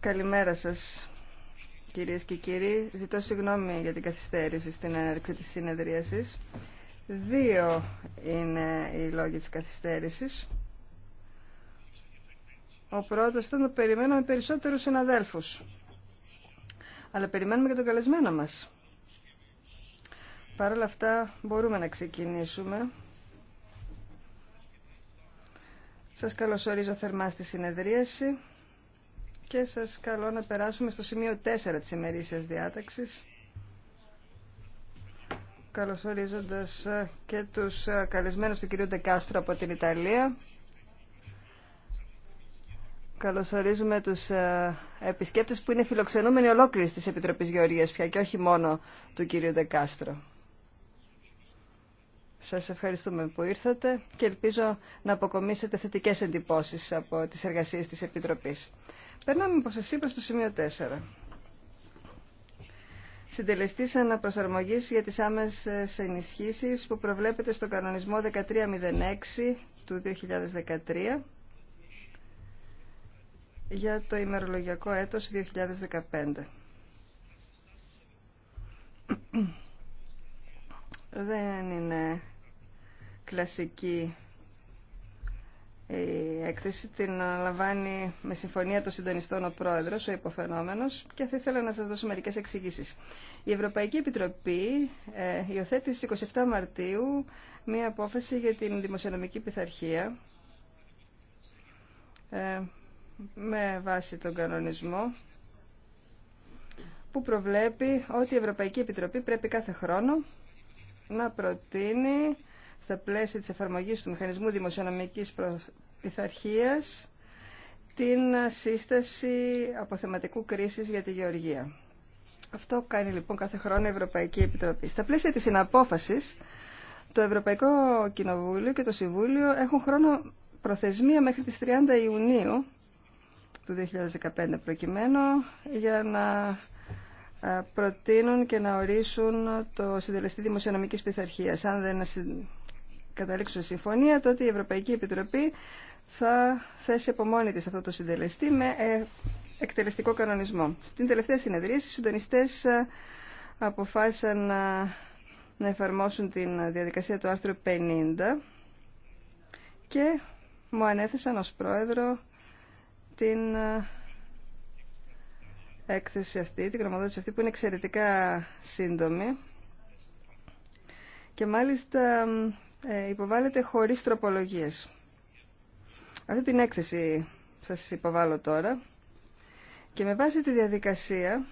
Καλημέρα σας κυρίες και κύριοι. Ζητώ συγγνώμη για την καθυστέρηση στην έναρξη της συνεδρίασης. Δύο είναι οι λόγοι τη καθυστέρησης. Ο πρώτος ήταν να περιμέναμε περισσότερους συναδέλφους. Αλλά περιμένουμε και τον καλεσμένο μας. Παρ' όλα αυτά μπορούμε να ξεκινήσουμε. Σας καλωσορίζω θερμά στη συνεδρίαση και σας καλώ να περάσουμε στο σημείο 4 της ημερήσιας διάταξης καλωσορίζοντας ε, και τους ε, καλεσμένους του κυρίου Ντεκάστρο από την Ιταλία. Καλωσορίζουμε τους ε, επισκέπτες που είναι φιλοξενούμενοι ολόκληρης της Επιτροπής Γεωργίας πια και όχι μόνο του κυρίου Ντεκάστρο. Σας ευχαριστούμε που ήρθατε και ελπίζω να αποκομίσετε θετικές εντυπώσεις από τις εργασίες της Επιτροπής. Περνάμε, όπως σας είπα, στο σημείο 4. Συντελεστής αναπροσαρμογής για τις άμεσες ενισχύσεις που προβλέπεται στο κανονισμό 1306 του 2013 για το ημερολογιακό έτος 2015. Δεν είναι κλασική η ε, έκθεση. Την αναλαμβάνει με συμφωνία των συντονιστών ο πρόεδρος, ο υποφαινόμενος και θα ήθελα να σας δώσω μερικές εξηγήσεις. Η Ευρωπαϊκή Επιτροπή ε, στι 27 Μαρτίου μία απόφαση για την δημοσιονομική πειθαρχία ε, με βάση τον κανονισμό που προβλέπει ότι η Ευρωπαϊκή Επιτροπή πρέπει κάθε χρόνο να προτείνει στα πλαίσια της εφαρμογής του Μηχανισμού Δημοσιονομικής Πειθαρχίας την σύσταση αποθεματικού κρίσης για τη γεωργία. Αυτό κάνει λοιπόν κάθε χρόνο η Ευρωπαϊκή Επιτροπή. Στα πλαίσια της συναπόφασης, το Ευρωπαϊκό Κοινοβούλιο και το Συμβούλιο έχουν χρόνο προθεσμία μέχρι τις 30 Ιουνίου του 2015 προκειμένου για να προτείνουν και να ορίσουν το συντελεστή δημοσιονομικής πειθαρχίας. Αν δεν καταλήξουν σε συμφωνία, τότε η Ευρωπαϊκή Επιτροπή θα θέσει από μόνη της αυτό το συντελεστή με ε, εκτελεστικό κανονισμό. Στην τελευταία συνεδρία, οι συντονιστές ε, αποφάσισαν να, ε, να εφαρμόσουν την διαδικασία του άρθρου 50 και μου ανέθεσαν ως πρόεδρο την έκθεση αυτή, την γραμματότηση αυτή που είναι εξαιρετικά σύντομη και μάλιστα ε, υποβάλλεται χωρίς τροπολογίες. Αυτή την έκθεση σας υποβάλλω τώρα και με βάση τη διαδικασία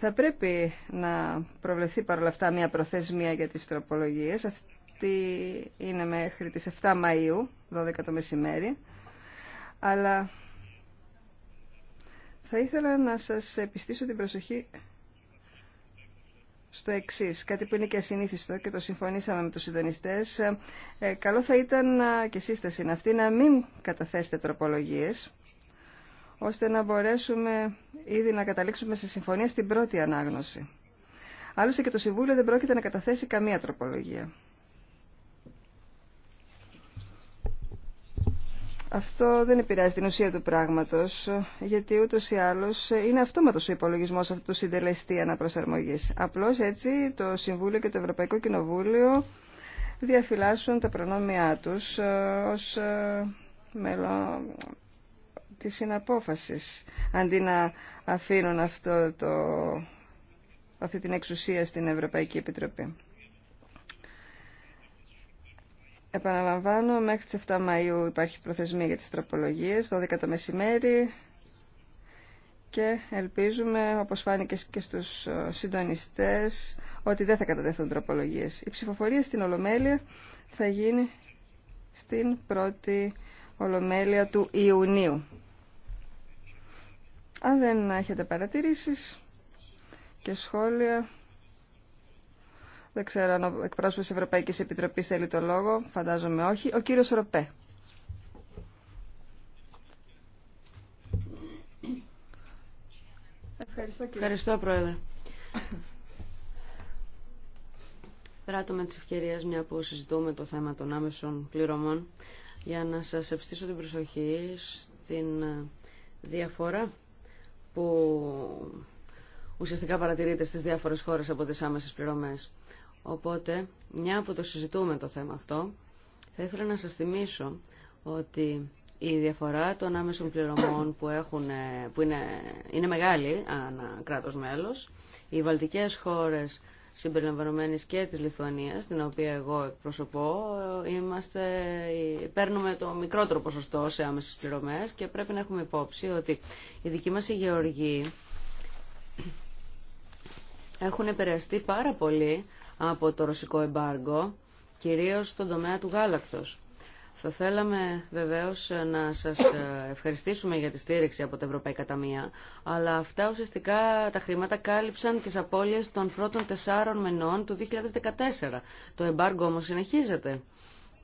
θα πρέπει να προβλεφθεί παρόλα αυτά μια προθεσμία για τις τροπολογίες. Αυτή είναι μέχρι τις 7 Μαΐου, 12 το μεσημέρι. Αλλά θα ήθελα να σας επιστήσω την προσοχή στο εξή, κάτι που είναι και ασυνήθιστο και το συμφωνήσαμε με τους συντονιστές. Ε, ε, καλό θα ήταν ε, και εσείς τα συναυτοί να μην καταθέσετε τροπολογίες, ώστε να μπορέσουμε ήδη να καταλήξουμε σε συμφωνία στην πρώτη ανάγνωση. Άλλωστε και το Συμβούλιο δεν πρόκειται να καταθέσει καμία τροπολογία. Αυτό δεν επηρεάζει την ουσία του πράγματος, γιατί ούτως ή άλλως είναι αυτόματος ο υπολογισμός αυτού του συντελεστή αναπροσαρμογής. Απλώς έτσι το Συμβούλιο και το Ευρωπαϊκό Κοινοβούλιο διαφυλάσσουν τα προνόμια τους ε, ως ε, μέλο της συναπόφασης, αντί να αφήνουν αυτό το, αυτή την εξουσία στην Ευρωπαϊκή Επιτροπή. Επαναλαμβάνω, μέχρι τις 7 Μαΐου υπάρχει προθεσμία για τις τροπολογίες, 12 το μεσημέρι και ελπίζουμε, όπως φάνηκε και στους ε, συντονιστές, ότι δεν θα κατατεθούν τροπολογίες. Η ψηφοφορία στην Ολομέλεια θα γίνει στην πρώτη Ολομέλεια του Ιουνίου. Αν δεν έχετε παρατηρήσεις και σχόλια, δεν ξέρω αν ο εκπρόσωπο της Ευρωπαϊκής θέλει το λόγο. Φαντάζομαι όχι. Ο κύριο Ροπέ. Ευχαριστώ, κύριε. Ευχαριστώ, Πρόεδρε. Πράττω με τις ευκαιρίες μια που συζητούμε το θέμα των άμεσων πληρωμών για να σας ευστήσω την προσοχή στην ε, διαφορά που ουσιαστικά παρατηρείται στις διάφορες χώρες από τις άμεσες πληρωμές. Οπότε, μια που το συζητούμε το θέμα αυτό, θα ήθελα να σας θυμίσω ότι η διαφορά των άμεσων πληρωμών που, έχουν, ε, που είναι, είναι μεγάλη ανά κράτος μέλος. Οι βαλτικές χώρες συμπεριλαμβανομένης και της Λιθουανίας, την οποία εγώ εκπροσωπώ, ε, είμαστε, ε, παίρνουμε το μικρότερο ποσοστό σε άμεσες πληρωμές και πρέπει να έχουμε υπόψη ότι οι δικοί μας οι γεωργοί έχουν επηρεαστεί πάρα πολύ από το ρωσικό εμπάργκο, κυρίως στον τομέα του γάλακτος. Θα θέλαμε βεβαίως να σας ε, ευχαριστήσουμε για τη στήριξη από τα Ευρωπαϊκά Ταμεία, αλλά αυτά ουσιαστικά τα χρήματα κάλυψαν τις απώλειες των πρώτων τεσσάρων μενών του 2014. Το εμπάργκο όμως συνεχίζεται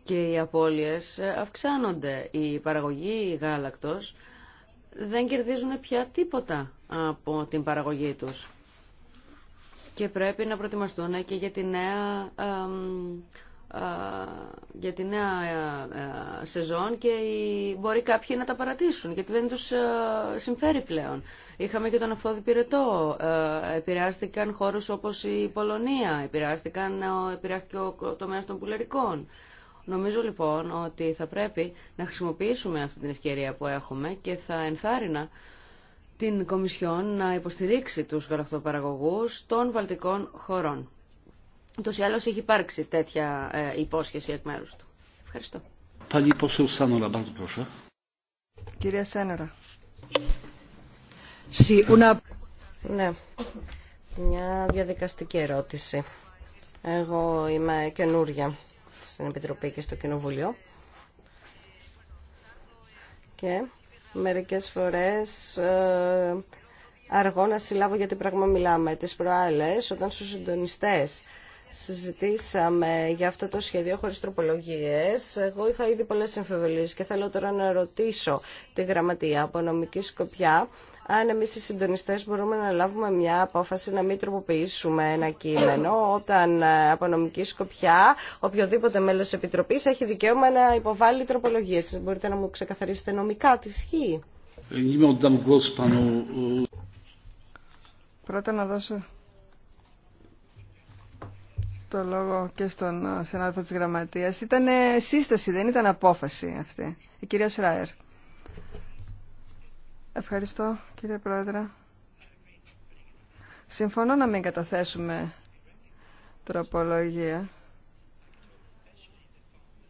και οι απώλειες αυξάνονται. Η παραγωγή γάλακτος δεν κερδίζουν πια τίποτα από την παραγωγή τους και πρέπει να προετοιμαστούν και για τη νέα ε, για τη νέα ε, ε, σεζόν και μπορεί κάποιοι να τα παρατήσουν γιατί δεν τους συμφέρει πλέον. Είχαμε και τον αυθόδη πυρετό, επηρεάστηκαν χώρους όπως η Πολωνία, επηρεάστηκαν, επηρεάστηκε ο τομέας των πουλερικών. Νομίζω λοιπόν ότι θα πρέπει να χρησιμοποιήσουμε αυτή την ευκαιρία που έχουμε και θα ενθάρρυνα την Κομισιόν να υποστηρίξει τους γαλακτοπαραγωγούς των βαλτικών χωρών. Τους ή άλλως έχει υπάρξει τέτοια ε, υπόσχεση εκ μέρους του. Ευχαριστώ. Κυρία Σένορα. Ναι. Μια διαδικαστική ερώτηση. Εγώ είμαι καινούρια στην Επιτροπή και στο Κοινοβουλίο. Και μερικές φορές ε, αργό να συλλάβω γιατί πράγμα μιλάμε. Τις προάλλες, όταν στους συντονιστές συζητήσαμε για αυτό το σχέδιο χωρίς τροπολογίες, εγώ είχα ήδη πολλές εμφιβολίες και θέλω τώρα να ρωτήσω τη γραμματεία από νομική σκοπιά αν εμείς οι συντονιστές μπορούμε να λάβουμε μια απόφαση να μην τροποποιήσουμε ένα κείμενο όταν ε, από νομική σκοπιά οποιοδήποτε μέλος της Επιτροπής έχει δικαίωμα να υποβάλει τροπολογίες. Μπορείτε να μου ξεκαθαρίσετε νομικά τι ισχύει. Ε, Πρώτα να δώσω το λόγο και στον ε, συνάδελφο της Γραμματείας. Ήταν σύσταση, δεν ήταν απόφαση αυτή. Η κυρία Σράερ. Ευχαριστώ κύριε Πρόεδρε. Συμφωνώ να μην καταθέσουμε τροπολογία.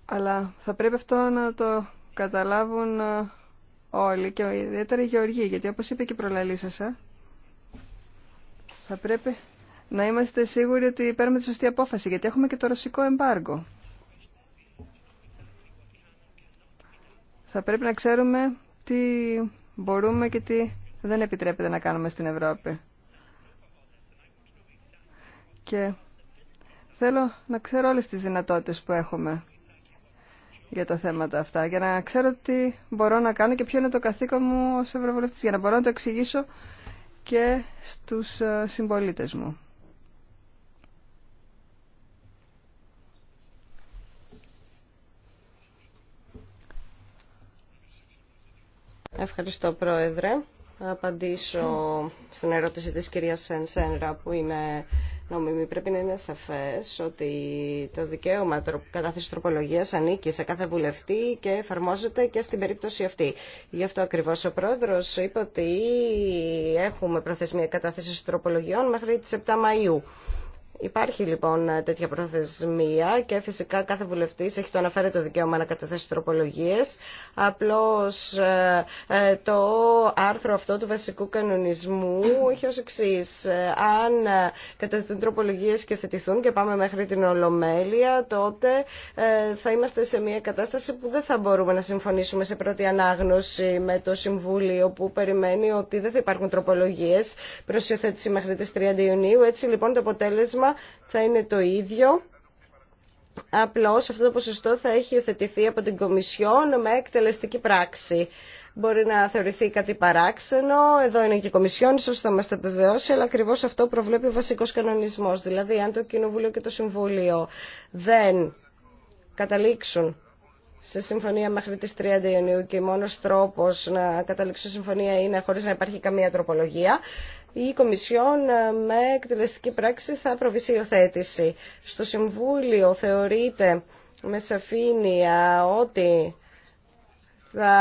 Αλλά θα πρέπει αυτό να το καταλάβουν ε, όλοι και ιδιαίτερα οι γεωργοί. Γιατί όπως είπε και η προλαλήσασα, ε, θα πρέπει να είμαστε σίγουροι ότι παίρνουμε τη σωστή απόφαση. Γιατί έχουμε και το ρωσικό εμπάργκο. Θα πρέπει να ξέρουμε τι μπορούμε και τι δεν επιτρέπεται να κάνουμε στην Ευρώπη. Και θέλω να ξέρω όλες τις δυνατότητες που έχουμε για τα θέματα αυτά, για να ξέρω τι μπορώ να κάνω και ποιο είναι το καθήκον μου ως Ευρωβουλευτής, για να μπορώ να το εξηγήσω και στους ε, συμπολίτες μου. Ευχαριστώ, Πρόεδρε. Θα απαντήσω στην ερώτηση της κυρίας Σενσένρα που είναι νομιμή. Πρέπει να είναι σαφές ότι το δικαίωμα κατάθεση τροπολογίας ανήκει σε κάθε βουλευτή και εφαρμόζεται και στην περίπτωση αυτή. Γι' αυτό ακριβώς ο Πρόεδρος είπε ότι έχουμε προθεσμία κατάθεσης τροπολογιών μέχρι τις 7 Μαΐου. Υπάρχει λοιπόν τέτοια προθεσμία και φυσικά κάθε βουλευτή έχει το αναφέρετο δικαίωμα να καταθέσει τροπολογίε. Απλώ ε, ε, το άρθρο αυτό του βασικού κανονισμού έχει ω εξή. Ε, αν κατατεθούν τροπολογίε και θετηθούν και πάμε μέχρι την Ολομέλεια, τότε θα είμαστε σε μια κατάσταση που δεν θα μπορούμε να συμφωνήσουμε σε πρώτη ανάγνωση με το Συμβούλιο που περιμένει ότι δεν θα υπάρχουν τροπολογίε προ υιοθέτηση μέχρι τι 30 Ιουνίου. Έτσι λοιπόν το αποτέλεσμα θα είναι το ίδιο. Απλώς αυτό το ποσοστό θα έχει υιοθετηθεί από την Κομισιόν με εκτελεστική πράξη. Μπορεί να θεωρηθεί κάτι παράξενο, εδώ είναι και η Κομισιόν, ίσως θα μας το επιβεβαιώσει, αλλά ακριβώς αυτό προβλέπει ο βασικός κανονισμός. Δηλαδή, αν το Κοινοβούλιο και το Συμβούλιο δεν καταλήξουν σε συμφωνία μέχρι τις 30 Ιουνίου και μόνος τρόπος να καταλήξουν συμφωνία είναι χωρίς να υπάρχει καμία τροπολογία, η Κομισιόν ε, με εκτελεστική πράξη θα προβεί υιοθέτηση. Στο Συμβούλιο θεωρείται με σαφήνεια ότι θα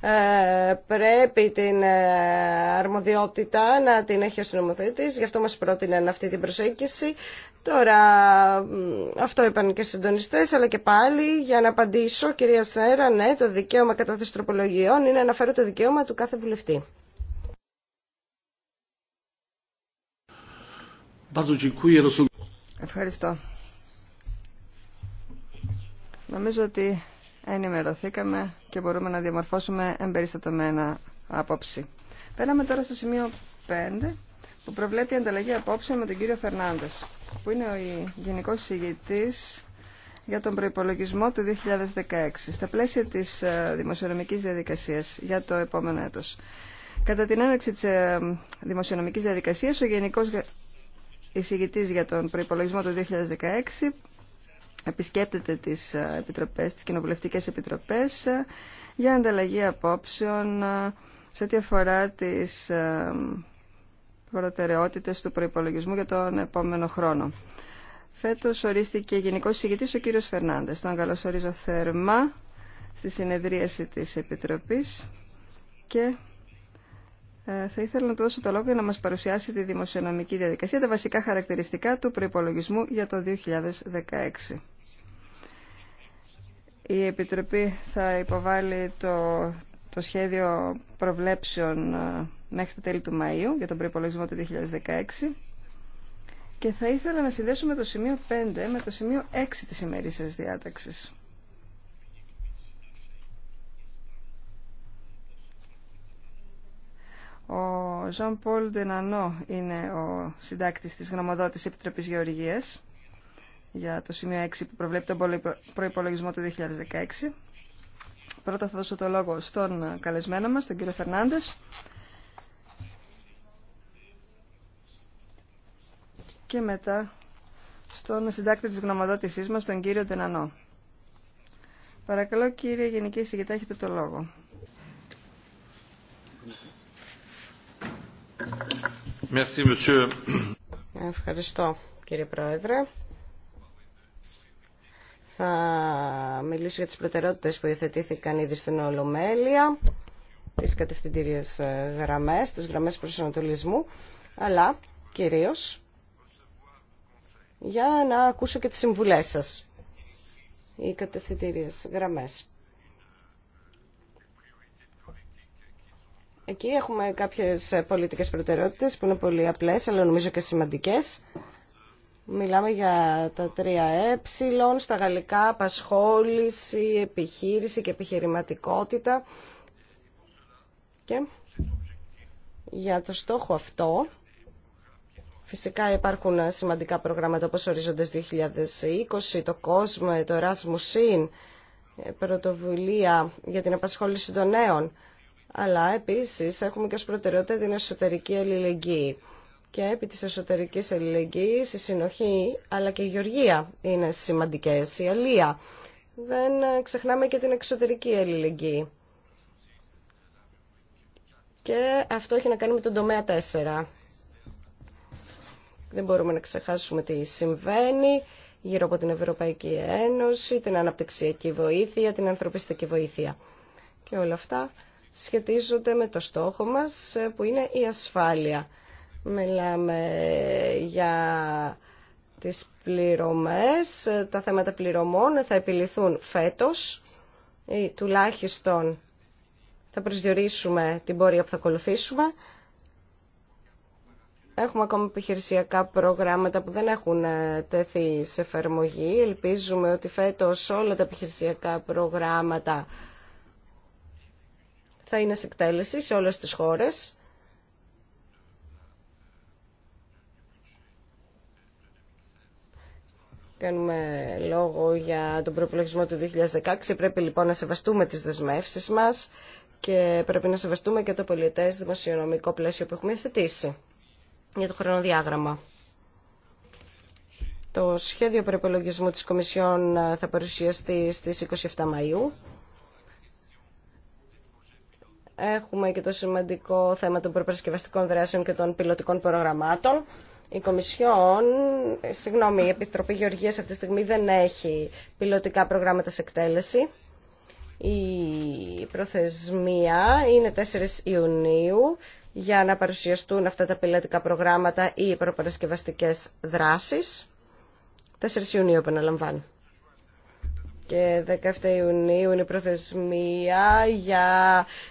ε, πρέπει την ε, αρμοδιότητα να την έχει ο συνομοθέτης, γι' αυτό μας πρότειναν αυτή την προσέγγιση. Τώρα, αυτό είπαν και συντονιστές, αλλά και πάλι, για να απαντήσω, κυρία Σέρα, ναι, το δικαίωμα κατάθεση τροπολογιών είναι να το δικαίωμα του κάθε βουλευτή. Ευχαριστώ. Νομίζω ότι ενημερωθήκαμε και μπορούμε να διαμορφώσουμε εμπεριστατωμένα άποψη. Πέραμε τώρα στο σημείο 5 που προβλέπει ανταλλαγή απόψε με τον κύριο Φερνάντες που είναι ο Γενικός Συγητής για τον προϋπολογισμό του 2016 στα πλαίσια της ε, δημοσιονομικής διαδικασίας για το επόμενο έτος. Κατά την έναρξη της ε, δημοσιονομικής διαδικασίας ο Γενικός εισηγητή για τον προϋπολογισμό του 2016 επισκέπτεται τις ε, επιτροπές, τις κοινοβουλευτικέ επιτροπές ε, για ανταλλαγή απόψεων ε, σε ό,τι αφορά τις προτεραιότητε του προϋπολογισμού για τον επόμενο χρόνο. Φέτος ορίστηκε γενικό εισηγητή ο κύριος Φερνάντε. Τον καλωσορίζω θερμά στη συνεδρίαση τη Επιτροπής και ε, θα ήθελα να το δώσω το λόγο για να μας παρουσιάσει τη δημοσιονομική διαδικασία, τα βασικά χαρακτηριστικά του προϋπολογισμού για το 2016. Η Επιτροπή θα υποβάλει το, το σχέδιο προβλέψεων ε, μέχρι τα τέλη του Μαΐου για τον προϋπολογισμό του 2016 και θα ήθελα να συνδέσουμε το σημείο 5 με το σημείο 6 της ημερήσιας διάταξης. Ο Ζαν Πολ Ντενανό είναι ο συντάκτης της γνωμοδότης Επιτροπής Γεωργίας για το σημείο 6 που προβλέπει τον προϋπολογισμό του 2016. Πρώτα θα δώσω το λόγο στον καλεσμένο μας, τον κύριο Φερνάντες. Και μετά στον συντάκτη της γνωμοδότησής μας, τον κύριο Ντενανό. Παρακαλώ κύριε Γενική Συγητά, έχετε το λόγο. Ευχαριστώ κύριε Πρόεδρε. Θα μιλήσω για τις προτεραιότητες που υιοθετήθηκαν ήδη στην Ολομέλεια, τις κατευθυντήριες ε, γραμμές, τις γραμμές προσανατολισμού, αλλά κυρίως για να ακούσω και τις συμβουλές σας, οι κατευθυντήριες γραμμές. Εκεί έχουμε κάποιες πολιτικές προτεραιότητες που είναι πολύ απλές, αλλά νομίζω και σημαντικές. Μιλάμε για τα τρία ε, στα γαλλικά απασχόληση, επιχείρηση και επιχειρηματικότητα. Και για το στόχο αυτό, φυσικά υπάρχουν σημαντικά προγράμματα όπως ορίζοντες 2020, το COSME, το Erasmus πρωτοβουλία για την απασχόληση των νέων αλλά επίσης έχουμε και ως προτεραιότητα την εσωτερική αλληλεγγύη. Και επί της εσωτερικής αλληλεγγύης η συνοχή αλλά και η γεωργία είναι σημαντικές, η αλία. Δεν ξεχνάμε και την εξωτερική αλληλεγγύη. Και αυτό έχει να κάνει με τον τομέα 4. Δεν μπορούμε να ξεχάσουμε τι συμβαίνει γύρω από την Ευρωπαϊκή Ένωση, την αναπτυξιακή βοήθεια, την ανθρωπιστική βοήθεια. Και όλα αυτά σχετίζονται με το στόχο μας ε, που είναι η ασφάλεια. Μιλάμε για τις πληρωμές, ε, τα θέματα πληρωμών ε, θα επιληθούν φέτος ή τουλάχιστον θα προσδιορίσουμε την πορεία που θα ακολουθήσουμε. Έχουμε ακόμα επιχειρησιακά προγράμματα που δεν έχουν τέθει σε εφαρμογή. Ελπίζουμε ότι φέτος όλα τα επιχειρησιακά προγράμματα θα είναι σε εκτέλεση σε όλες τις χώρες. Κάνουμε λόγο για τον προπολογισμό του 2016. Πρέπει λοιπόν να σεβαστούμε τις δεσμεύσεις μας και πρέπει να σεβαστούμε και το πολιτές δημοσιονομικό πλαίσιο που έχουμε θετήσει για το χρονοδιάγραμμα. Το σχέδιο προπολογισμού της Κομισιόν θα παρουσιαστεί στις 27 Μαΐου. Έχουμε και το σημαντικό θέμα των προπερασκευαστικών δράσεων και των πιλωτικών προγραμμάτων. Η Κομισιόν, συγγνώμη, η Επιτροπή Γεωργίας αυτή τη στιγμή δεν έχει πιλωτικά προγράμματα σε εκτέλεση. Η προθεσμία είναι 4 Ιουνίου για να παρουσιαστούν αυτά τα πιλωτικά προγράμματα ή οι δράσεις. 4 Ιουνίου επαναλαμβάνω και 17 Ιουνίου είναι η προθεσμία για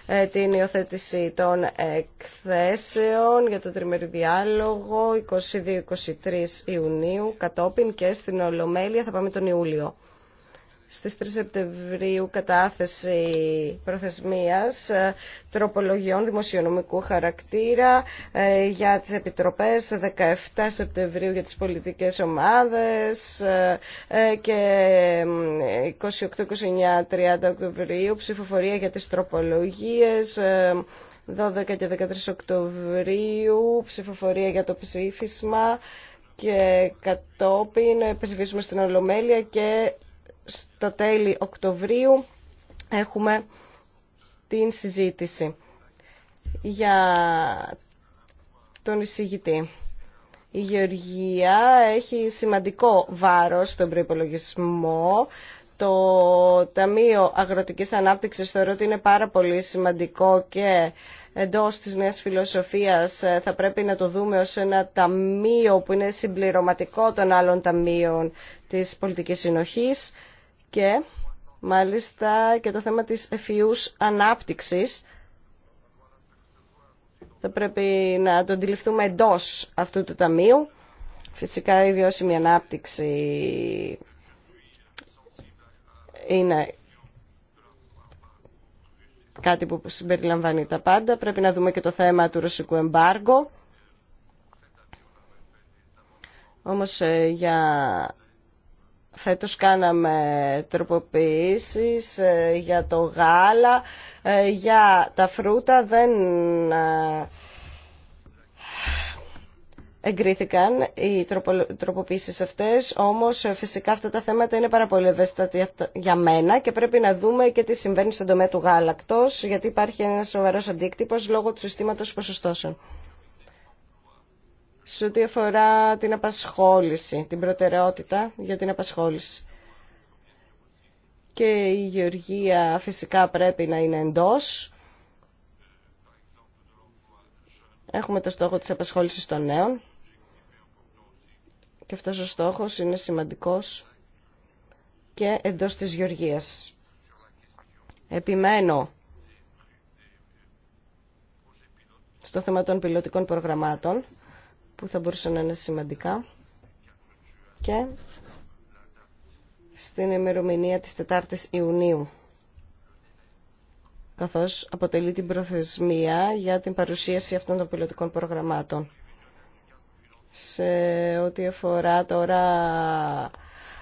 ε, την υιοθέτηση των εκθέσεων για το τριμερή διάλογο 22-23 Ιουνίου κατόπιν και στην Ολομέλεια θα πάμε τον Ιούλιο στις 3 Σεπτεμβρίου κατάθεση προθεσμίας ε, τροπολογιών δημοσιονομικού χαρακτήρα ε, για τις επιτροπές 17 Σεπτεμβρίου για τις πολιτικές ομάδες ε, και 28-29-30 Οκτωβρίου ψηφοφορία για τις τροπολογίες 12 και 13 Οκτωβρίου ψηφοφορία για το ψήφισμα και κατόπιν ψηφίσουμε στην Ολομέλεια και στα τέλη Οκτωβρίου έχουμε την συζήτηση για τον εισηγητή. Η Γεωργία έχει σημαντικό βάρος στον προϋπολογισμό. Το Ταμείο Αγροτικής Ανάπτυξης θεωρώ ότι είναι πάρα πολύ σημαντικό και εντός της νέας φιλοσοφίας θα πρέπει να το δούμε ως ένα ταμείο που είναι συμπληρωματικό των άλλων ταμείων της πολιτικής συνοχής και μάλιστα και το θέμα της εφιούς ανάπτυξης θα πρέπει να το αντιληφθούμε εντό αυτού του ταμείου. Φυσικά η βιώσιμη ανάπτυξη είναι κάτι που συμπεριλαμβάνει τα πάντα. Πρέπει να δούμε και το θέμα του ρωσικού εμπάργου. Όμως ε, για Φέτος κάναμε τροποποιήσεις ε, για το γάλα, ε, για τα φρούτα δεν ε, εγκρίθηκαν οι τροποποίησεις αυτές, όμως φυσικά αυτά τα θέματα είναι πάρα πολύ ευαίσθητα για μένα και πρέπει να δούμε και τι συμβαίνει στον τομέα του γάλακτος, γιατί υπάρχει ένα σοβαρός αντίκτυπος λόγω του συστήματος ποσοστώσεων σε ό,τι αφορά την απασχόληση, την προτεραιότητα για την απασχόληση. Και η γεωργία φυσικά πρέπει να είναι εντός. Έχουμε το στόχο της απασχόλησης των νέων. Και αυτός ο στόχος είναι σημαντικός και εντός της γεωργίας. Επιμένω στο θέμα των πιλωτικών προγραμμάτων που θα μπορούσαν να είναι σημαντικά και στην ημερομηνία της 4ης Ιουνίου καθώς αποτελεί την προθεσμία για την παρουσίαση αυτών των πιλωτικών προγραμμάτων. Σε ό,τι αφορά τώρα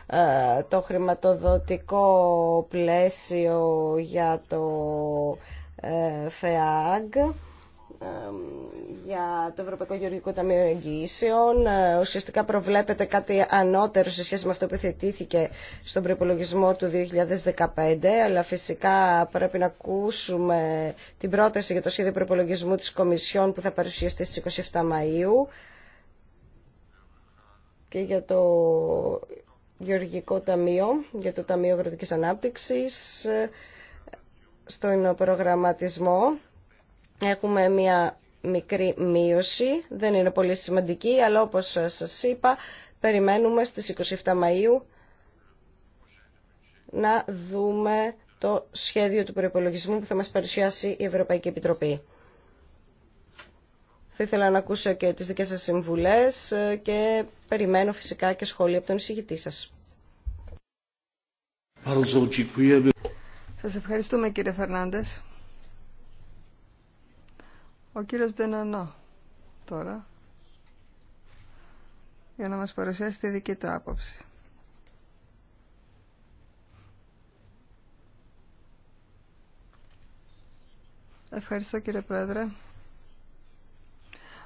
ε, το χρηματοδοτικό πλαίσιο για το ε, ΦΕΑΓ, για το Ευρωπαϊκό Γεωργικό Ταμείο Εγγυήσεων. Ε, ουσιαστικά προβλέπεται κάτι ανώτερο σε σχέση με αυτό που θετήθηκε στον προπολογισμό του 2015, αλλά φυσικά πρέπει να ακούσουμε την πρόταση για το σχέδιο προπολογισμού της Κομισιόν που θα παρουσιαστεί στις 27 Μαΐου και για το Γεωργικό Ταμείο, για το Ταμείο Αγροτικής Ανάπτυξης, ε, στον προγραμματισμό Έχουμε μια μικρή μείωση, δεν είναι πολύ σημαντική, αλλά όπως σας είπα, περιμένουμε στις 27 Μαΐου να δούμε το σχέδιο του προϋπολογισμού που θα μας παρουσιάσει η Ευρωπαϊκή Επιτροπή. Θα ήθελα να ακούσω και τις δικές σας συμβουλές και περιμένω φυσικά και σχόλια από τον εισηγητή σας. Σας ευχαριστούμε κύριε Φερνάντες. Ο κύριος Δενανό τώρα για να μας παρουσιάσει τη δική του άποψη. Ευχαριστώ κύριε Πρόεδρε.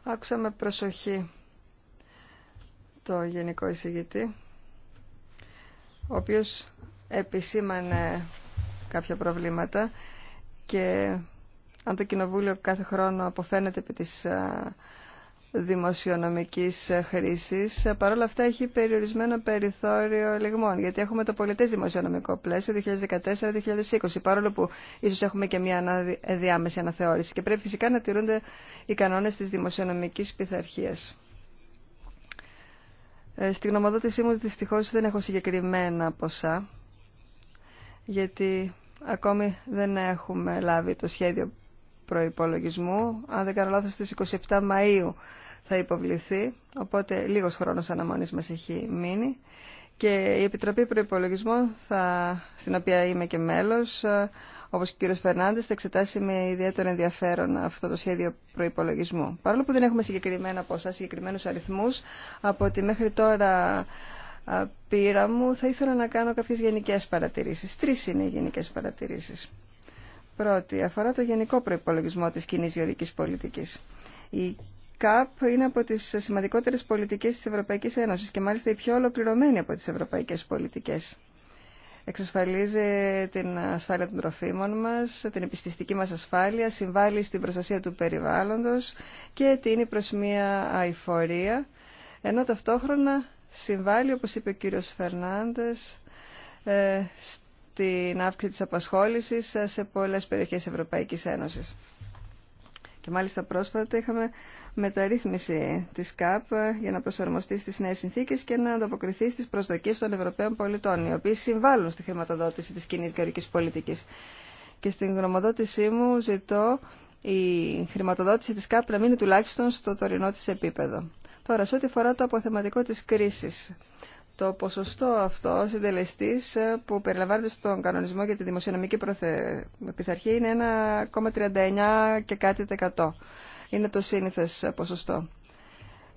Άκουσα με προσοχή το Γενικό Εισηγητή, ο οποίος επισήμανε κάποια προβλήματα και αν το Κοινοβούλιο κάθε χρόνο αποφαίνεται επί της δημοσιονομικής χρήσης, παρόλα αυτά έχει περιορισμένο περιθώριο λιγμών, γιατί έχουμε το πολιτές δημοσιονομικό πλαίσιο 2014-2020, παρόλο που ίσως έχουμε και μια διάμεση αναθεώρηση και πρέπει φυσικά να τηρούνται οι κανόνες της δημοσιονομικής πειθαρχία. Ε, στην γνωμοδότησή μου δυστυχώς δεν έχω συγκεκριμένα ποσά, γιατί ακόμη δεν έχουμε λάβει το σχέδιο προϋπολογισμού. Αν δεν κάνω λάθος, στις 27 Μαΐου θα υποβληθεί, οπότε λίγος χρόνος αναμονής μας έχει μείνει. Και η Επιτροπή Προϋπολογισμών, θα, στην οποία είμαι και μέλος, ε, όπως και ο κ. Φερνάντες, θα εξετάσει με ιδιαίτερο ενδιαφέρον αυτό το σχέδιο προϋπολογισμού. Παρόλο που δεν έχουμε συγκεκριμένα ποσά, συγκεκριμένους αριθμούς, από τη μέχρι τώρα ε, πείρα μου, θα ήθελα να κάνω κάποιες γενικές παρατηρήσεις. Τρεις είναι οι γενικές παρατηρήσεις. Πρώτη, αφορά το γενικό προπολογισμό της κοινή γεωρικής πολιτικής. Η ΚΑΠ είναι από τις σημαντικότερες πολιτικές της Ευρωπαϊκής Ένωσης και μάλιστα η πιο ολοκληρωμένη από τις ευρωπαϊκές πολιτικές. Εξασφαλίζει την ασφάλεια των τροφίμων μας, την επιστηστική μας ασφάλεια, συμβάλλει στην προστασία του περιβάλλοντος και τίνει προς μία αηφορία, ενώ ταυτόχρονα συμβάλλει, όπως είπε ο κύριος Φερνάντε, ε, την αύξηση της απασχόλησης σε πολλές περιοχές Ευρωπαϊκής Ένωσης. Και μάλιστα πρόσφατα είχαμε μεταρρύθμιση της ΚΑΠ για να προσαρμοστεί στις νέες συνθήκες και να ανταποκριθεί στις προσδοκίες των Ευρωπαίων πολιτών, οι οποίοι συμβάλλουν στη χρηματοδότηση της κοινή γεωρικής πολιτικής. Και στην γνωμοδότησή μου ζητώ η χρηματοδότηση της ΚΑΠ να μείνει τουλάχιστον στο τωρινό της επίπεδο. Τώρα, σε ό,τι αφορά το αποθεματικό της κρίσης, το ποσοστό αυτό συντελεστή ε, που περιλαμβάνεται στον κανονισμό για τη δημοσιονομική προθε... πειθαρχία είναι 1,39 και κάτι τεκατό. Είναι το σύνηθε ποσοστό.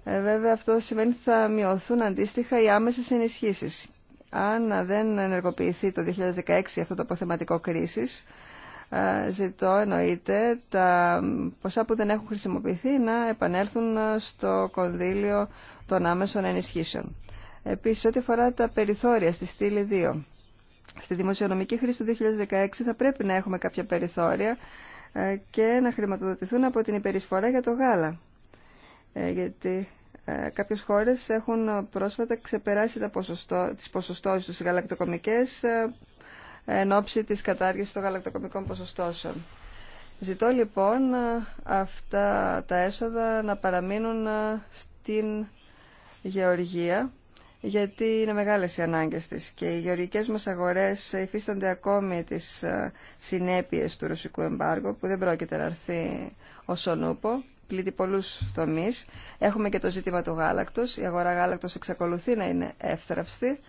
Ε, βέβαια αυτό σημαίνει ότι θα μειωθούν αντίστοιχα οι άμεσες ενισχύσεις. Αν δεν ενεργοποιηθεί το 2016 αυτό το αποθεματικό κρίσης, ε, ζητώ εννοείται τα ποσά που δεν έχουν χρησιμοποιηθεί να επανέλθουν στο κονδύλιο των άμεσων ενισχύσεων. Επίσης, ό,τι αφορά τα περιθώρια στη στήλη 2, στη δημοσιονομική χρήση του 2016 θα πρέπει να έχουμε κάποια περιθώρια ε, και να χρηματοδοτηθούν από την υπερισφορά για το γάλα. Ε, γιατί ε, κάποιες χώρες έχουν πρόσφατα ξεπεράσει τα ποσοστό, τις ποσοστώσεις τους γαλακτοκομικές εν ώψη της κατάργησης των γαλακτοκομικών ποσοστώσεων. Ζητώ λοιπόν αυτά τα έσοδα να παραμείνουν στην γεωργία γιατί είναι μεγάλες οι ανάγκες της και οι γεωργικές μας αγορές υφίστανται ακόμη τις ε, συνέπειες του ρωσικού εμπάργου που δεν πρόκειται να έρθει ο ονούπο, πλήττει πολλούς τομείς. Έχουμε και το ζήτημα του γάλακτος, η αγορά γάλακτος εξακολουθεί να είναι εύθραυστη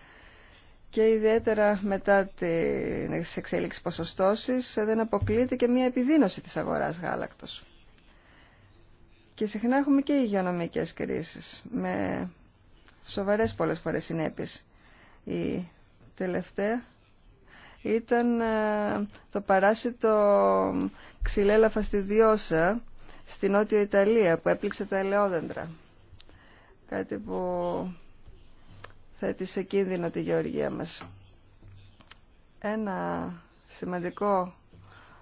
και ιδιαίτερα μετά τις εξέλιξεις ποσοστώσεις δεν αποκλείεται και μια επιδείνωση της αγοράς γάλακτος. Και συχνά έχουμε και υγειονομικές κρίσεις με σοβαρές πολλές φορές συνέπειες. Η τελευταία ήταν ε, το παράσιτο ξυλέλα φαστιδιώσα στη Νότιο Ιταλία που έπληξε τα ελαιόδεντρα. Κάτι που θέτει σε κίνδυνο τη γεωργία μας. Ένα σημαντικό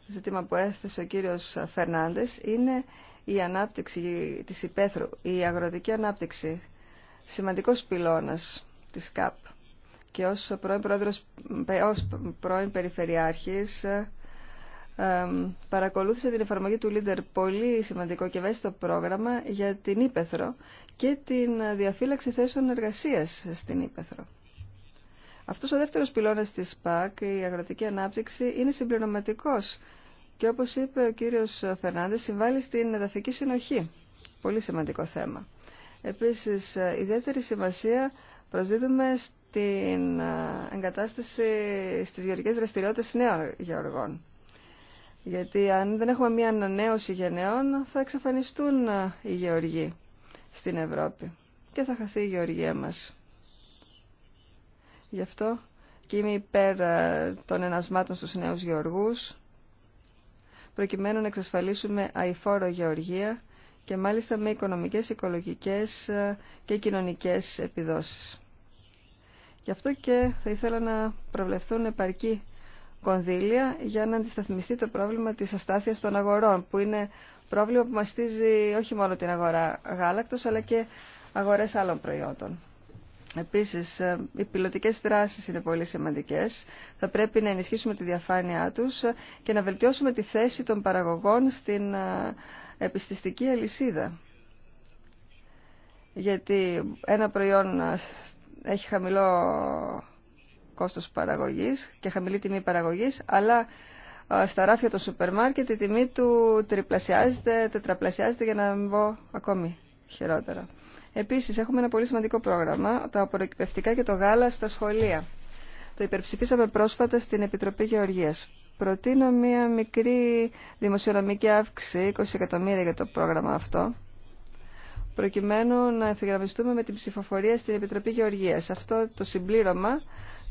ζήτημα που έθεσε ο κύριος Φερνάντες είναι η ανάπτυξη της υπαίθρου, η αγροτική ανάπτυξη σημαντικός πυλώνας της ΚΑΠ. Και ως πρώην, πρόεδρος, ως περιφερειάρχης παρακολούθησε την εφαρμογή του Λίντερ πολύ σημαντικό και στο πρόγραμμα για την Ήπεθρο και την διαφύλαξη θέσεων εργασίας στην Ήπεθρο. Αυτός ο δεύτερος πυλώνας της ΠΑΚ, η αγροτική ανάπτυξη, είναι συμπληρωματικός και όπως είπε ο κύριος Φερνάνδης συμβάλλει στην εδαφική συνοχή. Πολύ σημαντικό θέμα. Επίσης, ε, ιδιαίτερη σημασία προσδίδουμε στην ε, εγκατάσταση στις γεωργικές δραστηριότητες νέων γεωργών. Γιατί αν δεν έχουμε μια ανανέωση γενναιών θα εξαφανιστούν ε, οι γεωργοί στην Ευρώπη και θα χαθεί η γεωργία μας. Γι' αυτό και είμαι υπέρ των ενασμάτων στους νέους γεωργούς προκειμένου να εξασφαλίσουμε αηφόρο γεωργία και μάλιστα με οικονομικές, οικολογικές ε, και κοινωνικές επιδόσεις. Γι' αυτό και θα ήθελα να προβλεφθούν επαρκή κονδύλια για να αντισταθμιστεί το πρόβλημα της αστάθειας των αγορών, που είναι πρόβλημα που μαστίζει όχι μόνο την αγορά γάλακτος, αλλά και αγορές άλλων προϊόντων. Επίσης, ε, οι πιλωτικές δράσεις είναι πολύ σημαντικές. Θα πρέπει να ενισχύσουμε τη διαφάνειά τους και να βελτιώσουμε τη θέση των παραγωγών στην ε, επιστηστική αλυσίδα. Γιατί ένα προϊόν ε, έχει χαμηλό κόστος παραγωγής και χαμηλή τιμή παραγωγής, αλλά στα ράφια των σούπερ μάρκετ η τιμή του τριπλασιάζεται, τετραπλασιάζεται για να μην πω ακόμη χειρότερα. Επίσης, έχουμε ένα πολύ σημαντικό πρόγραμμα, τα απορροκυπευτικά και το γάλα στα σχολεία. Το υπερψηφίσαμε πρόσφατα στην Επιτροπή Γεωργίας. Προτείνω μία μικρή δημοσιονομική αύξηση, 20 εκατομμύρια για το πρόγραμμα αυτό, προκειμένου να ευθυγραμμιστούμε με την ψηφοφορία στην Επιτροπή Γεωργίας. Αυτό το συμπλήρωμα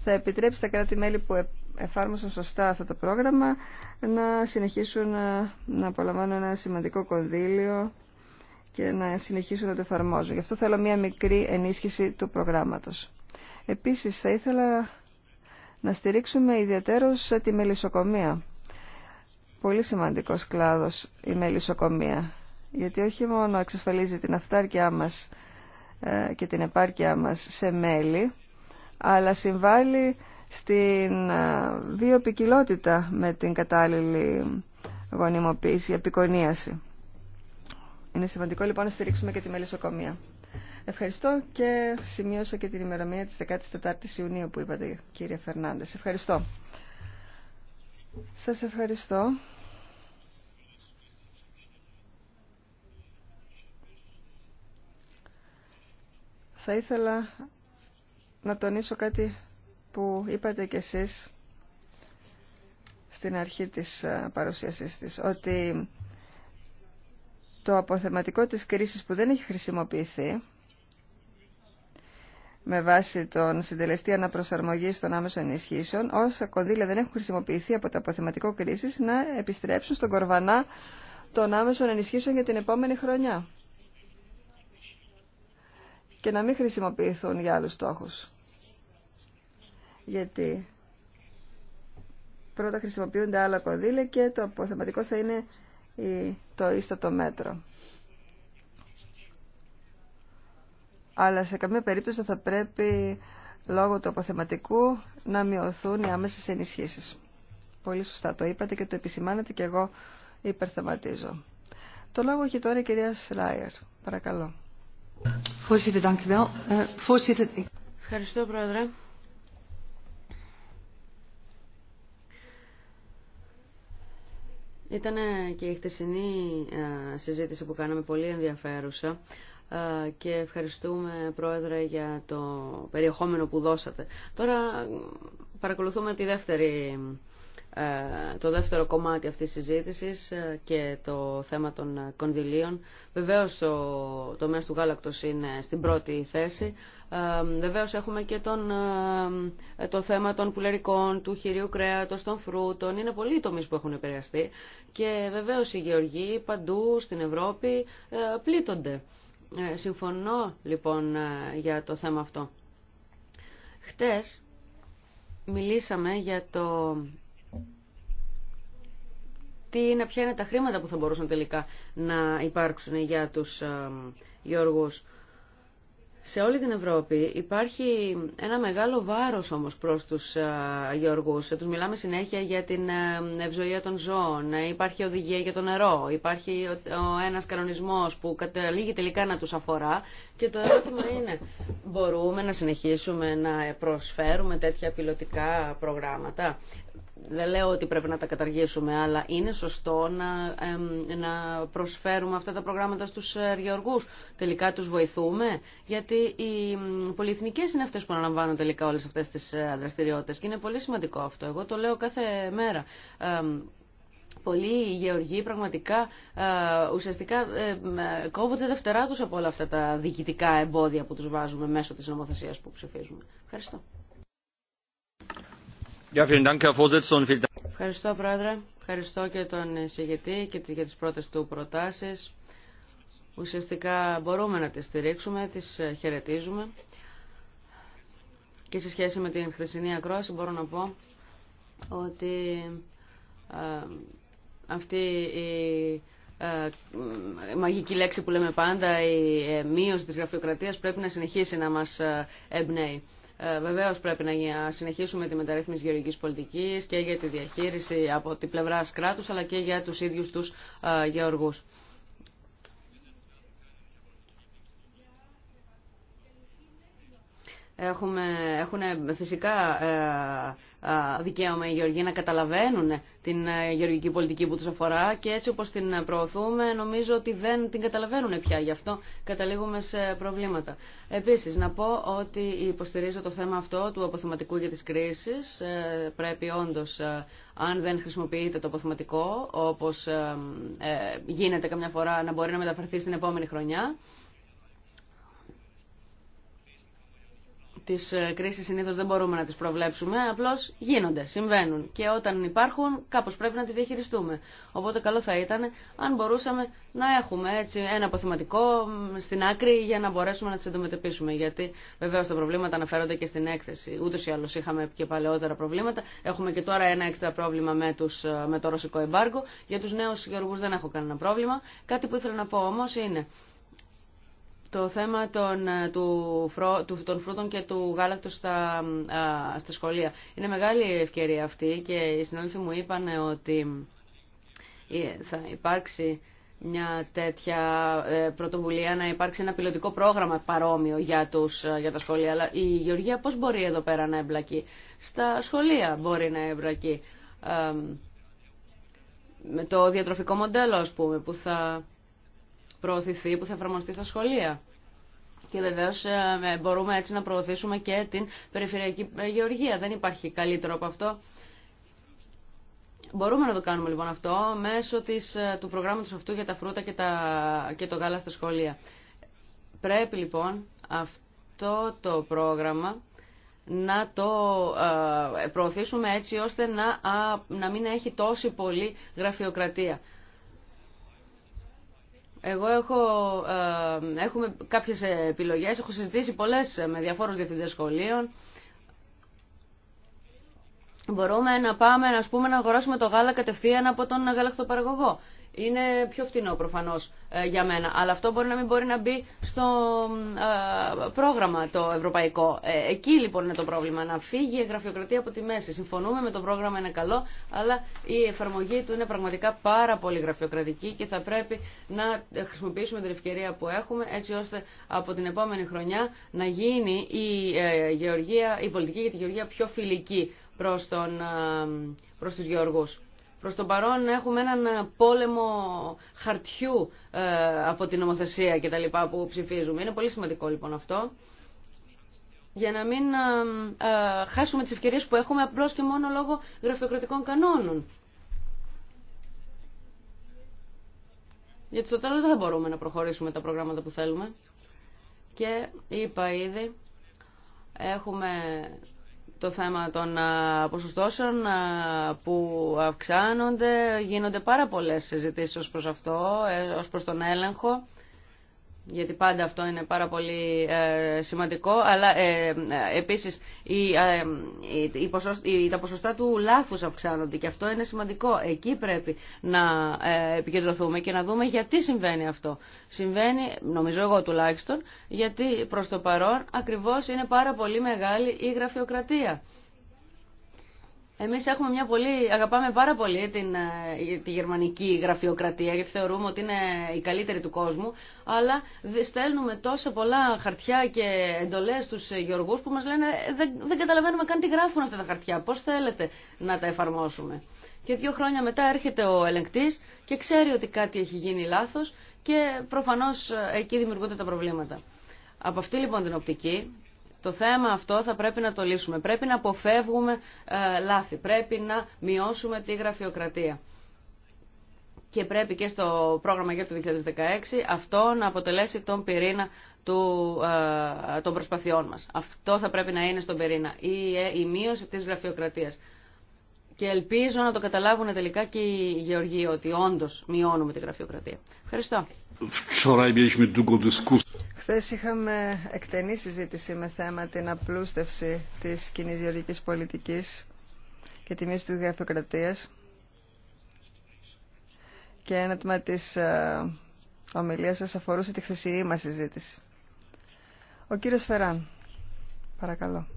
θα επιτρέψει τα κράτη-μέλη που εφάρμοσαν σωστά αυτό το πρόγραμμα να συνεχίσουν ε, να απολαμβάνουν ένα σημαντικό κονδύλιο και να συνεχίσουν να το εφαρμόζουν. Γι' αυτό θέλω μία μικρή ενίσχυση του προγράμματος. Επίσης, θα ήθελα να στηρίξουμε ιδιαίτερως τη μελισσοκομεία. Πολύ σημαντικός κλάδος η μελισσοκομεία, γιατί όχι μόνο εξασφαλίζει την αυτάρκειά μας ε, και την επάρκειά μας σε μέλη, αλλά συμβάλλει στην ε, βιοπικιλότητα με την κατάλληλη γονιμοποίηση, επικονίαση. Είναι σημαντικό λοιπόν να στηρίξουμε και τη μελισσοκομεία. Ευχαριστώ και σημείωσα και την ημερομηνία της 14ης Ιουνίου που είπατε κύριε Φερνάντες. Ευχαριστώ. Σας ευχαριστώ. Θα ήθελα να τονίσω κάτι που είπατε κι εσείς στην αρχή της ε, παρουσίασής της, ότι το αποθεματικό της κρίσης που δεν έχει χρησιμοποιηθεί με βάση τον συντελεστή αναπροσαρμογής των άμεσων ενισχύσεων, όσα κονδύλια δεν έχουν χρησιμοποιηθεί από το αποθεματικό κρίσης, να επιστρέψουν στον κορβανά των άμεσων ενισχύσεων για την επόμενη χρονιά και να μην χρησιμοποιηθούν για άλλους στόχους. Γιατί πρώτα χρησιμοποιούνται άλλα κονδύλια και το αποθεματικό θα είναι ή το ίστατο μέτρο. Αλλά σε καμία περίπτωση θα πρέπει λόγω του αποθεματικού να μειωθούν οι άμεσες ενισχύσεις. Πολύ σωστά το είπατε και το επισημάνατε και εγώ υπερθεματίζω. Το λόγο έχει τώρα η κυρία Σλάιερ. Παρακαλώ. Ε, Ευχαριστώ, Πρόεδρε. Ήταν και η χτεσινή ε, συζήτηση που κάναμε πολύ ενδιαφέρουσα ε, και ευχαριστούμε Πρόεδρε για το περιεχόμενο που δώσατε. Τώρα παρακολουθούμε τη δεύτερη, ε, το δεύτερο κομμάτι αυτής της συζήτησης και το θέμα των κονδυλίων. Βεβαίως το μέσο του γάλακτος είναι στην πρώτη θέση, Βεβαίω έχουμε και τον, το θέμα των πουλερικών, του χειρίου κρέατος, των φρούτων. Είναι πολλοί οι τομείς που έχουν επηρεαστεί και βεβαίω οι γεωργοί παντού στην Ευρώπη ε, πλήττονται. Ε, συμφωνώ λοιπόν ε, για το θέμα αυτό. Χτες μιλήσαμε για το τι είναι, ποια είναι τα χρήματα που θα μπορούσαν τελικά να υπάρξουν για τους Γιώργους. Σε όλη την Ευρώπη υπάρχει ένα μεγάλο βάρος όμως προς τους γεωργούς. Τους μιλάμε συνέχεια για την ευζοία των ζώων, υπάρχει οδηγία για το νερό, υπάρχει ο ένας κανονισμός που καταλήγει τελικά να τους αφορά και το ερώτημα είναι μπορούμε να συνεχίσουμε να προσφέρουμε τέτοια πιλωτικά προγράμματα δεν λέω ότι πρέπει να τα καταργήσουμε, αλλά είναι σωστό να, να προσφέρουμε αυτά τα προγράμματα στους ε, γεωργούς. Τελικά τους βοηθούμε, γιατί οι πολυεθνικές είναι αυτές που αναλαμβάνουν τελικά όλες αυτές τις ε, δραστηριότητε. και είναι πολύ σημαντικό αυτό. Εγώ το λέω κάθε μέρα. Ε, πολλοί γεωργοί πραγματικά ε, ουσιαστικά κόβονται δευτερά τους από όλα αυτά τα διοικητικά εμπόδια που τους βάζουμε μέσω της νομοθεσίας που ψηφίζουμε. Ευχαριστώ. Ευχαριστώ, Πρόεδρε. Ευχαριστώ και τον εισηγητή και για τις πρώτες του προτάσεις. Ουσιαστικά μπορούμε να τις στηρίξουμε, τις ε, χαιρετίζουμε. Και σε σχέση με την χθεσινή ακρόαση μπορώ να πω ότι ε, αυτή ε, η μαγική λέξη που λέμε πάντα, η μείωση της γραφειοκρατίας πρέπει να συνεχίσει να μας εμπνέει. Ε, Βεβαίω πρέπει να συνεχίσουμε τη μεταρρύθμιση γεωργική πολιτική και για τη διαχείριση από την πλευρά κράτου αλλά και για του ίδιου του ε, γεωργού. Έχουμε, έχουν φυσικά ε, δικαίωμα οι Γεωργοί να καταλαβαίνουν την ε, γεωργική πολιτική που τους αφορά και έτσι όπως την προωθούμε νομίζω ότι δεν την καταλαβαίνουν πια γι' αυτό καταλήγουμε σε προβλήματα. Επίσης να πω ότι υποστηρίζω το θέμα αυτό του αποθεματικού για τις κρίσεις. Ε, πρέπει όντως αν δεν χρησιμοποιείται το αποθεματικό όπως γίνεται καμιά φορά να μπορεί να μεταφερθεί στην επόμενη χρονιά. τις ε, κρίσεις συνήθω δεν μπορούμε να τι προβλέψουμε, απλώ γίνονται, συμβαίνουν και όταν υπάρχουν κάπω πρέπει να τις διαχειριστούμε. Οπότε καλό θα ήταν αν μπορούσαμε να έχουμε έτσι ένα αποθηματικό στην άκρη για να μπορέσουμε να τι αντιμετωπίσουμε. Γιατί βεβαίω τα προβλήματα αναφέρονται και στην έκθεση. Ούτως ή άλλως είχαμε και παλαιότερα προβλήματα. Έχουμε και τώρα ένα έξτρα πρόβλημα με, τους, ε, με το ρωσικό εμπάργκο. Για του νέου γεωργούς δεν έχω κανένα πρόβλημα. Κάτι που ήθελα να πω όμω είναι το θέμα των, ε, του, του, των φρούτων και του γάλακτος στα, ε, στα σχολεία. Είναι μεγάλη ευκαιρία αυτή και οι συνάδελφοι μου είπαν ότι ε, θα υπάρξει μια τέτοια πρωτοβουλία, να υπάρξει ένα πιλωτικό πρόγραμμα παρόμοιο για, τους, για τα σχολεία. Αλλά η Γεωργία πώς μπορεί εδώ πέρα να εμπλακεί. Στα σχολεία μπορεί να εμπλακεί. με το διατροφικό μοντέλο, ας πούμε, που θα προωθηθεί, που θα εφαρμοστεί στα σχολεία. Και βεβαίω ε, μπορούμε έτσι να προωθήσουμε και την περιφερειακή ε, γεωργία. Δεν υπάρχει καλύτερο από αυτό. Μπορούμε να το κάνουμε λοιπόν αυτό μέσω της, ε, του προγράμματος αυτού για τα φρούτα και, τα, και το γάλα στα σχολεία. Πρέπει λοιπόν αυτό το πρόγραμμα να το προωθήσουμε έτσι ώστε να, να μην έχει τόση πολύ γραφειοκρατία. Εγώ έχω, ε, έχουμε κάποιες επιλογές, έχω συζητήσει πολλές με διαφόρους διευθυντές σχολείων. Μπορούμε να πάμε να, πούμε, να αγοράσουμε το γάλα κατευθείαν από τον γαλακτοπαραγωγό είναι πιο φτηνό προφανώς ε, για μένα. Αλλά αυτό μπορεί να μην μπορεί να μπει στο ε, πρόγραμμα το ευρωπαϊκό. Ε, εκεί λοιπόν είναι το πρόβλημα. Να φύγει η γραφειοκρατία από τη μέση. Συμφωνούμε με το πρόγραμμα είναι καλό, αλλά η εφαρμογή του είναι πραγματικά πάρα πολύ γραφειοκρατική και θα πρέπει να χρησιμοποιήσουμε την ευκαιρία που έχουμε έτσι ώστε από την επόμενη χρονιά να γίνει η, γεωργία, πολιτική για τη γεωργία πιο φιλική προς, τον, προς τους γεωργούς. Προς τον παρόν έχουμε έναν ε, πόλεμο χαρτιού ε, από την νομοθεσία και τα λοιπά που ψηφίζουμε. Είναι πολύ σημαντικό λοιπόν αυτό για να μην ε, χάσουμε τις ευκαιρίες που έχουμε απλώς και μόνο λόγω γραφειοκρατικών κανόνων. Γιατί στο τέλος δεν θα μπορούμε να προχωρήσουμε τα προγράμματα που θέλουμε. Και είπα ήδη, έχουμε το θέμα των ποσοστώσεων που αυξάνονται. Γίνονται πάρα πολλές συζητήσεις ως προς αυτό, ε, ως προς τον έλεγχο γιατί πάντα αυτό είναι πάρα πολύ ε, σημαντικό, αλλά ε, ε επίσης ε, η, τα ποσοστά του λάθους αυξάνονται και αυτό είναι σημαντικό. Εκεί πρέπει να επικεντρωθούμε και να δούμε γιατί συμβαίνει αυτό. Συμβαίνει, νομίζω εγώ τουλάχιστον, γιατί προς το παρόν ακριβώς είναι πάρα πολύ μεγάλη η γραφειοκρατία. Εμείς έχουμε μια πολύ, αγαπάμε πάρα πολύ την, ε, τη γερμανική γραφειοκρατία γιατί θεωρούμε ότι είναι η καλύτερη του κόσμου αλλά στέλνουμε τόσα πολλά χαρτιά και εντολές στους γεωργούς που μας λένε ε, δεν, δεν καταλαβαίνουμε καν τι γράφουν αυτά τα χαρτιά, πώς θέλετε να τα εφαρμόσουμε. Και δύο χρόνια μετά έρχεται ο ελεγκτής και ξέρει ότι κάτι έχει γίνει λάθος και προφανώς ε, εκεί δημιουργούνται τα προβλήματα. Από αυτή λοιπόν την οπτική το θέμα αυτό θα πρέπει να το λύσουμε. Πρέπει να αποφεύγουμε ε, λάθη. Πρέπει να μειώσουμε τη γραφειοκρατία. Και πρέπει και στο πρόγραμμα για το 2016 αυτό να αποτελέσει τον πυρήνα του, ε, των προσπαθειών μας. Αυτό θα πρέπει να είναι στον πυρήνα. Η, ε, η μείωση της γραφειοκρατίας. Και ελπίζω να το καταλάβουν τελικά και οι γεωργοί ότι όντως μειώνουμε τη γραφειοκρατία. Ευχαριστώ. Χθε είχαμε εκτενή συζήτηση με θέμα την απλούστευση της κοινή πολιτικής και τη μείωση της γραφειοκρατίας και ένα τμήμα της ε, ομιλίας σας αφορούσε τη χθεσινή μας συζήτηση. Ο κύριος Φεράν, παρακαλώ.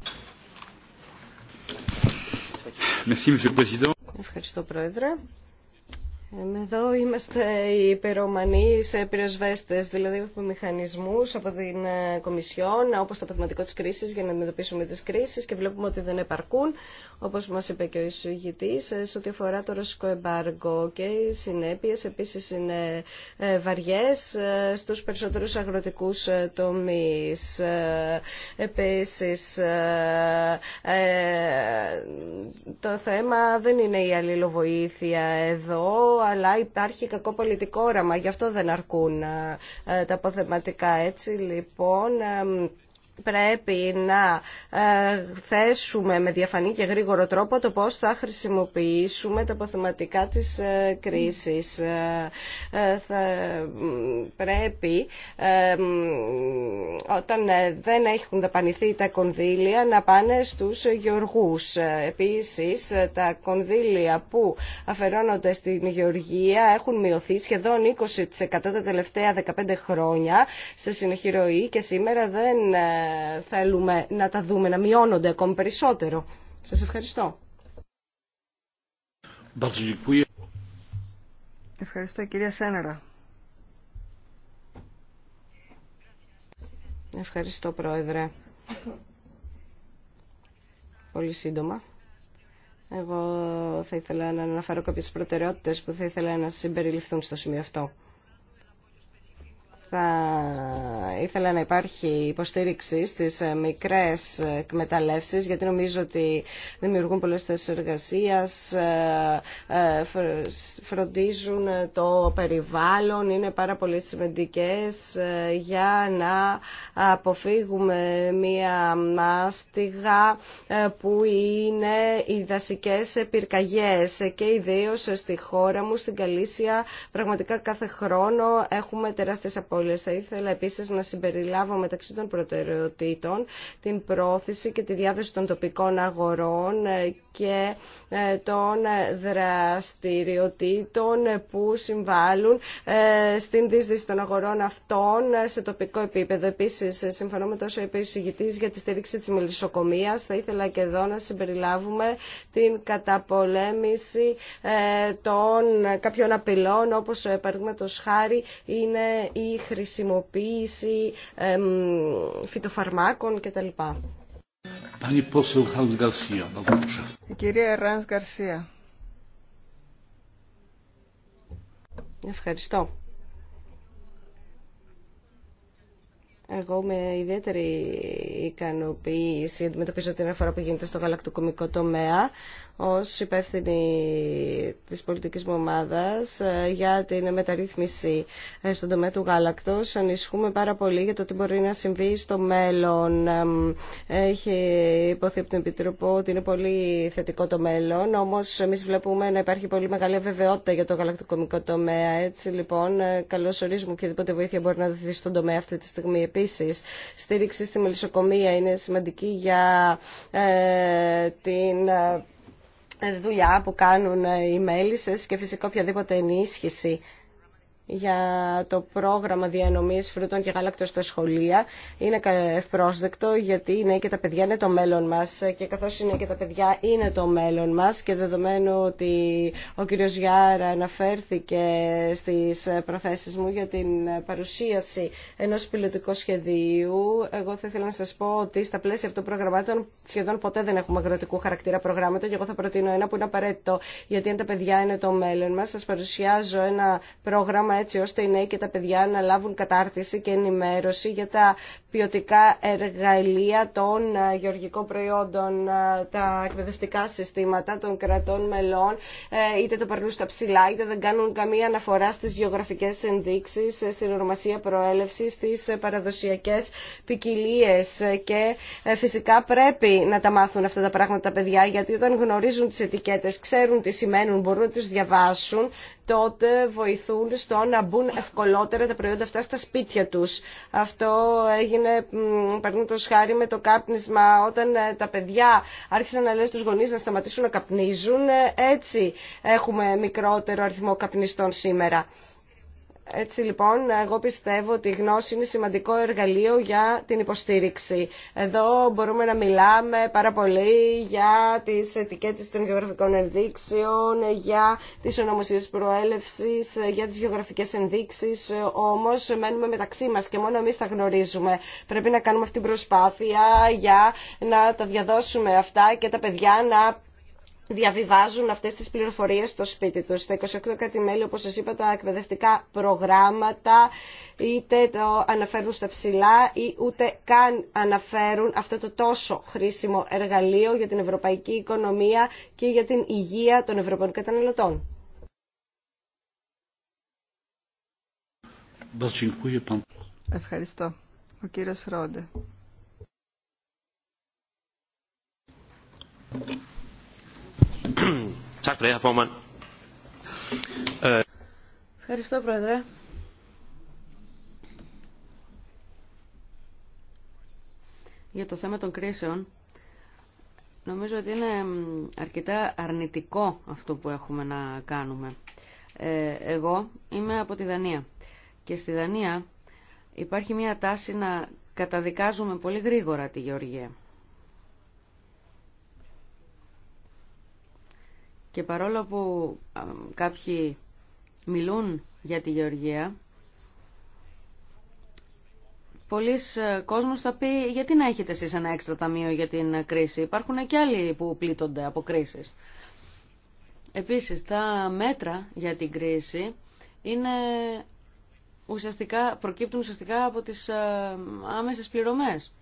Ευχαριστώ, Πρόεδρε. Εδώ είμαστε οι υπερομανοί πυροσβέστες, δηλαδή από μηχανισμούς από την ε, Κομισιόν, όπως το παθηματικό της κρίσης, για να αντιμετωπίσουμε τις κρίσεις και βλέπουμε ότι δεν επαρκούν, όπως μας είπε και ο εισηγητής, ε, σε ό,τι αφορά το ρωσικό εμπάργκο και οι συνέπειες επίσης είναι ε, βαριές στους περισσότερους αγροτικούς τομείς. Επίσης, το θέμα δεν είναι η αλληλοβοήθεια εδώ, αλλά υπάρχει κακό πολιτικό όραμα, γι' αυτό δεν αρκούν ε, ε, τα αποθεματικά. Έτσι λοιπόν ε, πρέπει να ε, θέσουμε με διαφανή και γρήγορο τρόπο το πώς θα χρησιμοποιήσουμε τα αποθεματικά της ε, κρίσης. Ε, θα πρέπει όταν δεν έχουν δαπανηθεί τα κονδύλια να πάνε στους γεωργούς. Επίσης, τα κονδύλια που αφαιρώνονται στην γεωργία έχουν μειωθεί σχεδόν 20% τα τελευταία 15 χρόνια σε συνεχή και σήμερα δεν θέλουμε να τα δούμε, να μειώνονται ακόμη περισσότερο. Σας ευχαριστώ. Ευχαριστώ κυρία Σένερα. Ευχαριστώ πρόεδρε. Πολύ σύντομα. Εγώ θα ήθελα να αναφέρω κάποιες προτεραιότητες που θα ήθελα να συμπεριληφθούν στο σημείο αυτό θα ήθελα να υπάρχει υποστήριξη στις ε, μικρές ε, εκμεταλλεύσεις γιατί νομίζω ότι δημιουργούν πολλές θέσεις εργασίας, ε, φροντίζουν το περιβάλλον, είναι πάρα πολύ σημαντικές για να αποφύγουμε μία μάστιγα που είναι οι δασικές πυρκαγιές και ιδίως στη χώρα μου, στην Καλήσια, πραγματικά κάθε χρόνο έχουμε τεράστιες απολύσεις σχόλια. Θα ήθελα επίσης να συμπεριλάβω μεταξύ των προτεραιοτήτων την πρόθεση και τη διάθεση των τοπικών αγορών ε, και ε, των δραστηριοτήτων που συμβάλλουν ε, στην δίσδυση των αγορών αυτών ε, σε τοπικό επίπεδο. Επίσης, συμφωνώ με τόσο είπε ο για τη στήριξη της μελισσοκομείας. Θα ήθελα και εδώ να συμπεριλάβουμε την καταπολέμηση των κάποιων απειλών, όπως παραδείγματο χάρη είναι η χρησιμοποίηση φυτοφαρμάκων κτλ. Η κυρία Ράνς Γκαρσία. Ευχαριστώ. Εγώ με ιδιαίτερη ικανοποίηση αντιμετωπίζω την αφορά που γίνεται στο γαλακτοκομικό τομέα ως υπεύθυνη της πολιτικής μου ομάδας ε, για την μεταρρύθμιση ε, στον τομέα του γάλακτος. Ανισχούμε πάρα πολύ για το τι μπορεί να συμβεί στο μέλλον. Έχει υποθεί από την Επιτροπό ότι είναι πολύ θετικό το μέλλον, όμως εμείς βλέπουμε να υπάρχει πολύ μεγάλη αβεβαιότητα για το γαλακτοκομικό τομέα. Έτσι λοιπόν ε, καλώς ορίζουμε οποιαδήποτε βοήθεια μπορεί να δοθεί στον τομέα αυτή τη στιγμή. Επίσης, στήριξη στη μελισσοκομεία είναι σημαντική για ε, την ε, δουλειά που κάνουν ε, οι μέλισσες και φυσικά οποιαδήποτε ενίσχυση για το πρόγραμμα διανομής φρούτων και γάλακτος στα σχολεία είναι ευπρόσδεκτο γιατί οι νέοι και τα παιδιά είναι το μέλλον μας και καθώς είναι και τα παιδιά είναι το μέλλον μας και δεδομένου ότι ο κύριος Γιάρα αναφέρθηκε στις προθέσεις μου για την παρουσίαση ενός πιλωτικού σχεδίου εγώ θα ήθελα να σας πω ότι στα πλαίσια αυτών των προγραμμάτων σχεδόν ποτέ δεν έχουμε αγροτικού χαρακτήρα προγράμματα και εγώ θα προτείνω ένα που είναι απαραίτητο γιατί αν τα παιδιά είναι το μέλλον μας σας παρουσιάζω ένα πρόγραμμα πρόγραμμα έτσι ώστε οι νέοι και τα παιδιά να λάβουν κατάρτιση και ενημέρωση για τα ποιοτικά εργαλεία των ε, γεωργικών προϊόντων, ε, τα εκπαιδευτικά συστήματα των κρατών μελών, ε, είτε το περνούν στα ψηλά, είτε δεν κάνουν καμία αναφορά στις γεωγραφικές ενδείξεις, στην ονομασία προέλευσης, στις παραδοσιακές ποικιλίε και φυσικά πρέπει να τα μάθουν αυτά τα πράγματα τα παιδιά γιατί όταν γνωρίζουν τις ετικέτες, ξέρουν τι σημαίνουν, μπορούν να τις διαβάσουν, τότε βοηθούν στο να μπουν ευκολότερα τα προϊόντα αυτά στα σπίτια τους. Αυτό έγινε, παραδείγματο χάρη, με το κάπνισμα, όταν ε, τα παιδιά άρχισαν να λένε στους γονείς να σταματήσουν να καπνίζουν. Ε, έτσι έχουμε μικρότερο αριθμό καπνιστών σήμερα. Έτσι λοιπόν, εγώ πιστεύω ότι η γνώση είναι σημαντικό εργαλείο για την υποστήριξη. Εδώ μπορούμε να μιλάμε πάρα πολύ για τις ετικέτες των γεωγραφικών ενδείξεων, για τις ονομοσίες προέλευσης, για τις γεωγραφικές ενδείξεις, όμως μένουμε μεταξύ μας και μόνο εμείς τα γνωρίζουμε. Πρέπει να κάνουμε αυτή την προσπάθεια για να τα διαδώσουμε αυτά και τα παιδιά να διαβιβάζουν αυτές τις πληροφορίες στο σπίτι τους. Στα 28 μέλη, όπως σας είπα, τα εκπαιδευτικά προγράμματα είτε το αναφέρουν στα ψηλά ή ούτε καν αναφέρουν αυτό το τόσο χρήσιμο εργαλείο για την ευρωπαϊκή οικονομία και για την υγεία των ευρωπαϊκών καταναλωτών. Ευχαριστώ. Ο κύριος Ρόντε. Ε, Ευχαριστώ, Πρόεδρε. Για το θέμα των κρίσεων, νομίζω ότι είναι αρκετά αρνητικό αυτό που έχουμε να κάνουμε. Ε, εγώ είμαι από τη Δανία και στη Δανία υπάρχει μια τάση να καταδικάζουμε πολύ γρήγορα τη γεωργία. Και παρόλο που κάποιοι μιλούν για τη γεωργία, πολλοί ε, κόσμος θα πει γιατί να έχετε εσείς ένα έξτρα ταμείο για την ε, κρίση. Υπάρχουν και άλλοι που πλήττονται από κρίσεις. Επίσης, τα μέτρα για την κρίση είναι ουσιαστικά, προκύπτουν ουσιαστικά από τις ε, άμεσες πληρωμές.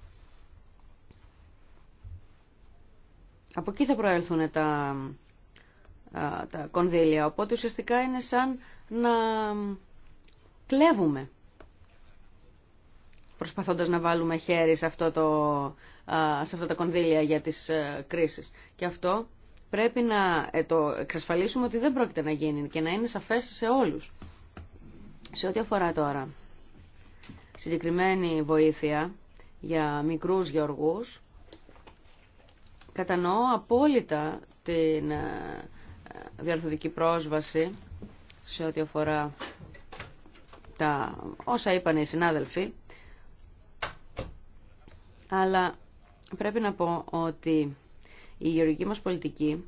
Από εκεί θα προέλθουν τα τα κονδύλια. Οπότε ουσιαστικά είναι σαν να κλέβουμε προσπαθώντας να βάλουμε χέρι σε, αυτό το, σε αυτά τα κονδύλια για τις ε, κρίσεις. Και αυτό πρέπει να ε, το εξασφαλίσουμε ότι δεν πρόκειται να γίνει και να είναι σαφές σε όλους. Σε ό,τι αφορά τώρα συγκεκριμένη βοήθεια για μικρούς γεωργούς, κατανοώ απόλυτα την ε, διαρθωτική πρόσβαση σε ό,τι αφορά τα όσα είπαν οι συνάδελφοι. Αλλά πρέπει να πω ότι η γεωργική μας πολιτική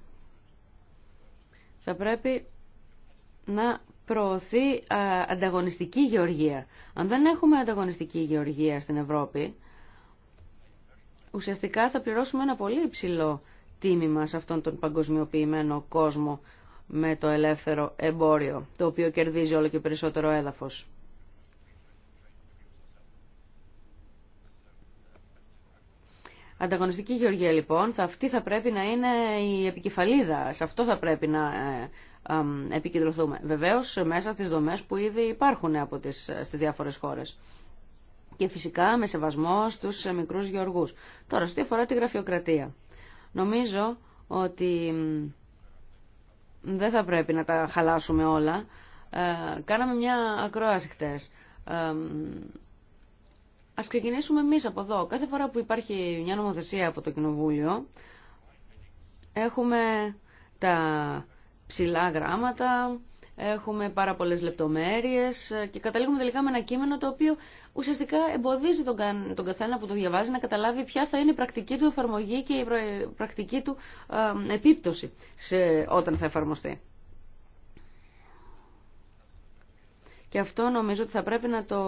θα πρέπει να προωθεί ανταγωνιστική γεωργία. Αν δεν έχουμε ανταγωνιστική γεωργία στην Ευρώπη, ουσιαστικά θα πληρώσουμε ένα πολύ υψηλό τίμημα σε αυτόν τον παγκοσμιοποιημένο κόσμο με το ελεύθερο εμπόριο, το οποίο κερδίζει όλο και περισσότερο έδαφος. Ανταγωνιστική γεωργία λοιπόν, θα αυτή θα πρέπει να είναι η επικεφαλίδα, σε αυτό θα πρέπει να ε, επικεντρωθούμε. Βεβαίως μέσα στις δομές που ήδη υπάρχουν από τις, ε, στις διάφορες χώρες. Και φυσικά με σεβασμό στους ε, μικρούς γεωργούς. Τώρα, σε αφορά τη γραφειοκρατία. Νομίζω ότι δεν θα πρέπει να τα χαλάσουμε όλα. Ε, κάναμε μια ακρόαση χτες. Ε, ας ξεκινήσουμε εμείς από εδώ. Κάθε φορά που υπάρχει μια νομοθεσία από το Κοινοβούλιο, έχουμε τα ψηλά γράμματα, έχουμε πάρα πολλές λεπτομέρειες ε, και καταλήγουμε τελικά με ένα κείμενο το οποίο ουσιαστικά εμποδίζει τον, τον καθένα που το διαβάζει να καταλάβει ποια θα είναι η πρακτική του εφαρμογή και η πρακτική του επίπτωση σε... όταν θα εφαρμοστεί. Και αυτό νομίζω ότι θα πρέπει να το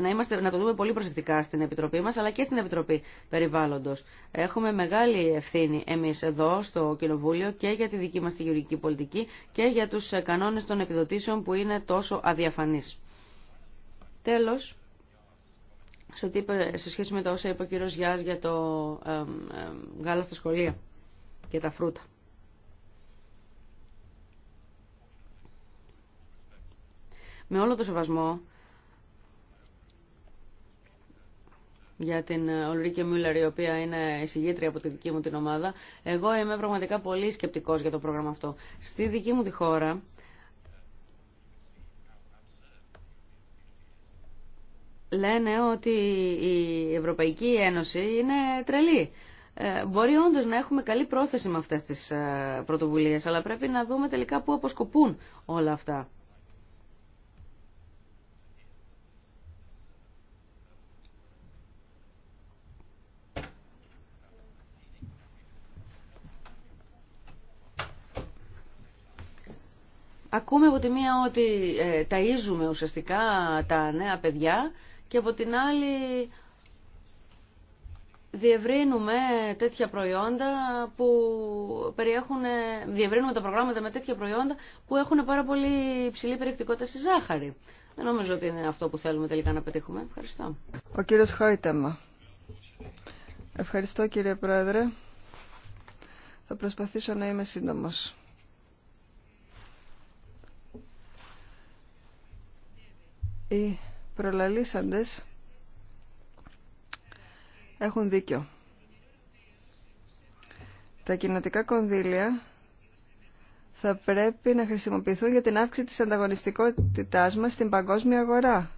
να, είμαστε, να το δούμε πολύ προσεκτικά στην Επιτροπή μας, αλλά και στην Επιτροπή Περιβάλλοντος. Έχουμε μεγάλη ευθύνη εμείς εδώ στο Κοινοβούλιο και για τη δική μας τη γεωργική πολιτική και για τους κανόνες των επιδοτήσεων που είναι τόσο αδιαφανείς. Τέλος, σε, σχέση με τα όσα είπε ο κύριος Γιάς για το γάλα στα σχολεία και τα φρούτα. Με όλο το σεβασμό για την Ολρίκη ε, Μούλερ, η οποία είναι εισηγήτρια από τη δική μου την ομάδα. Εγώ είμαι πραγματικά πολύ σκεπτικό για το πρόγραμμα αυτό. Στη δική μου τη χώρα, λένε ότι η Ευρωπαϊκή Ένωση είναι τρελή. Ε, μπορεί όντως να έχουμε καλή πρόθεση με αυτές τις ε, πρωτοβουλίες, αλλά πρέπει να δούμε τελικά πού αποσκοπούν όλα αυτά. ακούμε από τη μία ότι ε, ταΐζουμε ουσιαστικά τα νέα παιδιά και από την άλλη διευρύνουμε τέτοια προϊόντα που περιέχουν, ε, διευρύνουμε τα προγράμματα με τέτοια προϊόντα που έχουν πάρα πολύ υψηλή περιεκτικότητα στη ζάχαρη. Δεν νομίζω ότι είναι αυτό που θέλουμε τελικά να πετύχουμε. Ευχαριστώ. Ο κύριος Χάιτεμα. Ευχαριστώ κύριε Πρόεδρε. Θα προσπαθήσω να είμαι σύντομος. Οι προλαλήσαντες έχουν δίκιο. Τα κοινοτικά κονδύλια θα πρέπει να χρησιμοποιηθούν για την αύξηση της ανταγωνιστικότητάς μας στην παγκόσμια αγορά.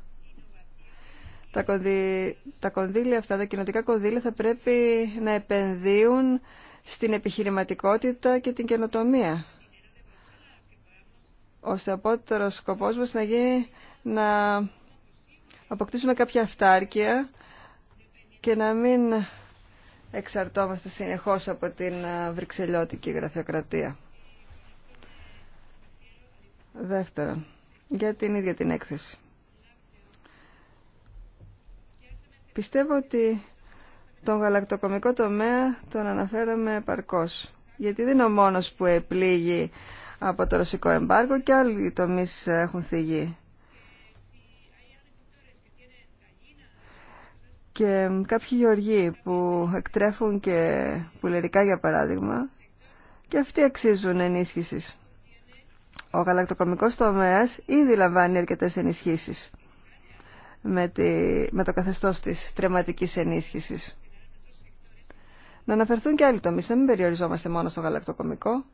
Τα, κονδύλια αυτά, τα κοινοτικά κονδύλια θα πρέπει να επενδύουν στην επιχειρηματικότητα και την καινοτομία ώστε απότερος σκοπός μας να γίνει να αποκτήσουμε κάποια αυτάρκεια και να μην εξαρτώμαστε συνεχώς από την βρυξελιώτικη γραφειοκρατία. Δεύτερον, για την ίδια την έκθεση. Πιστεύω ότι τον γαλακτοκομικό τομέα τον αναφέραμε παρκώς, γιατί δεν είναι ο μόνος που επλήγει από το ρωσικό εμπάργο και άλλοι τομεί έχουν θυγεί. Και κάποιοι γεωργοί που εκτρέφουν και πουλερικά για παράδειγμα και αυτοί αξίζουν ενίσχυσης. Ο γαλακτοκομικός τομέας ήδη λαμβάνει αρκετές ενισχύσεις με, τη, με το καθεστώς της τρεματικής ενίσχυσης. Να αναφερθούν και άλλοι τομείς, να μην περιοριζόμαστε μόνο στο γαλακτοκομικό.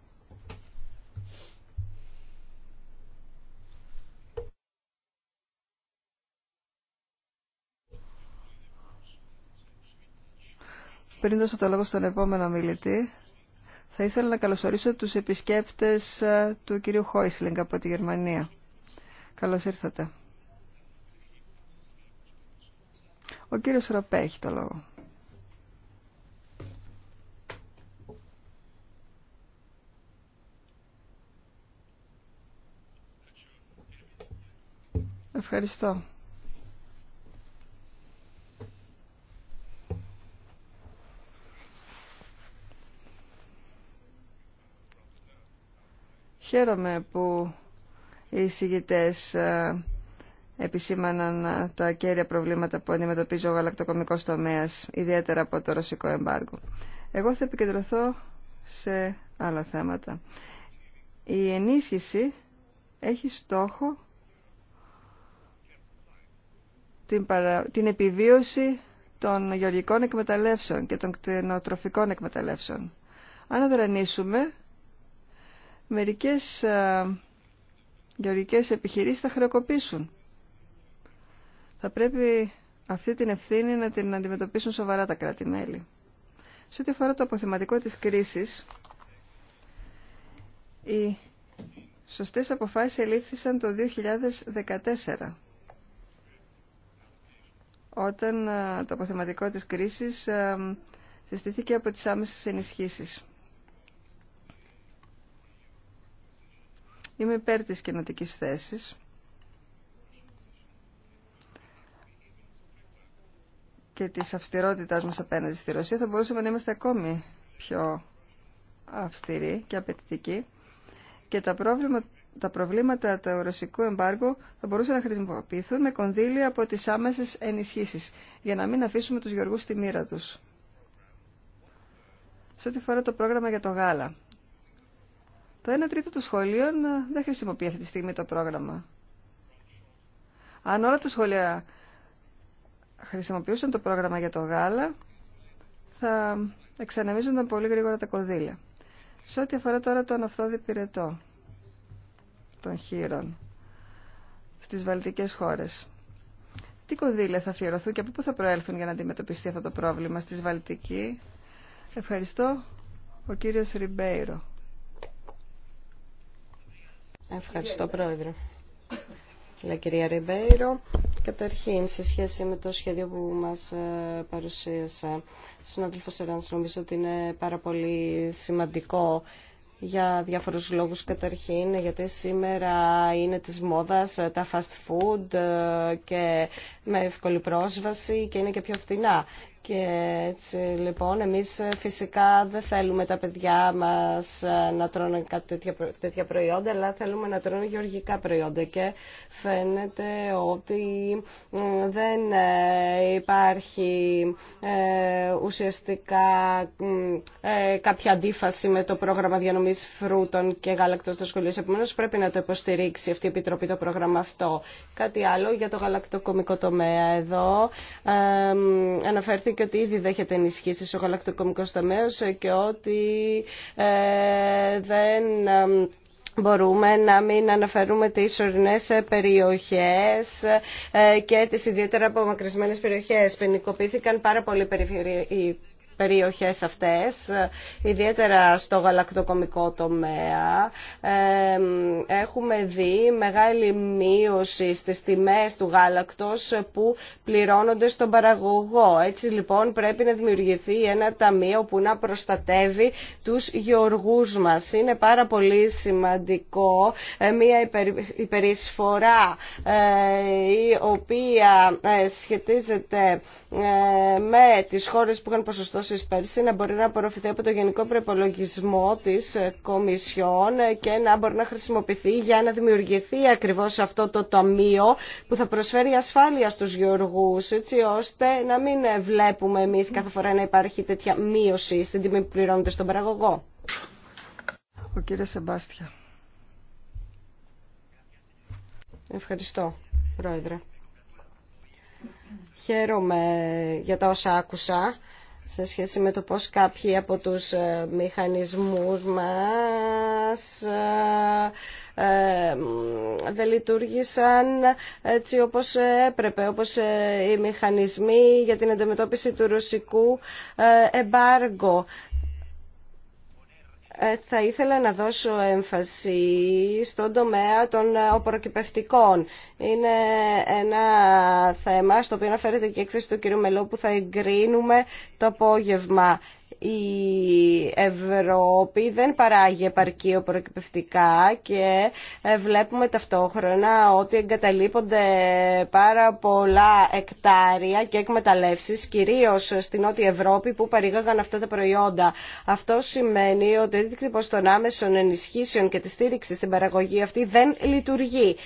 Πριν δώσω το λόγο στον επόμενο μιλητή, θα ήθελα να καλωσορίσω τους επισκέπτες ε, του κυρίου Χόισλινγκ από τη Γερμανία. Καλώς ήρθατε. Ο κύριος Ροπέ έχει το λόγο. Ευχαριστώ. Χαίρομαι που οι εισηγητές ε, επισήμαναν ε, τα κέρια προβλήματα που αντιμετωπίζει ο γαλακτοκομικός τομέας, ιδιαίτερα από το ρωσικό εμπάργο. Εγώ θα επικεντρωθώ σε άλλα θέματα. Η ενίσχυση έχει στόχο την, την επιβίωση των γεωργικών εκμεταλλεύσεων και των κτηνοτροφικών εκμεταλλεύσεων. Αν αδρανίσουμε, μερικές ε, γεωργικές επιχειρήσεις θα χρεοκοπήσουν. Θα πρέπει αυτή την ευθύνη να την αντιμετωπίσουν σοβαρά τα κράτη-μέλη. Σε ό,τι αφορά το αποθεματικό της κρίσης, οι σωστές αποφάσεις ελήφθησαν το 2014 όταν ε, το αποθεματικό της κρίσης ε, συστήθηκε από τις άμεσες ενισχύσεις. Είμαι υπέρ της κοινοτικής θέσης. και της αυστηρότητάς μας απέναντι στη Ρωσία θα μπορούσαμε να είμαστε ακόμη πιο αυστηροί και απαιτητικοί και τα, τα προβλήματα του ρωσικού εμπάργου θα μπορούσαν να χρησιμοποιηθούν με κονδύλια από τις άμεσες ενισχύσεις για να μην αφήσουμε τους γεωργούς στη μοίρα τους. Σε ό,τι φορά το πρόγραμμα για το γάλα. Το 1 τρίτο των σχολείων ε, δεν χρησιμοποιεί αυτή τη στιγμή το πρόγραμμα. Αν όλα τα σχολεία χρησιμοποιούσαν το πρόγραμμα για το γάλα, θα εξανεμίζονταν πολύ γρήγορα τα κονδύλια. Σε ό,τι αφορά τώρα τον αυθόδη πυρετό των χείρων στις βαλτικές χώρες. Τι κονδύλια θα αφιερωθούν και από πού θα προέλθουν για να αντιμετωπιστεί αυτό το πρόβλημα στις Βαλτική. Ευχαριστώ. Ο κύριος Ριμπέιρο. Ευχαριστώ, Πρόεδρε. Λέει κυρία Ριμπέιρο, καταρχήν σε σχέση με το σχέδιο που μας ε, παρουσίασε συνάδελφος Εράνς, νομίζω ότι είναι πάρα πολύ σημαντικό για διάφορους λόγους καταρχήν, γιατί σήμερα είναι της μόδας ε, τα fast food ε, και με εύκολη πρόσβαση και είναι και πιο φθηνά. Και έτσι λοιπόν εμείς ε, φυσικά δεν θέλουμε τα παιδιά μας ε, να τρώνε κάτι τέτοια, προϊόντα αλλά θέλουμε να τρώνε γεωργικά προϊόντα και φαίνεται ότι ε, δεν υπάρχει ουσιαστικά κάποια αντίφαση με το πρόγραμμα διανομής φρούτων και γάλακτος στο σχολείο. Επομένως πρέπει να το υποστηρίξει αυτή η Επιτροπή το πρόγραμμα αυτό. Κάτι άλλο για το γαλακτοκομικό τομέα εδώ αναφέρθηκε και ότι ήδη δέχεται ενισχύσει ο γαλακτοκομικό τομέα και ότι ε, δεν ε, μπορούμε να μην αναφέρουμε τις ορεινές περιοχές ε, και τις ιδιαίτερα απομακρυσμένες περιοχές. Ποινικοποιήθηκαν πάρα πολύ οι περιοχές αυτές, ιδιαίτερα στο γαλακτοκομικό τομέα. Έχουμε δει μεγάλη μείωση στις τιμές του γάλακτος που πληρώνονται στον παραγωγό. Έτσι λοιπόν πρέπει να δημιουργηθεί ένα ταμείο που να προστατεύει τους γεωργούς μας. Είναι πάρα πολύ σημαντικό ε, μια υπερισφορά ε, η οποία ε, σχετίζεται με τις χώρες που είχαν ποσοστό πέρσι να μπορεί να απορροφηθεί από το Γενικό Προπολογισμό της ε, Κομισιόν ε, και να μπορεί να χρησιμοποιηθεί για να δημιουργηθεί ακριβώς αυτό το τομείο που θα προσφέρει ασφάλεια στους γεωργού, έτσι ώστε να μην ε, βλέπουμε εμείς κάθε φορά να υπάρχει τέτοια μείωση στην τιμή που πληρώνεται στον παραγωγό. Ο κύριε Σεμπάστια. Ευχαριστώ, Πρόεδρε. Χαίρομαι για τα όσα άκουσα σε σχέση με το πώς κάποιοι από τους ε, μηχανισμούς μας ε, ε, δεν λειτουργήσαν έτσι όπως έπρεπε, όπως οι μηχανισμοί για την αντιμετώπιση του ρωσικού εμπάργου. Ε, θα ήθελα να δώσω έμφαση στον τομέα των ε, οποροκυπευτικών. Είναι ένα θέμα στο οποίο αναφέρεται και η έκθεση του κ. Μελό που θα εγκρίνουμε το απόγευμα η Ευρώπη δεν παράγει επαρκή προκυπευτικά και ε, βλέπουμε ταυτόχρονα ότι εγκαταλείπονται πάρα πολλά εκτάρια και εκμεταλλεύσεις κυρίως στην Νότια Ευρώπη που παρήγαγαν αυτά τα προϊόντα. Αυτό σημαίνει ότι ο δίκτυπος των άμεσων ενισχύσεων και τη στήριξη στην παραγωγή αυτή δεν λειτουργεί.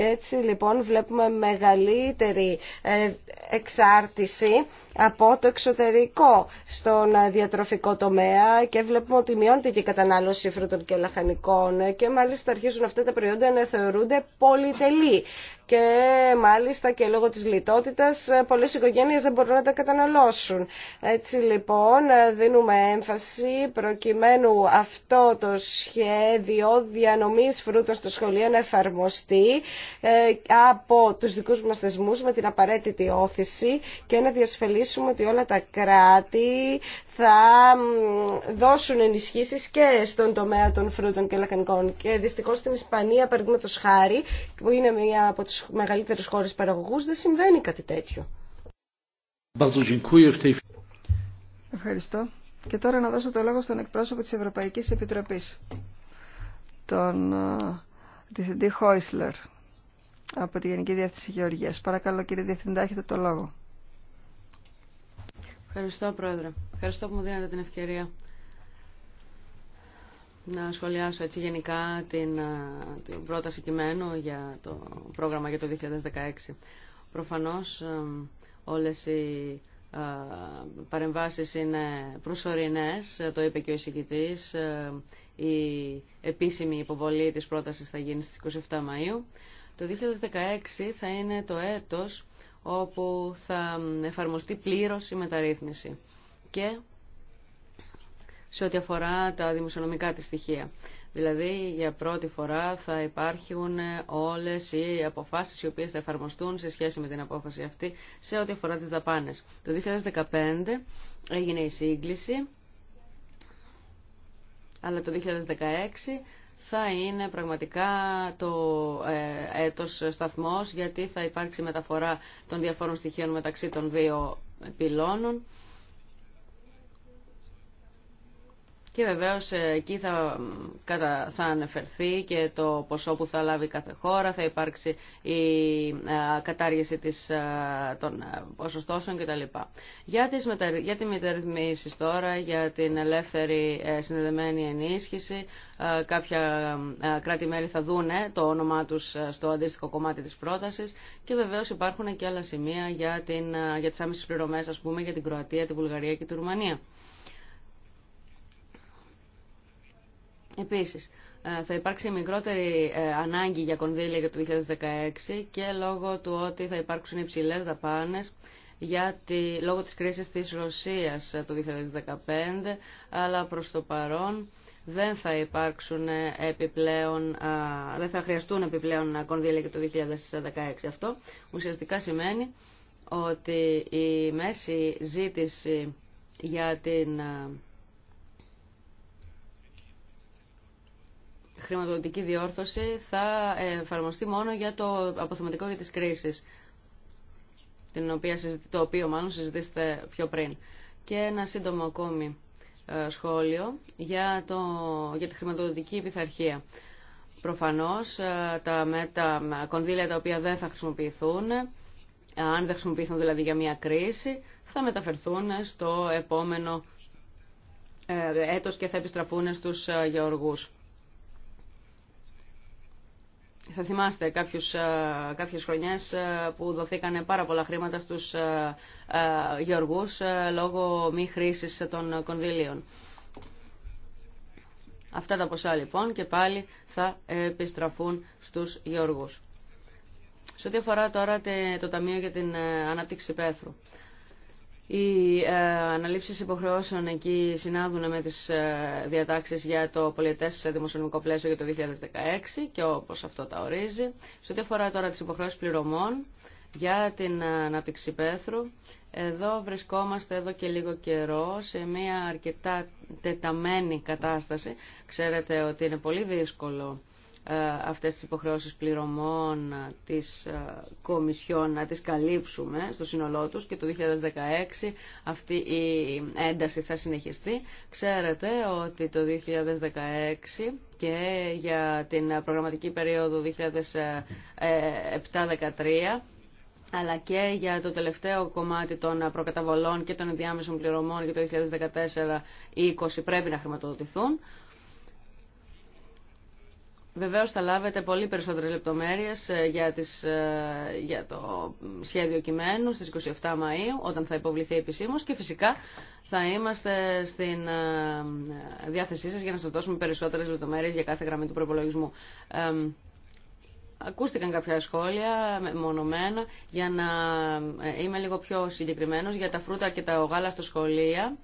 Έτσι λοιπόν βλέπουμε μεγαλύτερη ε, εξάρτηση από το εξωτερικό στον ε, διατροφικό τομέα και βλέπουμε ότι μειώνεται και η κατανάλωση φρούτων και λαχανικών ε, και μάλιστα αρχίζουν αυτά τα προϊόντα να θεωρούνται πολυτελή και μάλιστα και λόγω της λιτότητας ε, πολλές οικογένειες δεν μπορούν να τα καταναλώσουν. Έτσι λοιπόν ε, δίνουμε έμφαση προκειμένου αυτό το σχέδιο διανομής φρούτων στο σχολείο να εφαρμοστεί ε, από τους δικούς μας θεσμούς με την απαραίτητη όθηση και να διασφαλίσουμε ότι όλα τα κράτη θα δώσουν ενισχύσεις και στον τομέα των φρούτων και λαχανικών. Και δυστυχώς στην Ισπανία, παραδείγματος χάρη, που είναι μία από τις μεγαλύτερες χώρες παραγωγούς, δεν συμβαίνει κάτι τέτοιο. Ευχαριστώ. Και τώρα να δώσω το λόγο στον εκπρόσωπο της Ευρωπαϊκής Επιτροπής, τον Διευθυντή Χόισλερ από τη Γενική Διεύθυνση Γεωργίας. Παρακαλώ κύριε Διευθυντά, έχετε το λόγο. Ευχαριστώ, Πρόεδρε. Ευχαριστώ που μου δίνετε την ευκαιρία να σχολιάσω έτσι γενικά την, την πρόταση κειμένου για το πρόγραμμα για το 2016. Προφανώς όλες οι παρεμβάσεις είναι προσωρινές, το είπε και ο εισηγητής. Η επίσημη υποβολή της πρότασης θα γίνει στις 27 Μαΐου. Το 2016 θα είναι το έτος όπου θα εφαρμοστεί πλήρως η μεταρρύθμιση και σε ό,τι αφορά τα δημοσιονομικά της στοιχεία. Δηλαδή, για πρώτη φορά θα υπάρχουν όλες οι αποφάσεις οι οποίες θα εφαρμοστούν σε σχέση με την απόφαση αυτή σε ό,τι αφορά τις δαπάνες. Το 2015 έγινε η σύγκληση, αλλά το 2016 θα είναι πραγματικά το ε, έτος σταθμός γιατί θα υπάρξει μεταφορά των διαφόρων στοιχείων μεταξύ των δύο πυλώνων. Και βεβαίως ε, εκεί θα, κατα, ανεφερθεί και το ποσό που θα λάβει κάθε χώρα, θα υπάρξει η ε, κατάργηση της, ε, των ποσοστώσεων κτλ. Για, τις μετα, τη μεταρρυθμίσεις τώρα, για την ελεύθερη συνδεδεμένη ενίσχυση, κάποια κράτη-μέλη θα δούνε το όνομά τους στο αντίστοιχο κομμάτι της πρότασης και βεβαίως υπάρχουν και άλλα σημεία για, την, για τις άμεσες πληρωμές, ας πούμε, για την Κροατία, την Βουλγαρία και τη Ρουμανία. Επίσης, ε, θα υπάρξει μικρότερη ε, ανάγκη για κονδύλια για το 2016 και λόγω του ότι θα υπάρξουν υψηλές δαπάνες για τη, λόγω της κρίσης της Ρωσίας ε, το 2015, αλλά προς το παρόν δεν θα υπάρξουν επιπλέον, δεν θα χρειαστούν επιπλέον κονδύλια για το 2016. Αυτό ουσιαστικά σημαίνει ότι η μέση ζήτηση για την χρηματοδοτική διόρθωση θα εφαρμοστεί μόνο για το αποθεματικό για τις κρίσεις, την οποία το οποίο μάλλον συζητήσετε πιο πριν. Και ένα σύντομο ακόμη ε, σχόλιο για, το, για τη χρηματοδοτική πειθαρχία. Προφανώς ε, τα, με, τα κονδύλια τα οποία δεν θα χρησιμοποιηθούν, αν δεν χρησιμοποιηθούν δηλαδή για μια κρίση, θα μεταφερθούν στο επόμενο ε, έτος και θα επιστραφούν στους γεωργούς θα θυμάστε κάποιους, ε, κάποιες χρονιές ε, που δοθήκαν πάρα πολλά χρήματα στους ε, γεωργούς λόγω μη χρήσης των κονδυλίων. Αυτά τα ποσά λοιπόν και πάλι θα επιστραφούν στους γεωργούς. Σε ό,τι αφορά τώρα το Ταμείο για την Ανάπτυξη Πέθρου. Οι ε, αναλήψει υποχρεώσεων εκεί συνάδουν με τι ε, διατάξει για το σε δημοσιονομικό πλαίσιο για το 2016 και όπω αυτό τα ορίζει. Σε ό,τι αφορά τώρα τι υποχρεώσει πληρωμών για την ε, ανάπτυξη πέθρου, εδώ βρισκόμαστε εδώ και λίγο καιρό σε μια αρκετά τεταμένη κατάσταση. Ξέρετε ότι είναι πολύ δύσκολο ε, αυτές τις υποχρεώσεις πληρωμών της ε, Κομισιόν να τις καλύψουμε στο σύνολό τους και το 2016 αυτή η ένταση θα συνεχιστεί. Ξέρετε ότι το 2016 και για την προγραμματική περίοδο 2007-2013 αλλά και για το τελευταίο κομμάτι των προκαταβολών και των ενδιάμεσων πληρωμών για το 2014-2020 πρέπει να χρηματοδοτηθούν. Βεβαίω θα λάβετε πολύ περισσότερες λεπτομέρειε ε, για, ε, για το σχέδιο κειμένου στις 27 Μαΐου όταν θα υποβληθεί επισήμω και φυσικά θα είμαστε στην ε, διάθεσή σα για να σα δώσουμε περισσότερες λεπτομέρειε για κάθε γραμμή του προπολογισμού. Ακούστηκαν κάποια σχόλια μονομένα για να είμαι λίγο πιο συγκεκριμένος για τα φρούτα και τα γάλα στο σχολεία.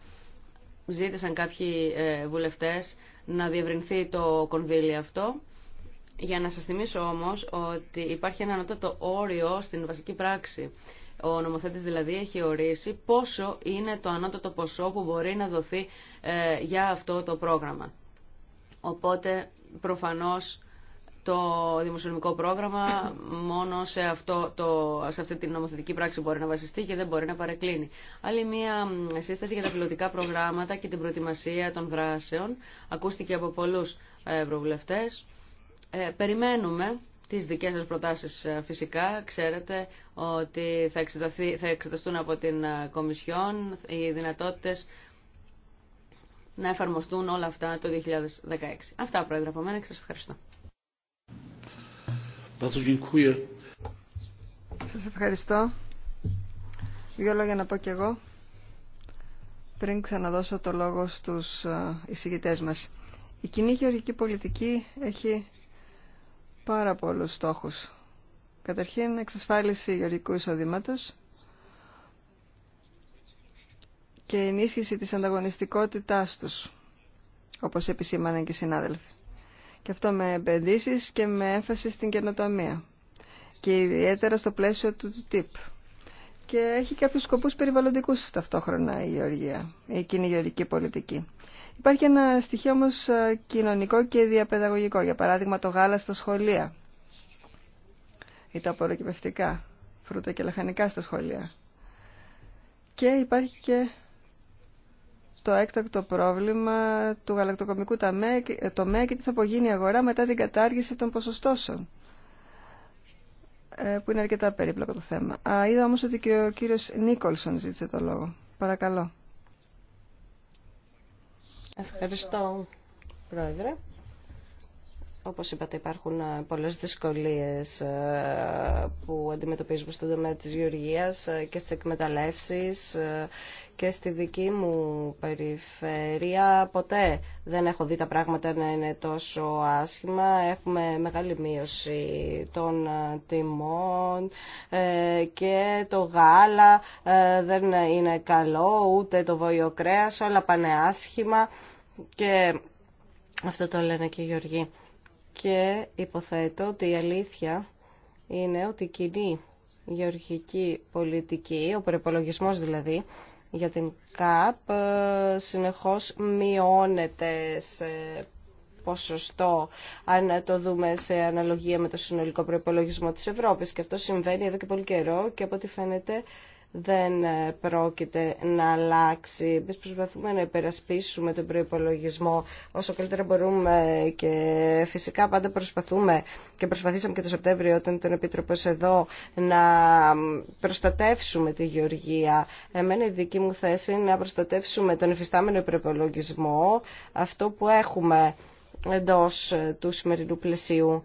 Ζήτησαν κάποιοι βουλευτές να διευρυνθεί το κονδύλι αυτό. Για να σας θυμίσω όμως ότι υπάρχει ένα ανώτατο όριο στην βασική πράξη. Ο νομοθέτης δηλαδή έχει ορίσει πόσο είναι το ανώτατο ποσό που μπορεί να δοθεί ε, για αυτό το πρόγραμμα. Οπότε προφανώς το δημοσιονομικό πρόγραμμα μόνο σε, αυτό το, σε αυτή την νομοθετική πράξη μπορεί να βασιστεί και δεν μπορεί να παρεκκλίνει. Άλλη μία σύσταση για τα πιλωτικά προγράμματα και την προετοιμασία των δράσεων ακούστηκε από πολλούς ευρωβουλευτές. Ε, περιμένουμε τις δικές σας προτάσεις ε, φυσικά. Ξέρετε ότι θα, εξεταθεί, θα εξεταστούν από την ε, Κομισιόν οι δυνατότητες να εφαρμοστούν όλα αυτά το 2016. Αυτά πρόεδρε από μένα και σας ευχαριστώ. Σας ευχαριστώ. Δύο λόγια να πω κι εγώ πριν ξαναδώσω το λόγο στους εισηγητές μας. Η κοινή γεωργική πολιτική έχει πάρα πολλούς στόχους. Καταρχήν, εξασφάλιση γεωργικού εισοδήματος και ενίσχυση της ανταγωνιστικότητάς τους, όπως επισήμαναν και οι συνάδελφοι. Και αυτό με επενδύσεις και με έμφαση στην καινοτομία και ιδιαίτερα στο πλαίσιο του TIP και έχει κάποιους σκοπούς περιβαλλοντικούς ταυτόχρονα η γεωργία, η κοινή γεωργική πολιτική. Υπάρχει ένα στοιχείο όμως ε, κοινωνικό και διαπαιδαγωγικό, για παράδειγμα το γάλα στα σχολεία ή τα απορροκυπευτικά, φρούτα και λαχανικά στα σχολεία. Και υπάρχει και το έκτακτο πρόβλημα του γαλακτοκομικού ε, τομέα και τι θα απογίνει η αγορά μετά την κατάργηση των ποσοστώσεων. Ε, που είναι αρκετά περίπλοκο το θέμα. Α, είδα όμως ότι και ο κύριος Νίκολσον ζήτησε το λόγο. Παρακαλώ. Ευχαριστώ, Πρόεδρε. Όπως είπατε υπάρχουν ε, πολλές δυσκολίες ε, που αντιμετωπίζουμε στον τομέα της γεωργίας ε, και στις εκμεταλλεύσεις και στη δική μου περιφέρεια ποτέ δεν έχω δει τα πράγματα να είναι τόσο άσχημα. Έχουμε μεγάλη μείωση των τιμών και το γάλα δεν είναι καλό, ούτε το βόλιο όλα πάνε άσχημα και αυτό το λένε και οι Γεωργοί και υποθέτω ότι η αλήθεια είναι ότι η κοινή γεωργική πολιτική, ο προπολογισμό δηλαδή, για την ΚΑΠ ε, συνεχώς μειώνεται σε ποσοστό αν το δούμε σε αναλογία με το συνολικό προϋπολογισμό της Ευρώπης και αυτό συμβαίνει εδώ και πολύ καιρό και από ό,τι φαίνεται δεν ε, πρόκειται να αλλάξει. Εμεί προσπαθούμε να υπερασπίσουμε τον προϋπολογισμό όσο καλύτερα μπορούμε και φυσικά πάντα προσπαθούμε και προσπαθήσαμε και το Σεπτέμβριο όταν ήταν επίτροπος εδώ να προστατεύσουμε τη γεωργία. Εμένα η δική μου θέση είναι να προστατεύσουμε τον εφιστάμενο προπολογισμό, αυτό που έχουμε εντός ε, του σημερινού πλαισίου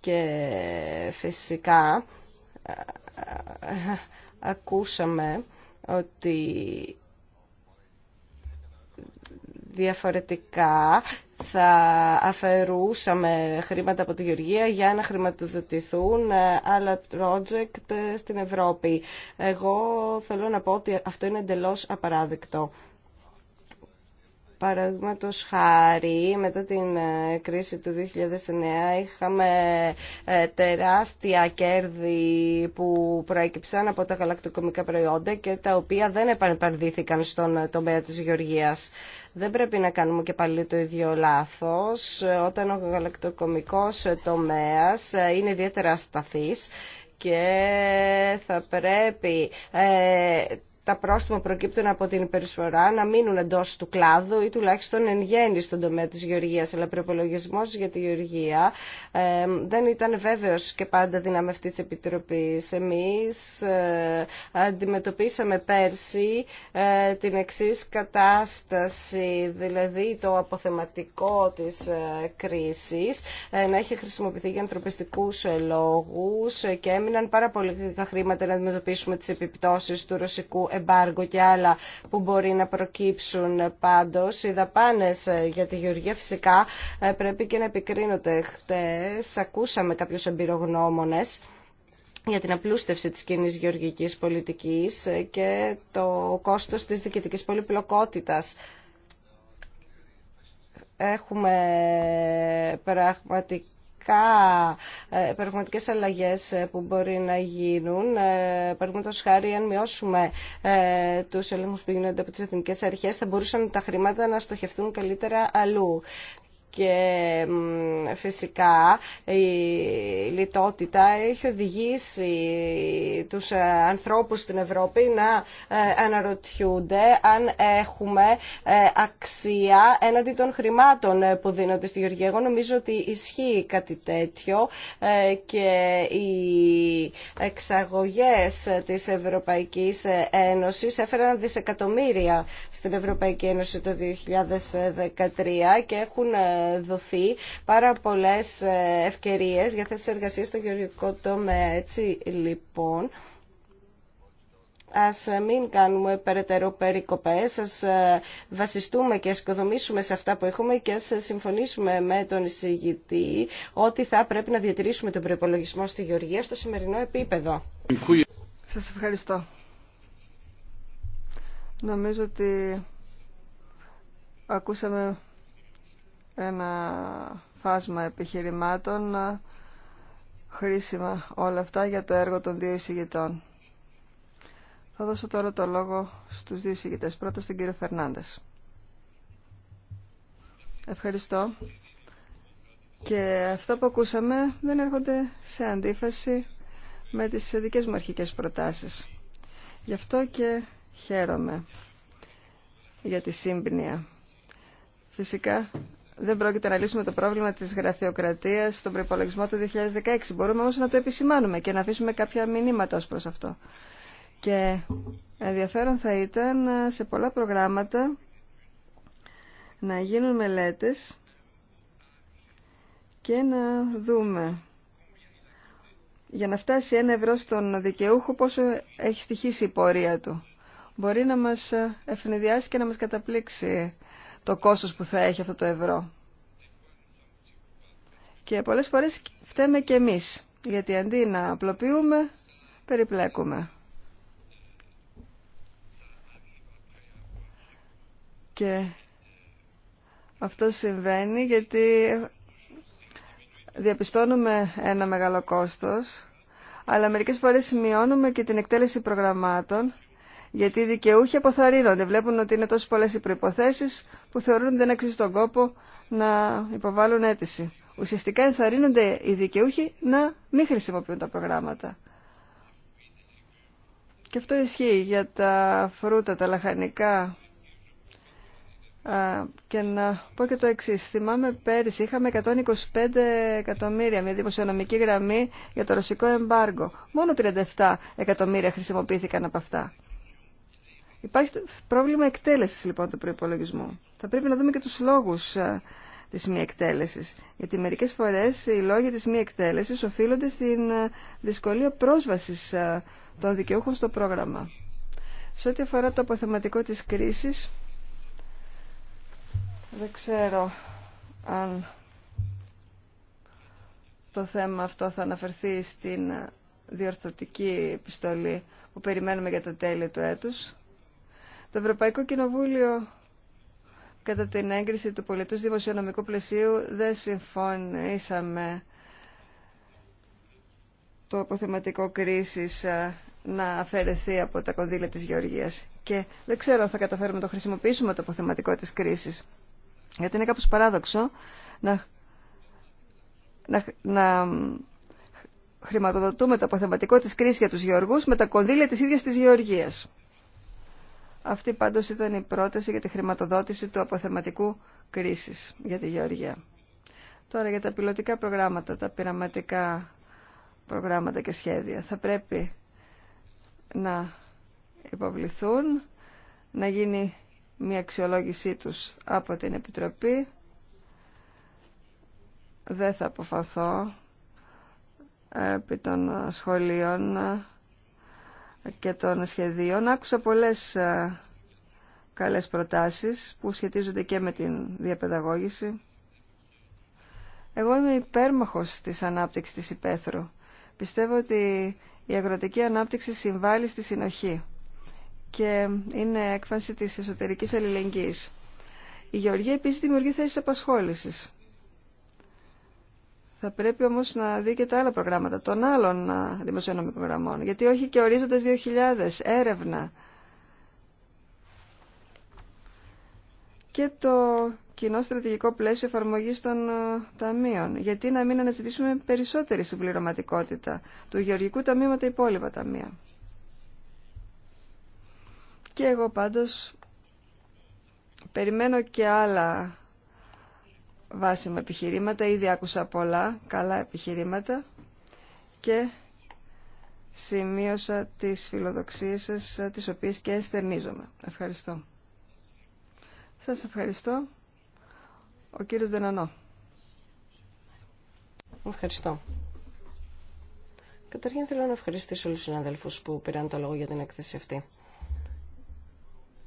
και φυσικά ε, ακούσαμε ότι διαφορετικά θα αφαιρούσαμε χρήματα από τη Γεωργία για να χρηματοδοτηθούν ε, άλλα project ε, στην Ευρώπη. Εγώ θέλω να πω ότι αυτό είναι εντελώς απαράδεκτο. Παραδείγματο χάρη, μετά την ε, κρίση του 2009 είχαμε ε, τεράστια κέρδη που προέκυψαν από τα γαλακτοκομικά προϊόντα και τα οποία δεν επανεπαρδίθηκαν στον ε, τομέα της γεωργίας. Δεν πρέπει να κάνουμε και πάλι το ίδιο λάθος όταν ο γαλακτοκομικός τομέας είναι ιδιαίτερα σταθής και θα πρέπει τα πρόστιμα προκύπτουν από την υπερισφορά να μείνουν εντό του κλάδου ή τουλάχιστον εν γέννη στον τομέα τη γεωργία. Αλλά προπολογισμό για τη γεωργία δεν ήταν βέβαιο και πάντα δύναμη αυτή τη Επιτροπή. Εμεί ε, αντιμετωπίσαμε πέρσι ε, την εξή κατάσταση, δηλαδή το αποθεματικό τη ε, κρίση να έχει χρησιμοποιηθεί για ανθρωπιστικού λόγου και έμειναν πάρα πολύ χρήματα να αντιμετωπίσουμε τι επιπτώσει του ρωσικού εμπάργκο και άλλα που μπορεί να προκύψουν πάντως. Οι δαπάνες ε, για τη γεωργία φυσικά ε, πρέπει και να επικρίνονται. Χτες ακούσαμε κάποιους εμπειρογνώμονες για την απλούστευση της κοινή γεωργικής πολιτικής ε, και το κόστος της διοικητικής πολυπλοκότητας. Έχουμε πραγματικά ε, πραγματικές αλλαγές ε, που μπορεί να γίνουν. Ε, Παραδείγματο χάρη, αν μειώσουμε του έλεγχου που γίνονται από τι εθνικέ αρχέ, θα μπορούσαν τα χρήματα να στοχευτούν καλύτερα αλλού και φυσικά η λιτότητα έχει οδηγήσει τους ε, ανθρώπους στην Ευρώπη να ε, αναρωτιούνται αν έχουμε ε, αξία έναντι των χρημάτων που δίνονται στη Γεωργία. Εγώ νομίζω ότι ισχύει κάτι τέτοιο και οι εξαγωγές της Ευρωπαϊκής Ένωσης έφεραν δισεκατομμύρια στην Ευρωπαϊκή Ένωση το 2013 και έχουν δοθεί πάρα πολλές ε, ευκαιρίες για θέσεις εργασίας στο γεωργικό τομέα. Έτσι λοιπόν, ας ε, μην κάνουμε περαιτέρω περικοπές, ας ε, βασιστούμε και ας σε αυτά που έχουμε και ας συμφωνήσουμε με τον εισηγητή ότι θα πρέπει να διατηρήσουμε τον προπολογισμό στη Γεωργία στο σημερινό επίπεδο. Σας ευχαριστώ. Νομίζω ότι ακούσαμε ένα φάσμα επιχειρημάτων χρήσιμα όλα αυτά για το έργο των δύο εισηγητών. Θα δώσω τώρα το λόγο στους δύο εισηγητές. Πρώτα στον κύριο Φερνάντες. Ευχαριστώ. Και αυτό που ακούσαμε δεν έρχονται σε αντίφαση με τις δικές μου αρχικές προτάσεις. Γι' αυτό και χαίρομαι για τη σύμπνοια. Φυσικά δεν πρόκειται να λύσουμε το πρόβλημα της γραφειοκρατίας στον προπολογισμό του 2016. Μπορούμε όμως να το επισημάνουμε και να αφήσουμε κάποια μηνύματα ως προς αυτό. Και ενδιαφέρον θα ήταν ε, σε πολλά προγράμματα να γίνουν μελέτες και να δούμε για να φτάσει ένα ευρώ στον δικαιούχο πόσο έχει στοιχήσει η πορεία του. Μπορεί να μας ε, ευνηδιάσει και να μας καταπλήξει το κόστος που θα έχει αυτό το ευρώ. Και πολλές φορές φταίμε και εμείς, γιατί αντί να απλοποιούμε, περιπλέκουμε. Και αυτό συμβαίνει γιατί διαπιστώνουμε ένα μεγάλο κόστος, αλλά μερικές φορές μειώνουμε και την εκτέλεση προγραμμάτων γιατί οι δικαιούχοι αποθαρρύνονται. Βλέπουν ότι είναι τόσε πολλέ οι προϋποθέσεις που θεωρούν ότι δεν αξίζει τον κόπο να υποβάλουν αίτηση. Ουσιαστικά ενθαρρύνονται οι δικαιούχοι να μην χρησιμοποιούν τα προγράμματα. Και αυτό ισχύει για τα φρούτα, τα λαχανικά. Και να πω και το εξή. Θυμάμαι πέρυσι είχαμε 125 εκατομμύρια με δημοσιονομική γραμμή για το ρωσικό εμπάργκο. Μόνο 37 εκατομμύρια χρησιμοποιήθηκαν από αυτά. Υπάρχει πρόβλημα εκτέλεσης λοιπόν του προϋπολογισμού. Θα πρέπει να δούμε και τους λόγους ε, της μη εκτέλεσης. Γιατί μερικές φορές οι λόγοι της μη εκτέλεσης οφείλονται στην ε, δυσκολία πρόσβασης ε, των δικαιούχων στο πρόγραμμα. Σε ό,τι αφορά το αποθεματικό της κρίσης, δεν ξέρω αν το θέμα αυτό θα αναφερθεί στην διορθωτική επιστολή που περιμένουμε για τα τέλη του έτους. Το Ευρωπαϊκό Κοινοβούλιο κατά την έγκριση του πολιτούς δημοσιονομικού πλαισίου δεν συμφωνήσαμε το αποθεματικό κρίσης ε, να αφαιρεθεί από τα κονδύλια της Γεωργίας. Και δεν ξέρω αν θα καταφέρουμε να το χρησιμοποιήσουμε το αποθεματικό της κρίσης. Γιατί είναι κάπως παράδοξο να, να, να χρηματοδοτούμε το αποθεματικό της κρίσης για τους γεωργούς με τα κονδύλια της ίδιας της Γεωργίας. Αυτή πάντως ήταν η πρόταση για τη χρηματοδότηση του αποθεματικού κρίσης για τη Γεωργία. Τώρα για τα πιλωτικά προγράμματα, τα πειραματικά προγράμματα και σχέδια. Θα πρέπει να υποβληθούν, να γίνει μια αξιολόγησή τους από την Επιτροπή. Δεν θα αποφαθώ ε, επί των σχολείων και των σχεδίων. Άκουσα πολλές ε, καλές προτάσεις που σχετίζονται και με την διαπαιδαγώγηση. Εγώ είμαι υπέρμαχος της ανάπτυξης της υπαίθρου. Πιστεύω ότι η αγροτική ανάπτυξη συμβάλλει στη συνοχή και είναι έκφανση της εσωτερικής αλληλεγγύης. Η γεωργία επίσης δημιουργεί θέσεις απασχόλησης. Θα πρέπει όμως να δει και τα άλλα προγράμματα των άλλων δημοσιονομικών γραμμών. Γιατί όχι και ορίζοντας 2.000, έρευνα. Και το κοινό στρατηγικό πλαίσιο εφαρμογή των ταμείων. Γιατί να μην αναζητήσουμε περισσότερη συμπληρωματικότητα του Γεωργικού Ταμείου με τα υπόλοιπα ταμεία. Και εγώ πάντως περιμένω και άλλα βάσιμα επιχειρήματα. Ήδη άκουσα πολλά καλά επιχειρήματα και σημείωσα τις φιλοδοξίες σας, τις οποίες και εστερνίζομαι. Ευχαριστώ. Σας ευχαριστώ. Ο κύριος Δενανό. Ευχαριστώ. Καταρχήν θέλω να ευχαριστήσω όλους τους συναδέλφους που πήραν το λόγο για την έκθεση αυτή.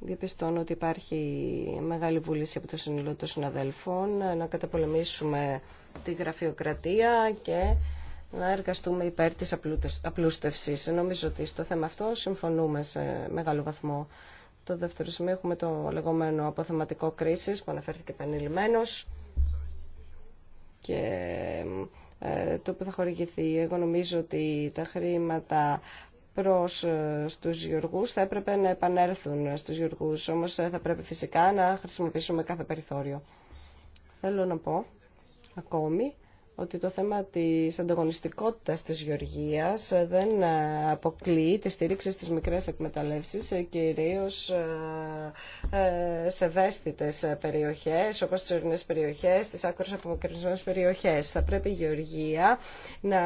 Διαπιστώνω ότι υπάρχει μεγάλη βούληση από το Συνολό των Συναδέλφων να καταπολεμήσουμε τη γραφειοκρατία και να εργαστούμε υπέρ της απλούστευσης. Νομίζω ότι στο θέμα αυτό συμφωνούμε σε μεγάλο βαθμό. Το δεύτερο σημείο έχουμε το λεγόμενο αποθεματικό κρίσης που αναφέρθηκε επανειλημμένος και ε, το που θα χορηγηθεί. Εγώ νομίζω ότι τα χρήματα προς ε, τους Γιουργούς θα έπρεπε να επανέλθουν στους Γιουργούς, όμως ε, θα πρέπει φυσικά να χρησιμοποιήσουμε κάθε περιθώριο. Θέλω να πω ακόμη ότι το θέμα της ανταγωνιστικότητας της γεωργίας ε, δεν ε, αποκλείει τη στήριξη στις μικρές εκμεταλλεύσεις, ε, κυρίως σε ευαίσθητες περιοχές, όπως τις ορεινές περιοχές, τις άκρες απομακρυσμένες περιοχές. Θα πρέπει η γεωργία να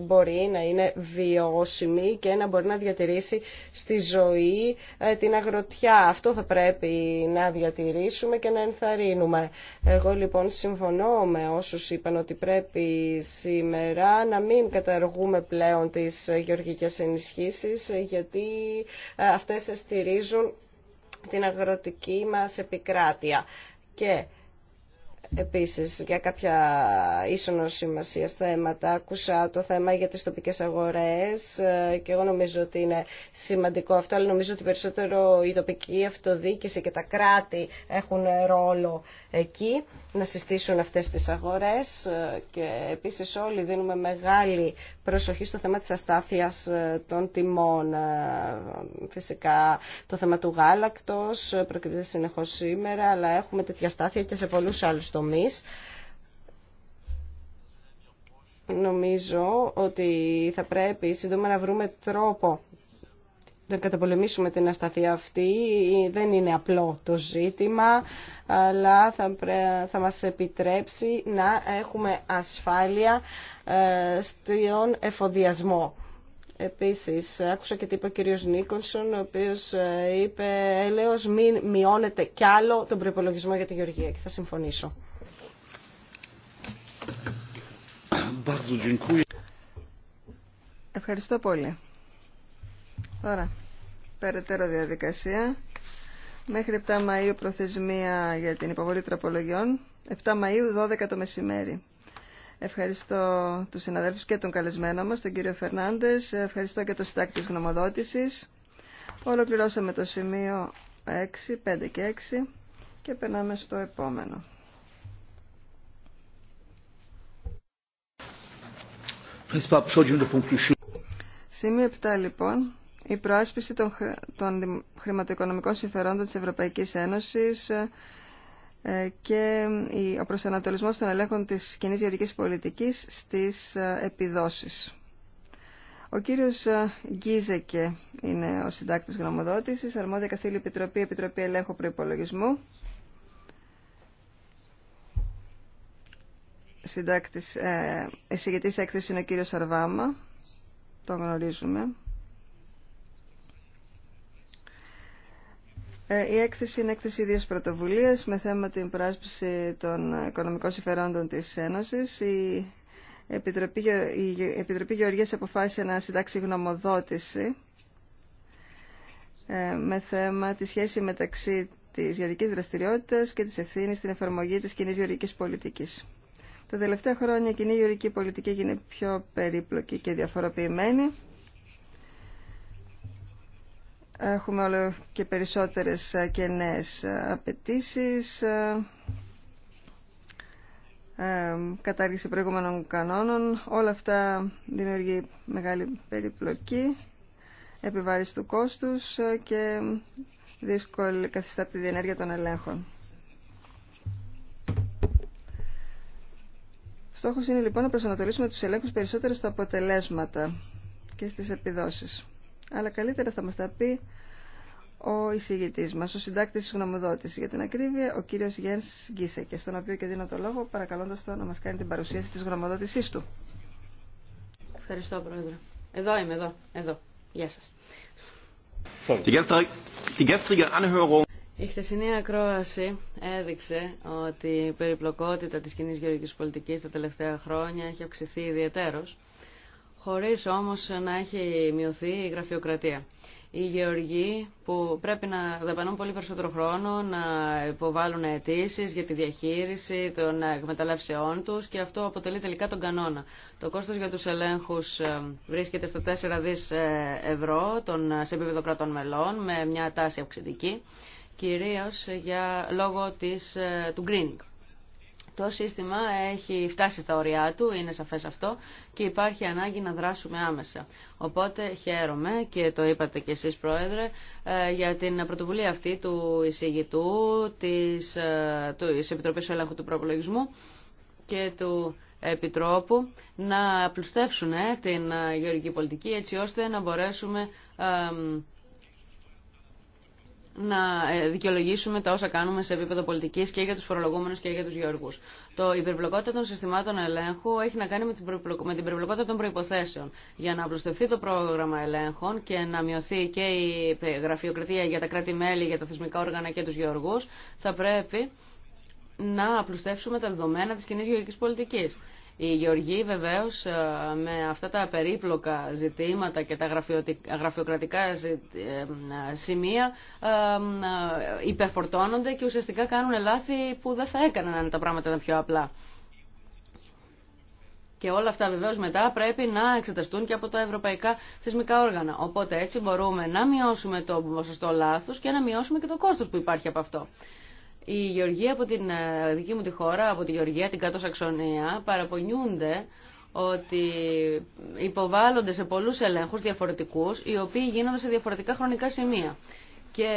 μπορεί να είναι βιώσιμη και να μπορεί να διατηρήσει στη ζωή την αγροτιά. Αυτό θα πρέπει να διατηρήσουμε και να ενθαρρύνουμε. Εγώ λοιπόν συμφωνώ με όσους είπαν ότι πρέπει σήμερα να μην καταργούμε πλέον τις γεωργικές ενισχύσεις γιατί ε, αυτές στηρίζουν την αγροτική μας επικράτεια. Και Επίσης, για κάποια ίσονο σημασία θέματα, άκουσα το θέμα για τις τοπικές αγορές ε, και εγώ νομίζω ότι είναι σημαντικό αυτό, αλλά νομίζω ότι περισσότερο η τοπική αυτοδίκηση και τα κράτη έχουν ρόλο εκεί να συστήσουν αυτές τις αγορές ε, και επίσης όλοι δίνουμε μεγάλη προσοχή στο θέμα της αστάθειας ε, των τιμών. Φυσικά το θέμα του γάλακτος προκύπτει συνεχώς σήμερα, αλλά έχουμε τέτοια αστάθεια και σε πολλούς άλλους τομείς. Νομίζω ότι θα πρέπει σύντομα να βρούμε τρόπο να καταπολεμήσουμε την ασταθία αυτή. Δεν είναι απλό το ζήτημα, αλλά θα, θα μας επιτρέψει να έχουμε ασφάλεια ε, στον εφοδιασμό. Επίσης, άκουσα και τι είπε ο κύριος Νίκονσον, ο οποίος ε, είπε έλεος μην μειώνεται κι άλλο τον προϋπολογισμό για τη Γεωργία και θα συμφωνήσω. Ευχαριστώ πολύ. Τώρα, περαιτέρω διαδικασία. Μέχρι 7 Μαΐου προθεσμία για την υποβολή τροπολογιών. 7 Μαΐου, 12 το μεσημέρι. Ευχαριστώ τους συναδέλφους και τον καλεσμένο μας, τον κύριο Φερνάντες. Ευχαριστώ και το συντάκτη της γνωμοδότησης. Ολοκληρώσαμε το σημείο 6, 5 και 6 και περνάμε στο επόμενο. Σημείο 7 λοιπόν, η προάσπιση των χρηματοοικονομικών συμφερόντων της Ευρωπαϊκής Ένωσης ε, και ε, ο προσανατολισμός των ελέγχων της κοινή γεωργικής πολιτικής στις ε, επιδόσεις. Ο κύριος Γκίζεκε είναι ο συντάκτης γνωμοδότησης, αρμόδια καθήλη επιτροπή, επιτροπή ελέγχου προϋπολογισμού. Συντάκτης, ε, εισηγητής έκθεση είναι ο κύριος Σαρβάμα, τον γνωρίζουμε. Ε, η έκθεση είναι έκθεση ίδιας πρωτοβουλίας με θέμα την πράσπιση των οικονομικών συμφερόντων της Ένωσης. Η Επιτροπή, η Επιτροπή Γεωργίας αποφάσισε να συντάξει γνωμοδότηση ε, με θέμα τη σχέση μεταξύ της γεωργικής δραστηριότητας και της ευθύνης στην εφαρμογή της κοινή γεωργικής πολιτικής. Τα τελευταία χρόνια η κοινή γεωργική πολιτική γίνεται πιο περίπλοκη και διαφοροποιημένη Έχουμε όλο και περισσότερες ε, και νέες ε, απαιτήσεις, ε, κατάργηση προηγούμενων κανόνων. Όλα αυτά δημιουργεί μεγάλη περιπλοκή, επιβάρηση του κόστους και δύσκολη καθιστά τη διενέργεια των ελέγχων. Στόχος είναι λοιπόν να προσανατολίσουμε τους ελέγχους περισσότερο στα αποτελέσματα και στις επιδόσεις αλλά καλύτερα θα μας τα πει ο εισηγητής μας, ο συντάκτης της γνωμοδότησης για την ακρίβεια, ο κύριος Γιάννης Γκίσεκε, στον οποίο και δίνω το λόγο, παρακαλώντας το να μας κάνει την παρουσίαση της γνωμοδότησής του. Ευχαριστώ, Πρόεδρε. Εδώ είμαι, εδώ, εδώ. Γεια σας. Η χθεσινή ακρόαση έδειξε ότι η περιπλοκότητα της κοινή γεωργικής πολιτικής τα τελευταία χρόνια έχει αυξηθεί ιδιαίτερως χωρίς όμως να έχει μειωθεί η γραφειοκρατία. Οι γεωργοί που πρέπει να δαπανούν πολύ περισσότερο χρόνο να υποβάλουν αιτήσει για τη διαχείριση των εκμεταλλεύσεών τους και αυτό αποτελεί τελικά τον κανόνα. Το κόστος για τους ελέγχους ε, βρίσκεται στα 4 δις ε, ευρώ των, σε επίπεδο κρατών μελών με μια τάση αυξητική, κυρίω για, λόγω της, ε, του greening. Το σύστημα έχει φτάσει στα ωριά του, είναι σαφές αυτό και υπάρχει ανάγκη να δράσουμε άμεσα. Οπότε χαίρομαι και το είπατε και εσείς Πρόεδρε ε, για την πρωτοβουλία αυτή του εισηγητού της, ε, της Επιτροπής Ελέγχου του Προπολογισμού και του Επιτρόπου να απλουστεύσουν την ε, γεωργική πολιτική έτσι ώστε να μπορέσουμε να ε, δικαιολογήσουμε τα όσα κάνουμε σε επίπεδο πολιτική και για του φορολογούμενου και για του γεωργού. Το υπερβλοκότητα των συστημάτων ελέγχου έχει να κάνει με την υπερβλοκότητα των προποθέσεων. Για να απλουστευτεί το πρόγραμμα ελέγχων και να μειωθεί και η γραφειοκρατία για τα κράτη-μέλη, για τα θεσμικά όργανα και του γεωργού, θα πρέπει να απλουστεύσουμε τα δεδομένα τη κοινή γεωργική πολιτική. Οι γεωργοί βεβαίως ε, με αυτά τα περίπλοκα ζητήματα και τα γραφειοκρατικά ε, σημεία ε, υπερφορτώνονται και ουσιαστικά κάνουν λάθη που δεν θα έκαναν αν τα πράγματα ήταν πιο απλά. Και όλα αυτά βεβαίω μετά πρέπει να εξεταστούν και από τα ευρωπαϊκά θεσμικά όργανα. Οπότε έτσι μπορούμε να μειώσουμε το ποσοστό λάθο και να μειώσουμε και το κόστος που υπάρχει από αυτό η γεωργία από την ε, δική μου τη χώρα, από τη Γεωργία, την Κάτω Σαξονία, παραπονιούνται ότι υποβάλλονται σε πολλούς ελέγχους διαφορετικούς, οι οποίοι γίνονται σε διαφορετικά χρονικά σημεία. Και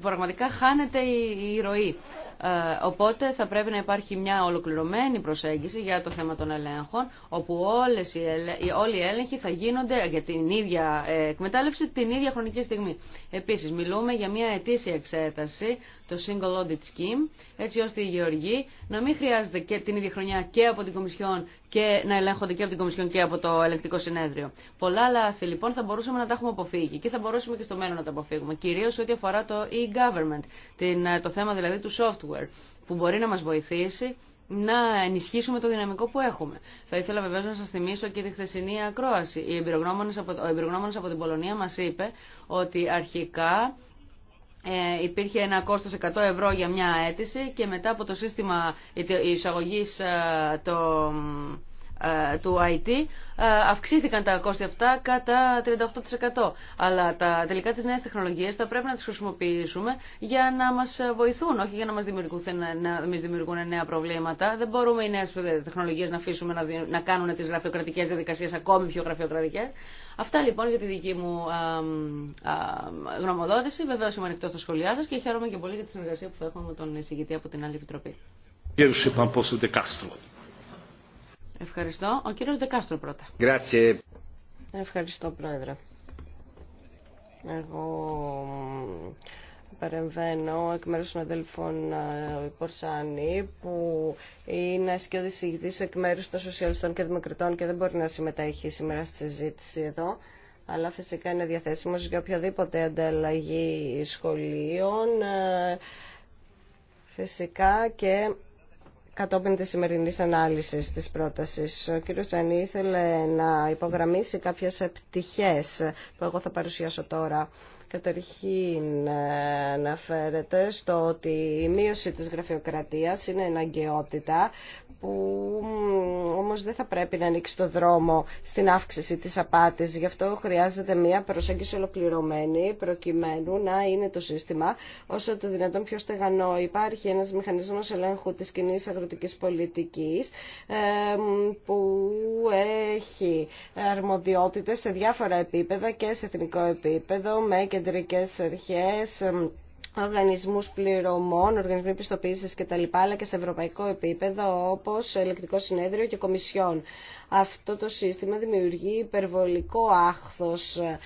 πραγματικά χάνεται η ροή. Ε, οπότε θα πρέπει να υπάρχει μια ολοκληρωμένη προσέγγιση για το θέμα των ελέγχων, όπου όλες οι όλοι οι έλεγχοι θα γίνονται για την ίδια ε, εκμετάλλευση την ίδια χρονική στιγμή. Επίσης, μιλούμε για μια ετήσια εξέταση το Single Audit Scheme, έτσι ώστε οι γεωργοί να μην χρειάζεται και την ίδια χρονιά και από την Κομισιόν και να ελέγχονται και από την Κομισιόν και από το Ελεκτικό Συνέδριο. Πολλά λάθη λοιπόν θα μπορούσαμε να τα έχουμε αποφύγει και θα μπορούσαμε και στο μέλλον να τα αποφύγουμε, κυρίω ό,τι αφορά το e-government, ε, το θέμα δηλαδή του software, που μπορεί να μα βοηθήσει να ενισχύσουμε το δυναμικό που έχουμε. Θα ήθελα βεβαίω να σα θυμίσω και τη χθεσινή ακρόαση. Ο εμπειρογνώμονα από την Πολωνία μα είπε ότι αρχικά ε, υπήρχε ένα κόστος 100 ευρώ για μια αίτηση και μετά από το σύστημα εισαγωγής ε, το, ε, του IT ε, αυξήθηκαν τα κόστη αυτά κατά 38%. Αλλά τα τελικά τις νέες τεχνολογίες θα πρέπει να τις χρησιμοποιήσουμε για να μας βοηθούν, όχι για να μας δημιουργούν, να μας νέα προβλήματα. Δεν μπορούμε οι νέες τεχνολογίες να αφήσουμε να, να κάνουν τις γραφειοκρατικές διαδικασίες ακόμη πιο γραφειοκρατικές. Αυτά λοιπόν για τη δική μου γνωμοδότηση. Βεβαίω είμαι ανοιχτό στα σχολιά σα και χαίρομαι και πολύ για τη συνεργασία που θα έχουμε με τον εισηγητή από την άλλη επιτροπή. Ευχαριστώ. Ο κύριος Δεκάστρο πρώτα. Ευχαριστώ, Πρόεδρε. Εγώ παρεμβαίνω εκ μέρους των αδελφών ε, Πορσάνη που είναι ασκιώδης ηγητής εκ μέρους των Σοσιαλιστών και Δημοκρατών και δεν μπορεί να συμμετέχει σήμερα στη συζήτηση εδώ αλλά φυσικά είναι διαθέσιμος για οποιαδήποτε ανταλλαγή σχολείων ε, φυσικά και κατόπιν της σημερινής ανάλυσης της πρότασης. Ο κύριος Τζανί ήθελε να υπογραμμίσει κάποιες επιτυχίες που εγώ θα παρουσιάσω τώρα καταρχήν ε, αναφέρεται στο ότι η μείωση της γραφειοκρατίας είναι αναγκαιότητα που όμως δεν θα πρέπει να ανοίξει το δρόμο στην αύξηση της απάτης. Γι' αυτό χρειάζεται μια προσέγγιση ολοκληρωμένη προκειμένου να είναι το σύστημα όσο το δυνατόν πιο στεγανό. Υπάρχει ένας μηχανισμός ελέγχου της κοινή αγροτικής πολιτικής ε, που έχει αρμοδιότητες σε διάφορα επίπεδα και σε εθνικό επίπεδο κεντρικές αρχές, οργανισμούς πληρωμών, οργανισμοί πιστοποίησης κτλ. αλλά και σε ευρωπαϊκό επίπεδο όπως ελεκτικό συνέδριο και κομισιόν αυτό το σύστημα δημιουργεί υπερβολικό άχθος ε,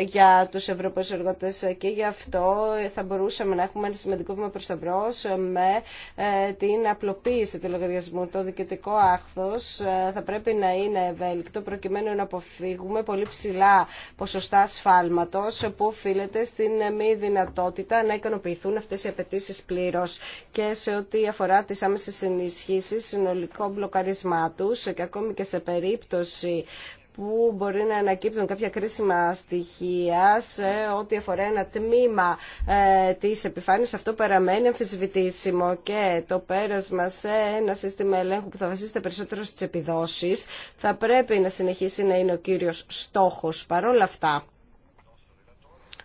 για τους Ευρωπαίους εργοτές και γι' αυτό θα μπορούσαμε να έχουμε ένα σημαντικό βήμα προς τα μπρος με ε, την απλοποίηση του λογαριασμού. Το δικαιωτικό άχθος ε, θα πρέπει να είναι ευέλικτο προκειμένου να αποφύγουμε πολύ ψηλά ποσοστά σφάλματος που οφείλεται στην μη δυνατότητα να ικανοποιηθούν αυτές οι απαιτήσει πλήρως και σε ό,τι αφορά τις άμεσες ενισχύσεις, συνολικό μπλοκαρισμά τους και ακόμη και σε περίπτωση που μπορεί να ανακύπτουν κάποια κρίσιμα στοιχεία σε ό,τι αφορά ένα τμήμα ε, της επιφάνειας. Αυτό παραμένει αμφισβητήσιμο και το πέρασμα σε ένα σύστημα ελέγχου που θα βασίζεται περισσότερο στις επιδόσεις θα πρέπει να συνεχίσει να είναι ο κύριος στόχος. Παρ' όλα αυτά,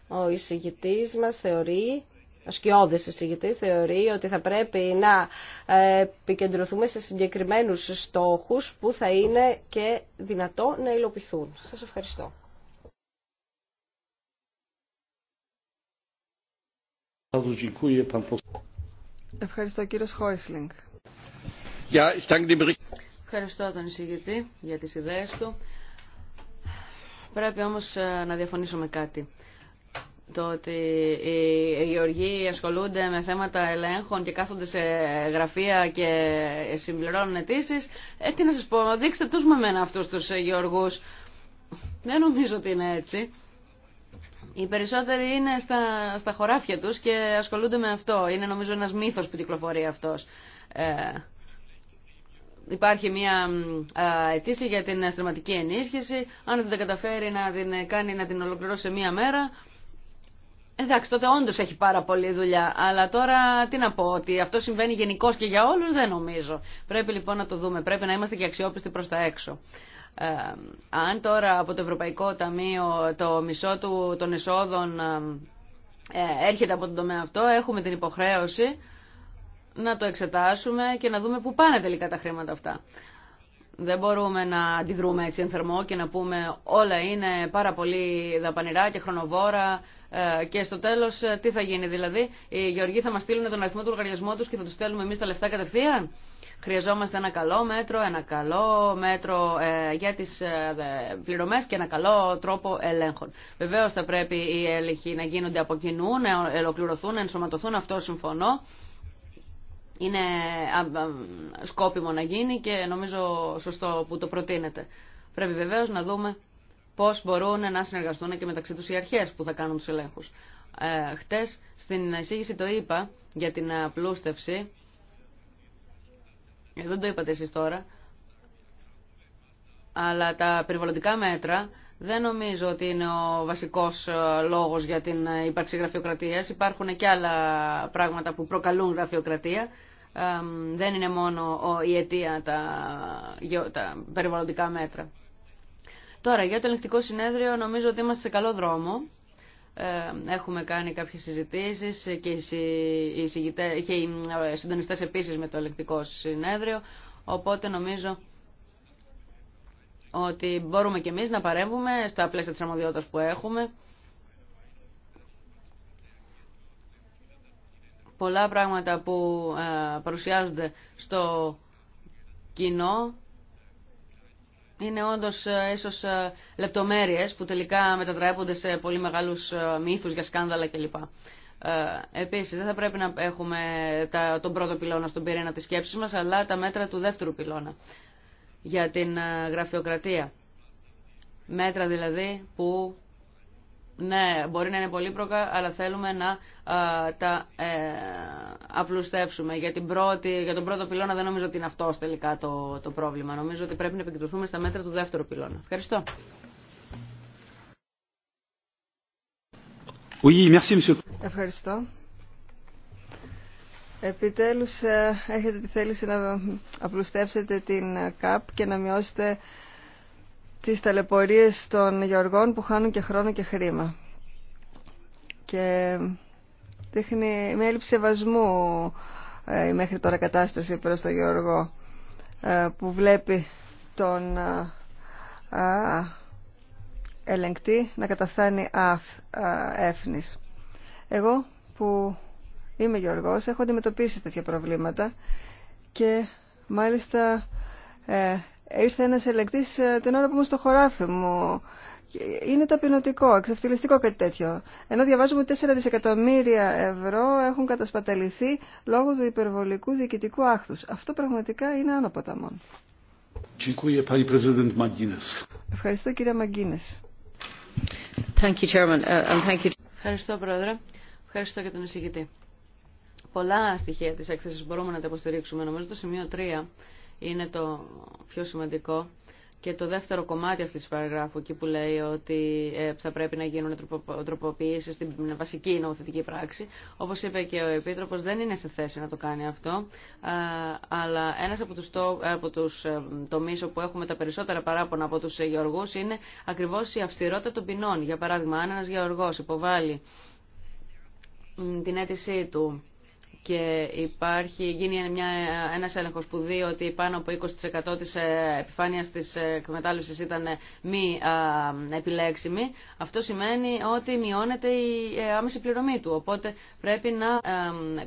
ο εισηγητής μας θεωρεί ο σκιώδης εισηγητής θεωρεί ότι θα πρέπει να ε, επικεντρωθούμε σε συγκεκριμένους στόχους που θα είναι και δυνατό να υλοποιηθούν. Σας ευχαριστώ. Ευχαριστώ κύριος Χόισλινγκ. Ευχαριστώ τον εισηγητή για τις ιδέες του. Πρέπει όμως ε, να διαφωνήσω με κάτι το ότι οι γεωργοί ασχολούνται με θέματα ελέγχων και κάθονται σε γραφεία και συμπληρώνουν αιτήσει. Ε, τι να σα πω, δείξτε τους με εμένα αυτού τους γεωργού. Δεν νομίζω ότι είναι έτσι. Οι περισσότεροι είναι στα, στα χωράφια τους και ασχολούνται με αυτό. Είναι νομίζω ένας μύθος που κυκλοφορεί αυτό. Ε, υπάρχει μια αιτήση για την στρωματική ενίσχυση. Αν δεν καταφέρει να την, κάνει, να την ολοκληρώσει σε μία μέρα, Εντάξει, τότε όντω έχει πάρα πολλή δουλειά. Αλλά τώρα τι να πω, ότι αυτό συμβαίνει γενικώ και για όλου, δεν νομίζω. Πρέπει λοιπόν να το δούμε. Πρέπει να είμαστε και αξιόπιστοι προ τα έξω. Ε, αν τώρα από το Ευρωπαϊκό Ταμείο το μισό του των εσόδων ε, ε, έρχεται από τον τομέα αυτό, έχουμε την υποχρέωση να το εξετάσουμε και να δούμε πού πάνε τελικά τα χρήματα αυτά. Δεν μπορούμε να αντιδρούμε έτσι εν θερμό και να πούμε όλα είναι πάρα πολύ δαπανηρά και χρονοβόρα ε, και στο τέλο ε, τι θα γίνει, δηλαδή οι γεωργοί θα μα στείλουν τον αριθμό του λογαριασμού του και θα του στέλνουμε εμεί τα λεφτά κατευθείαν. Χρειαζόμαστε ένα καλό μέτρο, ένα καλό μέτρο ε, για τι ε, πληρωμές και ένα καλό τρόπο ελέγχων. Βεβαίω θα πρέπει οι έλεγχοι να γίνονται από κοινού, να ελοκληρωθούν, να ενσωματωθούν, αυτό συμφωνώ. Είναι σκόπιμο να γίνει και νομίζω σωστό που το προτείνετε. Πρέπει βεβαίω να δούμε Πώ μπορούν να συνεργαστούν και μεταξύ του οι αρχέ που θα κάνουν του ελέγχους. Ε, χτες στην εισήγηση το είπα για την απλούστευση, ε, δεν το είπατε εσεί τώρα, αλλά τα περιβαλλοντικά μέτρα δεν νομίζω ότι είναι ο βασικός ε, λόγος για την ε, ύπαρξη γραφειοκρατίας. Υπάρχουν και άλλα πράγματα που προκαλούν γραφειοκρατία. Ε, δεν είναι μόνο η αιτία τα, τα περιβαλλοντικά μέτρα. Τώρα, για το ελεκτικό συνέδριο νομίζω ότι είμαστε σε καλό δρόμο. Ε, έχουμε κάνει κάποιες συζητήσεις και οι, συντονιστέ και ε, συντονιστές επίσης με το ελεκτικό συνέδριο, οπότε νομίζω ότι μπορούμε και εμείς να παρέμβουμε στα πλαίσια της αρμοδιότητας που έχουμε. Πολλά πράγματα που ε, παρουσιάζονται στο κοινό είναι όντως ε, ίσως ε, λεπτομέρειες που τελικά μετατρέπονται σε πολύ μεγάλους ε, μύθους για σκάνδαλα κλπ. Επίσης, δεν θα πρέπει να έχουμε τον πρώτο πυλώνα στον πυρήνα τη σκέψης μας, αλλά τα μέτρα του δεύτερου πυλώνα για την γραφειοκρατία. Μέτρα δηλαδή που ναι, μπορεί να είναι πολύπλοκα, αλλά θέλουμε να τα ε, απλουστεύσουμε. Για, για τον πρώτο πυλώνα δεν νομίζω ότι είναι αυτό τελικά το, το πρόβλημα. Νομίζω ότι πρέπει να επικεντρωθούμε στα μέτρα του δεύτερου πυλώνα. Ευχαριστώ. Ευχαριστώ. Επιτέλους ε, έχετε τη θέληση να απλουστεύσετε την ΚΑΠ και να μειώσετε τις ταλαιπωρίες των γεωργών που χάνουν και χρόνο και χρήμα. Και δείχνει με έλλειψη σεβασμού ε, η μέχρι τώρα κατάσταση προς τον Γεωργό ε, που βλέπει τον ε, ελεγκτή να καταφθάνει έφνης. Εγώ που είμαι Γεωργός έχω αντιμετωπίσει τέτοια προβλήματα και μάλιστα ήρθε ένας ελεκτής ε, την ώρα που είμαι στο χωράφι μου. Είναι ταπεινωτικό, εξευθυλιστικό κάτι τέτοιο. Ενώ διαβάζουμε ότι 4 δισεκατομμύρια ευρώ έχουν κατασπαταληθεί λόγω του υπερβολικού διοικητικού άχθους. Αυτό πραγματικά είναι άνω ποταμών. Ευχαριστώ κύριε Μαγκίνες. Uh, Ευχαριστώ πρόεδρε. Ευχαριστώ και τον εισηγητή. Πολλά στοιχεία της έκθεσης μπορούμε να τα υποστηρίξουμε. Νομίζω το σημείο 3 είναι το πιο σημαντικό και το δεύτερο κομμάτι αυτής της παραγράφου εκεί που λέει ότι ε, θα πρέπει να γίνουν τροποποιήσεις στην βασική νομοθετική πράξη. Όπως είπε και ο Επίτροπος δεν είναι σε θέση να το κάνει αυτό, αλλά ένας από τους, το, ε, από τους ε, τομείς όπου έχουμε τα περισσότερα παράπονα από τους γεωργούς είναι ακριβώς η αυστηρότητα των ποινών. Για παράδειγμα, αν ένας γεωργός υποβάλλει την αίτησή του και υπάρχει, γίνει μια, ένας έλεγχος που δει ότι πάνω από 20% της ε, επιφάνειας της ε, εκμετάλλευσης ήταν ε, μη επιλέξιμη, αυτό σημαίνει ότι μειώνεται η άμεση πληρωμή του. Οπότε πρέπει να,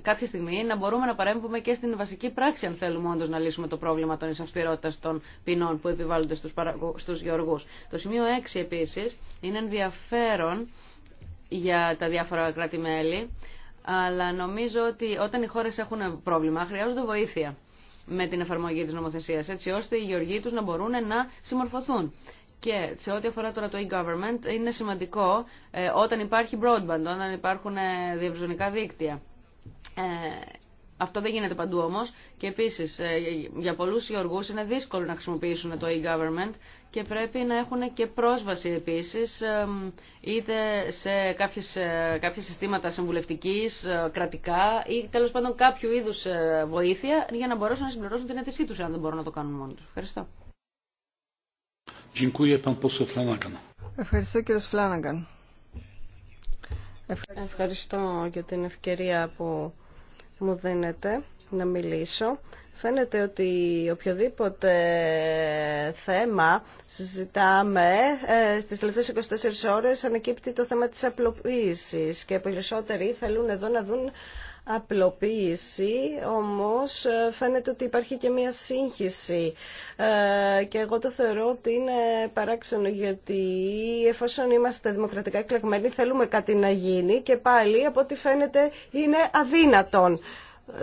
κάποια στιγμή να μπορούμε να παρέμβουμε και στην βασική πράξη αν θέλουμε όντω να λύσουμε το πρόβλημα των εισαυστηρότητας των ποινών που επιβάλλονται στους, παραγω... στους γεωργούς. Το σημείο 6 επίσης είναι ενδιαφέρον για τα διάφορα κράτη-μέλη αλλά νομίζω ότι όταν οι χώρες έχουν πρόβλημα χρειάζονται βοήθεια με την εφαρμογή της νομοθεσίας, έτσι ώστε οι γεωργοί τους να μπορούν να συμμορφωθούν. Και σε ό,τι αφορά τώρα το e-government, είναι σημαντικό ε, όταν υπάρχει broadband, όταν υπάρχουν ε, δίκτυα. Ε, αυτό δεν γίνεται παντού όμως και επίσης ε, για πολλούς γεωργούς είναι δύσκολο να χρησιμοποιήσουν το e-government και πρέπει να έχουν και πρόσβαση επίσης είτε σε κάποιες, ε, κάποια συστήματα συμβουλευτικής, ε, κρατικά ή τέλος πάντων κάποιου είδους ε, βοήθεια για να μπορέσουν να συμπληρώσουν την αίτησή τους αν δεν μπορούν να το κάνουν μόνοι τους. Ευχαριστώ. Ευχαριστώ κύριο Φλάναγκαν. Ευχαριστώ. Ευχαριστώ για την ευκαιρία που μου δίνετε να μιλήσω. Φαίνεται ότι οποιοδήποτε θέμα συζητάμε ε, στις τελευταίες 24 ώρες ανακύπτει το θέμα της απλοποίησης και περισσότεροι θέλουν εδώ να δουν απλοποίηση, όμως ε, φαίνεται ότι υπάρχει και μία σύγχυση ε, και εγώ το θεωρώ ότι είναι παράξενο γιατί εφόσον είμαστε δημοκρατικά εκλεγμένοι θέλουμε κάτι να γίνει και πάλι από ό,τι φαίνεται είναι αδύνατον.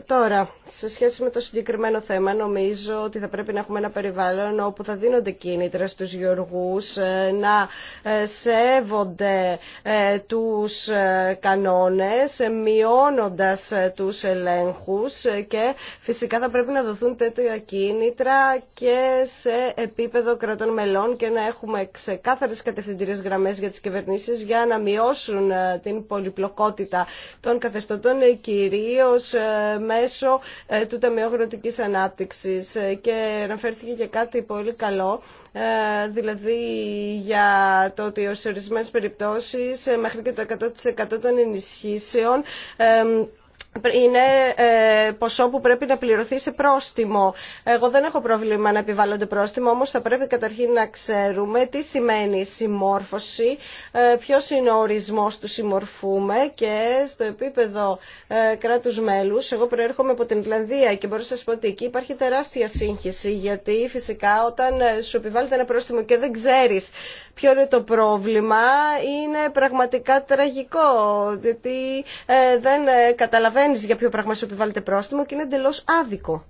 Τώρα, σε σχέση με το συγκεκριμένο θέμα, νομίζω ότι θα πρέπει να έχουμε ένα περιβάλλον όπου θα δίνονται κίνητρα στους γεωργούς ε, να ε, σέβονται ε, τους κανόνες, μειώνοντας τους ελέγχους και φυσικά θα πρέπει να δοθούν τέτοια κίνητρα και σε επίπεδο κρατών μελών και να έχουμε ξεκάθαρες κατευθυντήριες γραμμές για τις κυβερνήσεις για να μειώσουν την πολυπλοκότητα των καθεστώτων, κυρίως μέσω ε, του Ταμείου Αγροτική ανάπτυξη. Ε, και αναφέρθηκε και κάτι πολύ καλό, ε, δηλαδή για το ότι σε ορισμένε περιπτώσει, μέχρι και το 100% των ενισχύσεων είναι ε, ποσό που πρέπει να πληρωθεί σε πρόστιμο. Εγώ δεν έχω πρόβλημα να επιβάλλονται πρόστιμο, όμως θα πρέπει καταρχήν να ξέρουμε τι σημαίνει συμμόρφωση, ε, ποιος είναι ο ορισμός του συμμορφούμε και στο επίπεδο ε, κράτους μέλους. Εγώ προέρχομαι από την Ιρλανδία και μπορώ να σας πω ότι εκεί υπάρχει τεράστια σύγχυση, γιατί φυσικά όταν σου επιβάλλεται ένα πρόστιμο και δεν ξέρεις ποιο είναι το πρόβλημα, είναι πραγματικά τραγικό, γιατί δεν καταλαβαίνεις ξέρεις για ποιο πράγμα σου επιβάλλεται πρόστιμο και είναι εντελώ άδικο.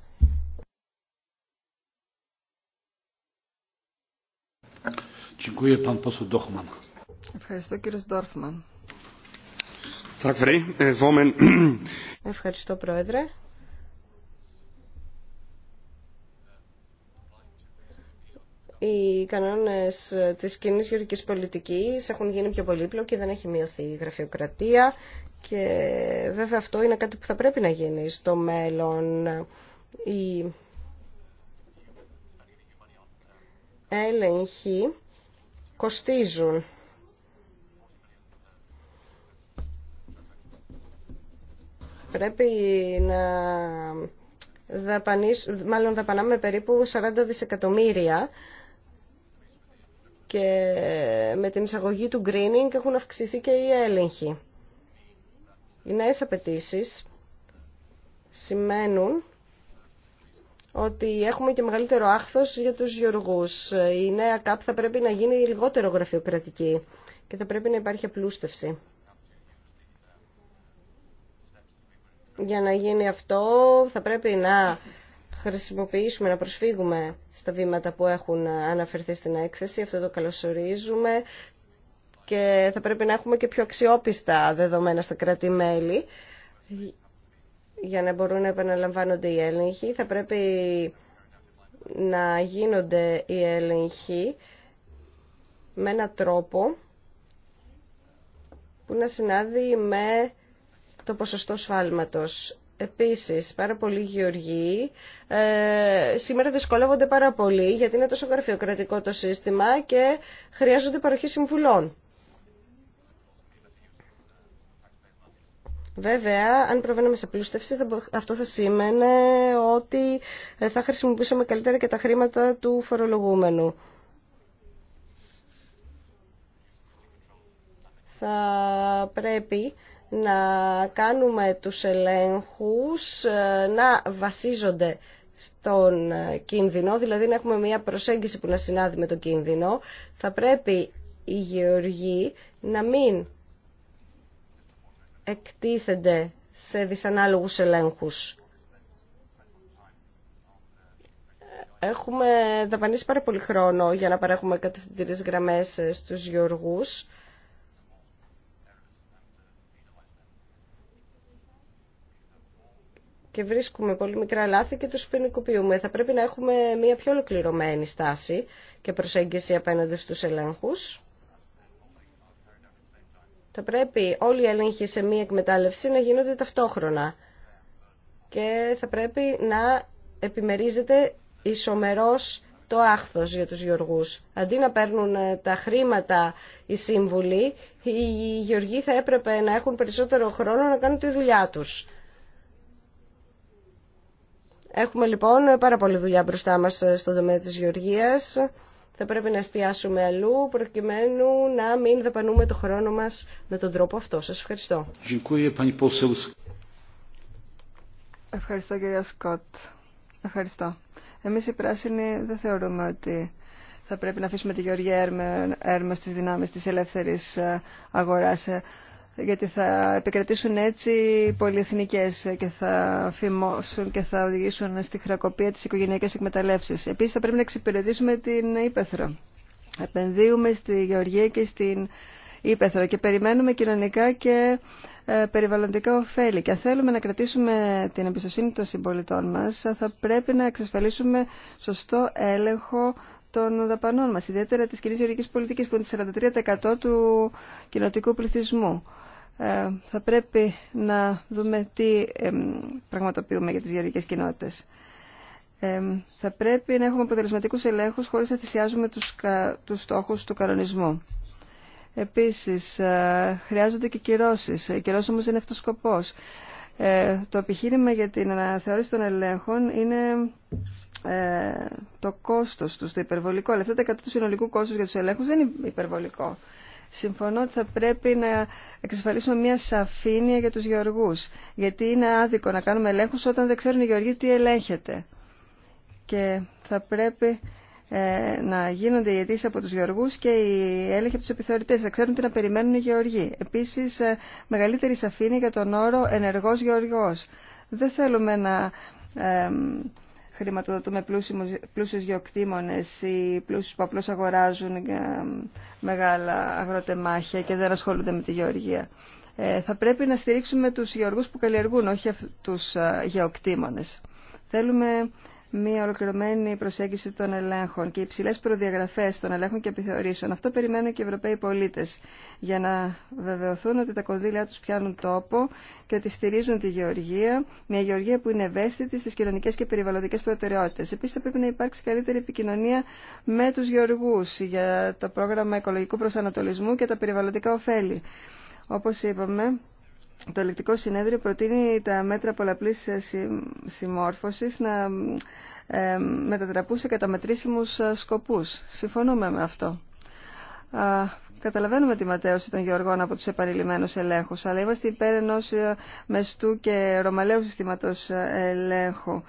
Ευχαριστώ κύριος Ντόρφμαν. Ε, Ευχαριστώ πρόεδρε. οι κανόνες της κοινή γεωργικής πολιτικής έχουν γίνει πιο πολύπλοκοι, δεν έχει μειωθεί η γραφειοκρατία και βέβαια αυτό είναι κάτι που θα πρέπει να γίνει στο μέλλον. Η έλεγχοι κοστίζουν. Πρέπει να δαπανίσουμε, μάλλον δαπανάμε περίπου 40 δισεκατομμύρια και με την εισαγωγή του greening έχουν αυξηθεί και οι έλεγχοι. Οι νέε απαιτήσει σημαίνουν ότι έχουμε και μεγαλύτερο άχθος για τους γεωργούς. Η νέα ΚΑΠ θα πρέπει να γίνει λιγότερο γραφειοκρατική και θα πρέπει να υπάρχει απλούστευση. Για να γίνει αυτό θα πρέπει να χρησιμοποιήσουμε, να προσφύγουμε στα βήματα που έχουν αναφερθεί στην έκθεση. Αυτό το καλωσορίζουμε και θα πρέπει να έχουμε και πιο αξιόπιστα δεδομένα στα κράτη-μέλη για να μπορούν να επαναλαμβάνονται οι έλεγχοι. Θα πρέπει να γίνονται οι έλεγχοι με έναν τρόπο που να συνάδει με το ποσοστό σφάλματος. Επίσης, πάρα πολλοί γεωργοί ε, σήμερα δυσκολεύονται πάρα πολύ γιατί είναι τόσο γραφειοκρατικό το σύστημα και χρειάζονται παροχή συμβουλών. Βέβαια, αν προβαίναμε σε πλούστευση, αυτό θα σήμαινε ότι ε, θα χρησιμοποιήσουμε καλύτερα και τα χρήματα του φορολογούμενου. Θα πρέπει να κάνουμε τους ελέγχους ε, να βασίζονται στον ε, κίνδυνο, δηλαδή να έχουμε μια προσέγγιση που να συνάδει με τον κίνδυνο, θα πρέπει οι γεωργοί να μην εκτίθενται σε δυσανάλογους ελέγχους. Έχουμε δαπανίσει πάρα πολύ χρόνο για να παρέχουμε κατευθυντήριες γραμμές ε, στους γεωργούς και βρίσκουμε πολύ μικρά λάθη και τους ποινικοποιούμε. Θα πρέπει να έχουμε μια πιο ολοκληρωμένη στάση και προσέγγιση απέναντι στους ελέγχους. Θα πρέπει όλοι οι έλεγχοι σε μία εκμετάλλευση να γίνονται ταυτόχρονα και θα πρέπει να επιμερίζεται ισομερός το άχθος για τους γεωργούς. Αντί να παίρνουν ε, τα χρήματα οι σύμβουλοι, οι γεωργοί θα έπρεπε να έχουν περισσότερο χρόνο να κάνουν τη δουλειά τους. Έχουμε λοιπόν πάρα πολλή δουλειά μπροστά μας ε, στον τομέα της γεωργίας. Θα πρέπει να εστιάσουμε αλλού προκειμένου να μην δεπανούμε το χρόνο μας με τον τρόπο αυτό. Σας ευχαριστώ. Ευχαριστώ κυρία Σκοτ. Ευχαριστώ. Εμείς οι πράσινοι δεν θεωρούμε ότι θα πρέπει να αφήσουμε τη Γεωργία έρμα στις δυνάμεις της ελεύθερης ε, αγοράς. Ε, γιατί θα επικρατήσουν έτσι οι πολυεθνικές και θα φημώσουν και θα οδηγήσουν στη χρακοπία της οικογενειακής εκμεταλλεύσεις. Επίσης θα πρέπει να εξυπηρετήσουμε την Ήπεθρο. Επενδύουμε στη Γεωργία και στην Ήπεθρο και περιμένουμε κοινωνικά και ε, περιβαλλοντικά ωφέλη. Και αν θέλουμε να κρατήσουμε την εμπιστοσύνη των συμπολιτών μας, θα πρέπει να εξασφαλίσουμε σωστό έλεγχο των δαπανών μας, ιδιαίτερα της κοινής γεωργικής πολιτικής που είναι 43% του κοινοτικού πληθυσμού. Ε, θα πρέπει να δούμε τι πραγματοποιούμε για τις γεωργικές κοινότητες. θα πρέπει να έχουμε αποτελεσματικούς ελέγχους χωρίς να θυσιάζουμε τους, κα, τους στόχους του κανονισμού. Επίσης, ε, χρειάζονται και κυρώσεις. Οι κυρώσεις όμως δεν είναι αυτός ο σκοπός. Ε, το επιχείρημα για την αναθεώρηση των ελέγχων είναι το κόστος του το υπερβολικό. Αλλά αυτό το 100% του συνολικού κόστος για τους ελέγχους δεν είναι υπερβολικό. Συμφωνώ ότι θα πρέπει να εξασφαλίσουμε μια σαφήνεια για τους γεωργούς, γιατί είναι άδικο να κάνουμε ελέγχους όταν δεν ξέρουν οι γεωργοί τι ελέγχεται. Και θα πρέπει ε, να γίνονται οι αιτήσεις από τους γεωργούς και οι έλεγχοι από τους επιθεωρητές. Θα ξέρουν τι να περιμένουν οι γεωργοί. Επίσης, ε, μεγαλύτερη σαφήνεια για τον όρο «ενεργός γεωργός». Δεν θέλουμε να ε, χρηματοδοτούμε πλούσιους γεωκτήμονες ή πλούσιους που απλώς αγοράζουν ε, μεγάλα αγροτεμάχια και δεν ασχολούνται με τη γεωργία. Ε, θα πρέπει να στηρίξουμε τους γεωργούς που καλλιεργούν, όχι τους ε, γεωκτήμονες. Θέλουμε μια ολοκληρωμένη προσέγγιση των ελέγχων και υψηλέ προδιαγραφέ των ελέγχων και επιθεωρήσεων. Αυτό περιμένουν και οι Ευρωπαίοι πολίτε για να βεβαιωθούν ότι τα κονδύλια του πιάνουν τόπο και ότι στηρίζουν τη γεωργία, μια γεωργία που είναι ευαίσθητη στι κοινωνικέ και περιβαλλοντικέ προτεραιότητε. Επίση, θα πρέπει να υπάρξει καλύτερη επικοινωνία με του γεωργού για το πρόγραμμα οικολογικού προσανατολισμού και τα περιβαλλοντικά ωφέλη. Όπως είπαμε, το Ελεκτικό Συνέδριο προτείνει τα μέτρα πολλαπλής ε, συμμόρφωσης να ε, μετατραπούν σε καταμετρήσιμους ε, σκοπούς. Συμφωνούμε με αυτό. Καταλαβαίνουμε τη ματέωση των γεωργών από τους επανειλημμένους ελέγχους, αλλά είμαστε υπέρ ενός μεστού και ρωμαλαίου συστήματος ελέγχου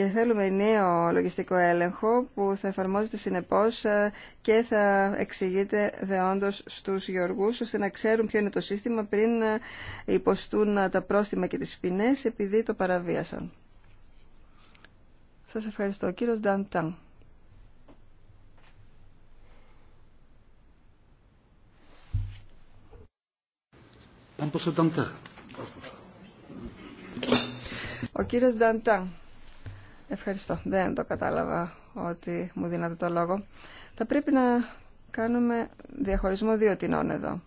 και θέλουμε νέο λογιστικό έλεγχο που θα εφαρμόζεται συνεπώς ε, και θα εξηγείται δεόντως στους γεωργούς ώστε να ξέρουν ποιο είναι το σύστημα πριν ε, υποστούν ε, τα πρόστιμα και τις ποινές επειδή το παραβίασαν. Σας ευχαριστώ. Κύριος Νταντάν. Ο κύριος Νταντάν. Ευχαριστώ. Δεν το κατάλαβα ότι μου δίνατε το λόγο. Θα πρέπει να κάνουμε διαχωρισμό δύο τεινών εδώ.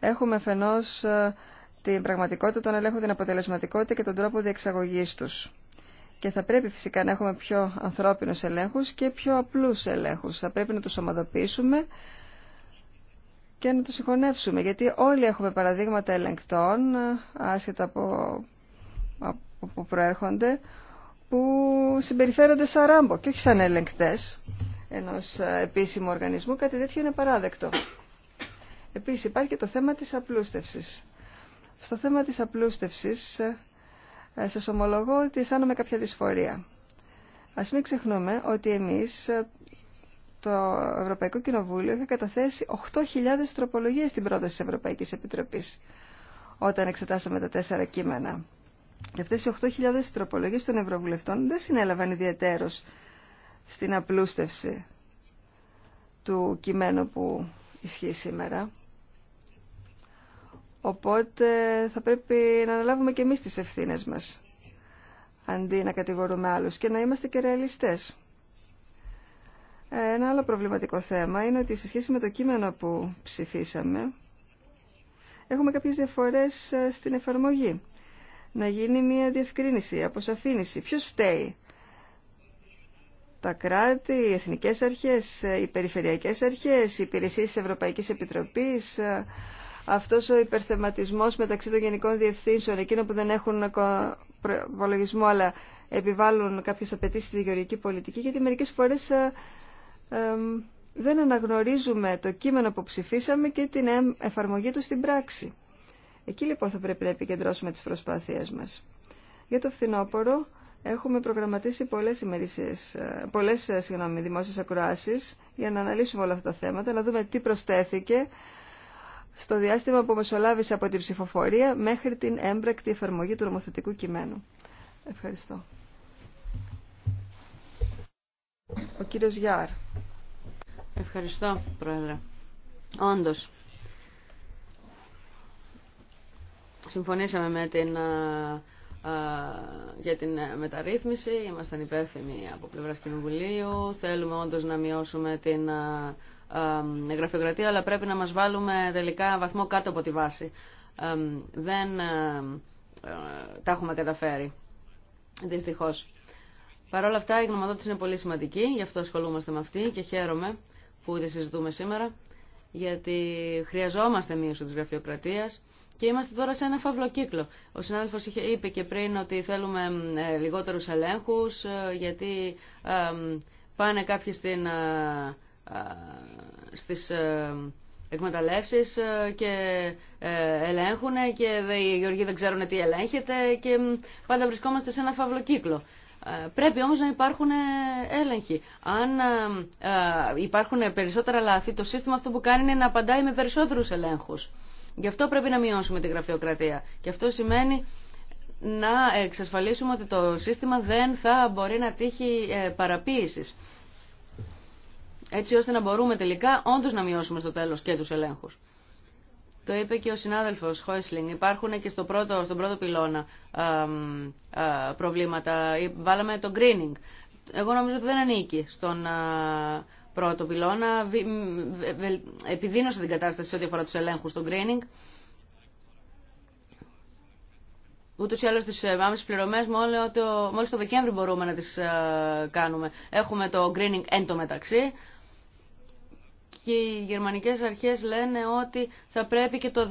Έχουμε φενός ε, την πραγματικότητα, τον ελέγχο, την αποτελεσματικότητα και τον τρόπο διεξαγωγής τους. Και θα πρέπει φυσικά να έχουμε πιο ανθρώπινους ελέγχους και πιο απλούς ελέγχους. Θα πρέπει να τους ομαδοποιήσουμε και να τους συγχωνεύσουμε. Γιατί όλοι έχουμε παραδείγματα ελεγκτών, ε, άσχετα από που προέρχονται, που συμπεριφέρονται σαν ράμπο και όχι σαν ελεγκτές ενός ε, επίσημου οργανισμού, κάτι τέτοιο είναι παράδεκτο. Επίσης υπάρχει και το θέμα της απλούστευσης. Στο θέμα της απλούστευσης ε, ε, σας ομολογώ ότι αισθάνομαι κάποια δυσφορία. Ας μην ξεχνούμε ότι εμείς το Ευρωπαϊκό Κοινοβούλιο είχε καταθέσει 8.000 τροπολογίες στην πρόταση της Ευρωπαϊκής Επιτροπής όταν εξετάσαμε τα τέσσερα κείμενα. Και αυτές οι 8.000 τροπολογίες των Ευρωβουλευτών δεν συνέλαβαν ιδιαίτερος στην απλούστευση του κειμένου που ισχύει σήμερα. Οπότε θα πρέπει να αναλάβουμε και εμείς τις ευθύνες μας, αντί να κατηγορούμε άλλους και να είμαστε και ρεαλιστές. Ένα άλλο προβληματικό θέμα είναι ότι σε σχέση με το κείμενο που ψηφίσαμε, έχουμε κάποιες διαφορές ε, στην εφαρμογή να γίνει μια διευκρίνηση, αποσαφήνιση. Ποιος φταίει. Τα κράτη, οι εθνικές αρχές, οι περιφερειακές αρχές, οι υπηρεσίες της Ευρωπαϊκής Επιτροπής, αυτός ο υπερθεματισμός μεταξύ των γενικών διευθύνσεων, εκείνων που δεν έχουν προπολογισμό αλλά επιβάλλουν κάποιες απαιτήσεις στη γεωργική πολιτική, γιατί μερικές φορές ε, δεν αναγνωρίζουμε το κείμενο που ψηφίσαμε και την εφαρμογή του στην πράξη. Εκεί λοιπόν θα πρέπει να επικεντρώσουμε τις προσπάθειές μας. Για το φθινόπωρο έχουμε προγραμματίσει πολλές, ημερήσεις, ε, πολλές ε, συγγνώμη, δημόσιες ακροάσεις για να αναλύσουμε όλα αυτά τα θέματα, να δούμε τι προσθέθηκε στο διάστημα που μεσολάβησε από την ψηφοφορία μέχρι την έμπρακτη εφαρμογή του νομοθετικού κειμένου. Ευχαριστώ. Ο κύριος Γιάρ. Ευχαριστώ, Πρόεδρε. Όντως, συμφωνήσαμε με την, ε, ε, για την ε, μεταρρύθμιση, ήμασταν υπεύθυνοι από πλευράς Κοινοβουλίου, θέλουμε όντως να μειώσουμε την γραφειοκρατία, αλλά πρέπει να μας βάλουμε τελικά βαθμό κάτω από τη βάση. Δεν τα έχουμε καταφέρει, δυστυχώς. Παρ' όλα αυτά η γνωμοδότηση είναι πολύ σημαντική, γι' αυτό ασχολούμαστε με αυτή και χαίρομαι που τη συζητούμε σήμερα, γιατί χρειαζόμαστε μείωση της γραφειοκρατίας, και είμαστε τώρα σε ένα φαυλοκύκλο. Ο συνάδελφος είχε, είπε και πριν ότι θέλουμε ε, λιγότερους ελέγχους ε, γιατί ε, πάνε κάποιοι στι στις εκμεταλλεύσεις και ελέγχουν και οι γεωργοί δεν ξέρουν τι ελέγχεται και πάντα βρισκόμαστε σε ένα φαυλοκύκλο. Πρέπει όμως να υπάρχουν έλεγχοι. Αν υπάρχουν περισσότερα λάθη, το σύστημα αυτό που κάνει είναι να απαντάει με περισσότερους ελέγχους. Γι' αυτό πρέπει να μειώσουμε τη γραφειοκρατία. Και αυτό σημαίνει να εξασφαλίσουμε ότι το σύστημα δεν θα μπορεί να τύχει ε, παραποίησης. Έτσι ώστε να μπορούμε τελικά όντως να μειώσουμε στο τέλος και τους ελέγχους. Το είπε και ο συνάδελφος Χόισλινγκ. Υπάρχουν και στο πρώτο, στον πρώτο πυλώνα προβλήματα. Βάλαμε το greening. Εγώ νομίζω ότι δεν ανήκει στον πρώτο πυλώνα, επιδίνωσε την κατάσταση σε ό,τι αφορά του ελέγχου στο greening. Ούτω ή άλλω τι ε, άμεσε πληρωμέ μόλι το Δεκέμβρη μπορούμε να τι ε, κάνουμε. Έχουμε το greening εν τω μεταξύ. Και οι γερμανικέ αρχέ λένε ότι θα πρέπει και το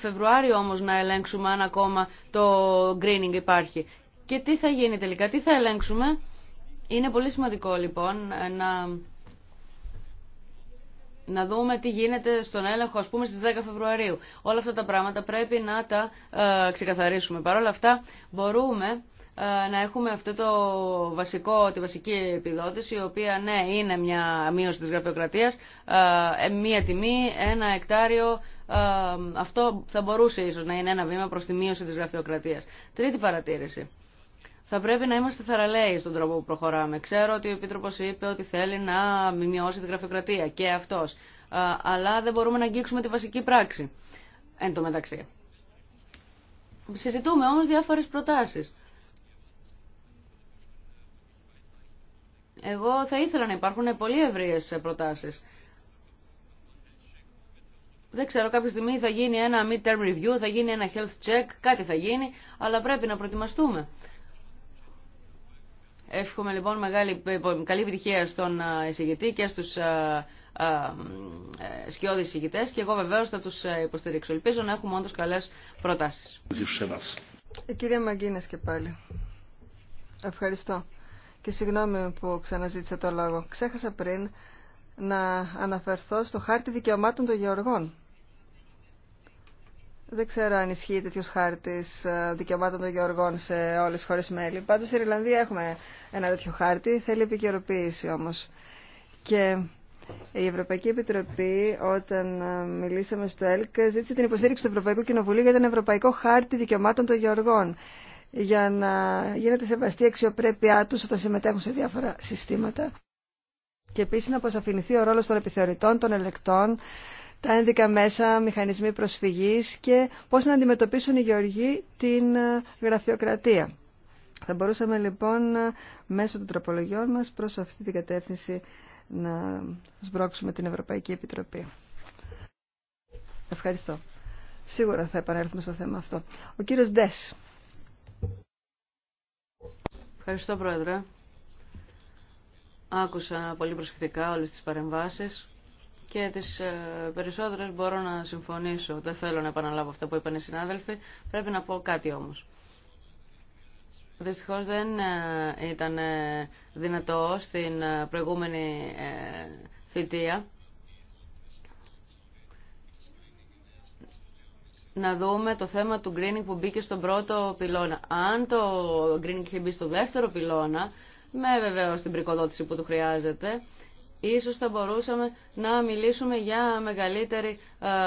Φεβρουάριο όμω να ελέγξουμε αν ακόμα το greening υπάρχει. Και τι θα γίνει τελικά, τι θα ελέγξουμε. Είναι πολύ σημαντικό λοιπόν ε, να να δούμε τι γίνεται στον έλεγχο, α πούμε, στι 10 Φεβρουαρίου. Όλα αυτά τα πράγματα πρέπει να τα ε, ξεκαθαρίσουμε. Παρ' όλα αυτά μπορούμε ε, να έχουμε αυτό το βασικό, τη βασική επιδότηση, η οποία ναι είναι μια μείωση της γραφειοκρατίας, ε, μια τιμή, ένα εκτάριο, αυτό θα μπορούσε ίσως να είναι ένα βήμα προς τη μείωση της γραφειοκρατίας. Τρίτη παρατήρηση θα πρέπει να είμαστε θαραλέοι στον τρόπο που προχωράμε. Ξέρω ότι ο Επίτροπο είπε ότι θέλει να μειώσει τη γραφειοκρατία και αυτό. Αλλά δεν μπορούμε να αγγίξουμε τη βασική πράξη εν τω μεταξύ. Συζητούμε όμω διάφορες προτάσεις. Εγώ θα ήθελα να υπάρχουν πολύ ευρείε προτάσεις. Δεν ξέρω, κάποια στιγμή θα γίνει ένα mid-term review, θα γίνει ένα health check, κάτι θα γίνει, αλλά πρέπει να προετοιμαστούμε. Εύχομαι λοιπόν μεγάλη, ε, καλή επιτυχία στον ε, εισηγητή και στου ε, σκιώδει εισηγητέ και εγώ βεβαίω θα του υποστηρίξω. Ελπίζω να έχουμε όντω καλέ προτάσει. Κυρία Μαγκίνε και πάλι. Ευχαριστώ. Και συγγνώμη που ξαναζήτησα το λόγο. Ξέχασα πριν να αναφερθώ στο χάρτη δικαιωμάτων των γεωργών. Δεν ξέρω αν ισχύει τέτοιο χάρτη ε, δικαιωμάτων των γεωργών σε όλε τι χώρε μέλη. Πάντω στην Ιρλανδία έχουμε ένα τέτοιο χάρτη. Θέλει επικαιροποίηση όμω. Και η Ευρωπαϊκή Επιτροπή, όταν ε, μιλήσαμε στο ΕΛΚ, ζήτησε την υποστήριξη του Ευρωπαϊκού Κοινοβουλίου για τον Ευρωπαϊκό Χάρτη Δικαιωμάτων των Γεωργών. Για να γίνεται σεβαστή η αξιοπρέπειά του όταν συμμετέχουν σε διάφορα συστήματα. Και επίση να αποσαφηνηθεί ο ρόλο των επιθεωρητών, των ελεκτών, τα ένδικα μέσα, μηχανισμοί προσφυγής και πώς να αντιμετωπίσουν οι γεωργοί την ε, γραφειοκρατία. Θα μπορούσαμε λοιπόν ε, μέσω των τροπολογιών μας προς αυτή την κατεύθυνση να σμπρώξουμε την Ευρωπαϊκή Επιτροπή. Ευχαριστώ. Σίγουρα θα επανέλθουμε στο θέμα αυτό. Ο κύριος Ντες. Ευχαριστώ Πρόεδρε. Άκουσα πολύ προσεκτικά όλες τις παρεμβάσεις και τις ε, περισσότερες μπορώ να συμφωνήσω. Δεν θέλω να επαναλάβω αυτά που είπαν οι συνάδελφοι. Πρέπει να πω κάτι όμως. Δυστυχώς δεν ε, ήταν ε, δυνατό στην προηγούμενη θητεία να δούμε το θέμα του greening που μπήκε στον πρώτο πυλώνα. Αν το greening είχε μπει στο δεύτερο πυλώνα, με βεβαίω την πρικοδότηση που του χρειάζεται, ίσως θα μπορούσαμε να μιλήσουμε για μεγαλύτερη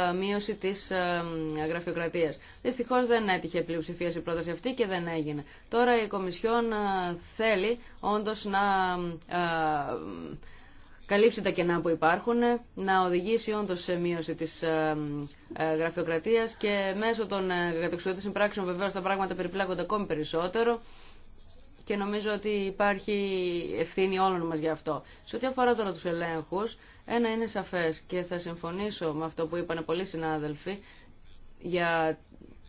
ε, μείωση της ε, γραφειοκρατίας. Δυστυχώς δεν έτυχε πλειοψηφία η πρόταση αυτή και δεν έγινε. Τώρα η Κομισιόν ε, θέλει όντως να καλύψει τα κενά που υπάρχουν, να οδηγήσει όντως σε μείωση της γραφειοκρατίας και μέσω των κατεξοδοτήσεων πράξεων βεβαίω τα πράγματα περιπλέκονται ακόμη περισσότερο και νομίζω ότι υπάρχει ευθύνη όλων μας για αυτό. Σε ό,τι αφορά τώρα τους ελέγχους, ένα είναι σαφές και θα συμφωνήσω με αυτό που είπαν πολλοί συνάδελφοι για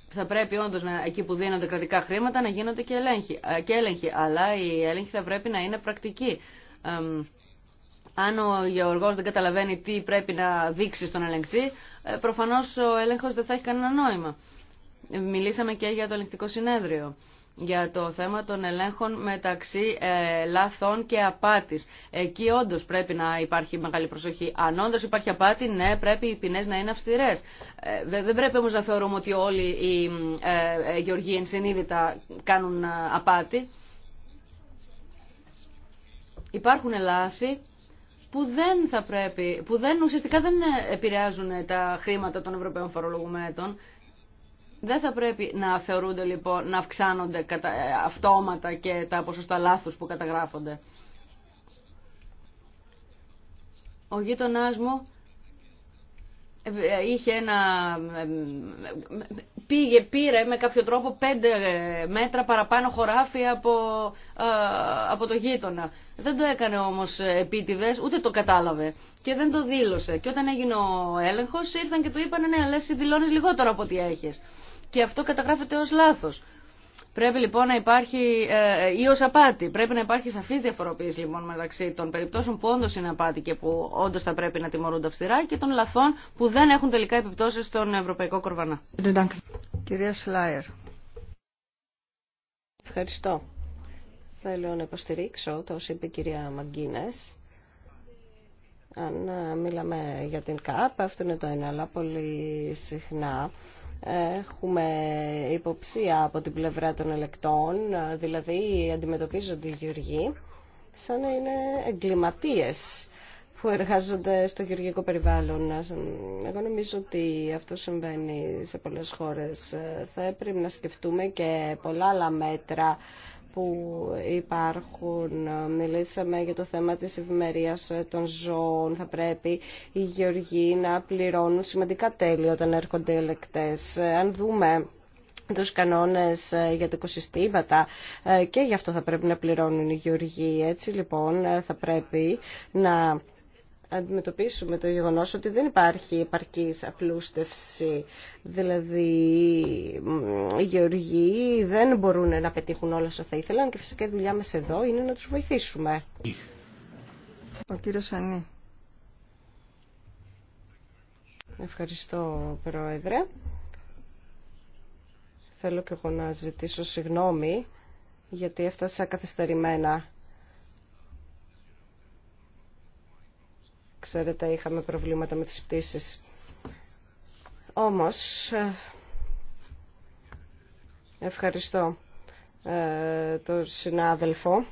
θα πρέπει όντω εκεί που δίνονται κρατικά χρήματα να γίνονται και έλεγχοι. Και έλεγχοι. Αλλά η έλεγχοι θα πρέπει να είναι πρακτική. αν ο γεωργός δεν καταλαβαίνει τι πρέπει να δείξει στον ελεγχτή ε, προφανώς ο έλεγχος δεν θα έχει κανένα νόημα. Μιλήσαμε και για το ελεγκτικό συνέδριο για το θέμα των ελέγχων μεταξύ ε, λάθων και απάτης. Εκεί όντως πρέπει να υπάρχει μεγάλη προσοχή. Αν όντως υπάρχει απάτη, ναι, πρέπει οι ποινές να είναι αυστηρές. Ε, δεν πρέπει όμως να θεωρούμε ότι όλοι οι ε, ε γεωργοί ενσυνείδητα κάνουν απάτη. Υπάρχουν λάθη που δεν θα πρέπει, που δεν ουσιαστικά δεν επηρεάζουν τα χρήματα των Ευρωπαίων φορολογουμένων, δεν θα πρέπει να θεωρούνται λοιπόν να αυξάνονται κατα... Ε, αυτόματα και τα ποσοστά λάθους που καταγράφονται. Ο γείτονά μου ε, ε, είχε ένα... Πήγε, πήρε με κάποιο τρόπο πέντε μέτρα παραπάνω χωράφι από, από το γείτονα. Δεν το έκανε όμως επίτηδες, ούτε το κατάλαβε και δεν το δήλωσε. Και όταν έγινε ο έλεγχος ήρθαν και του είπαν ναι, λες δηλώνεις λιγότερο από ό,τι έχεις και αυτό καταγράφεται ως λάθος. Πρέπει λοιπόν να υπάρχει ε, ε, ή ως απάτη. Πρέπει να υπάρχει σαφής διαφοροποίηση λοιπόν μεταξύ των περιπτώσεων που όντως είναι απάτη και που όντως θα πρέπει να τιμωρούνται αυστηρά και των λαθών που δεν έχουν τελικά επιπτώσεις στον ευρωπαϊκό κορβανά. Κυρία Σλάιερ. Ευχαριστώ. Θέλω να υποστηρίξω το όσο είπε η κυρία Μαγκίνες. Αν ε, μιλάμε για την ΚΑΠ, αυτό είναι το ένα, αλλά πολύ συχνά Έχουμε υποψία από την πλευρά των ελεκτών, δηλαδή αντιμετωπίζονται οι γεωργοί σαν να είναι εγκληματίες που εργάζονται στο γεωργικό περιβάλλον. Εγώ νομίζω ότι αυτό συμβαίνει σε πολλές χώρες. Θα έπρεπε να σκεφτούμε και πολλά άλλα μέτρα που υπάρχουν. Μιλήσαμε για το θέμα της ευημερία των ζώων. Θα πρέπει οι γεωργοί να πληρώνουν σημαντικά τέλη όταν έρχονται ελεκτές. Αν δούμε τους κανόνες ε, για τα οικοσυστήματα ε, και γι' αυτό θα πρέπει να πληρώνουν οι γεωργοί. Έτσι λοιπόν ε, θα πρέπει να αντιμετωπίσουμε το γεγονός ότι δεν υπάρχει επαρκής απλούστευση. Δηλαδή, οι γεωργοί δεν μπορούν να πετύχουν όλα όσα θα ήθελαν και φυσικά η δουλειά μας εδώ είναι να τους βοηθήσουμε. Ο κύριος Ευχαριστώ, Πρόεδρε. Θέλω και εγώ να ζητήσω συγγνώμη γιατί έφτασα καθυστερημένα Ξέρετε, είχαμε προβλήματα με τις πτήσεις. Όμως, ε, ευχαριστώ ε, τον συνάδελφο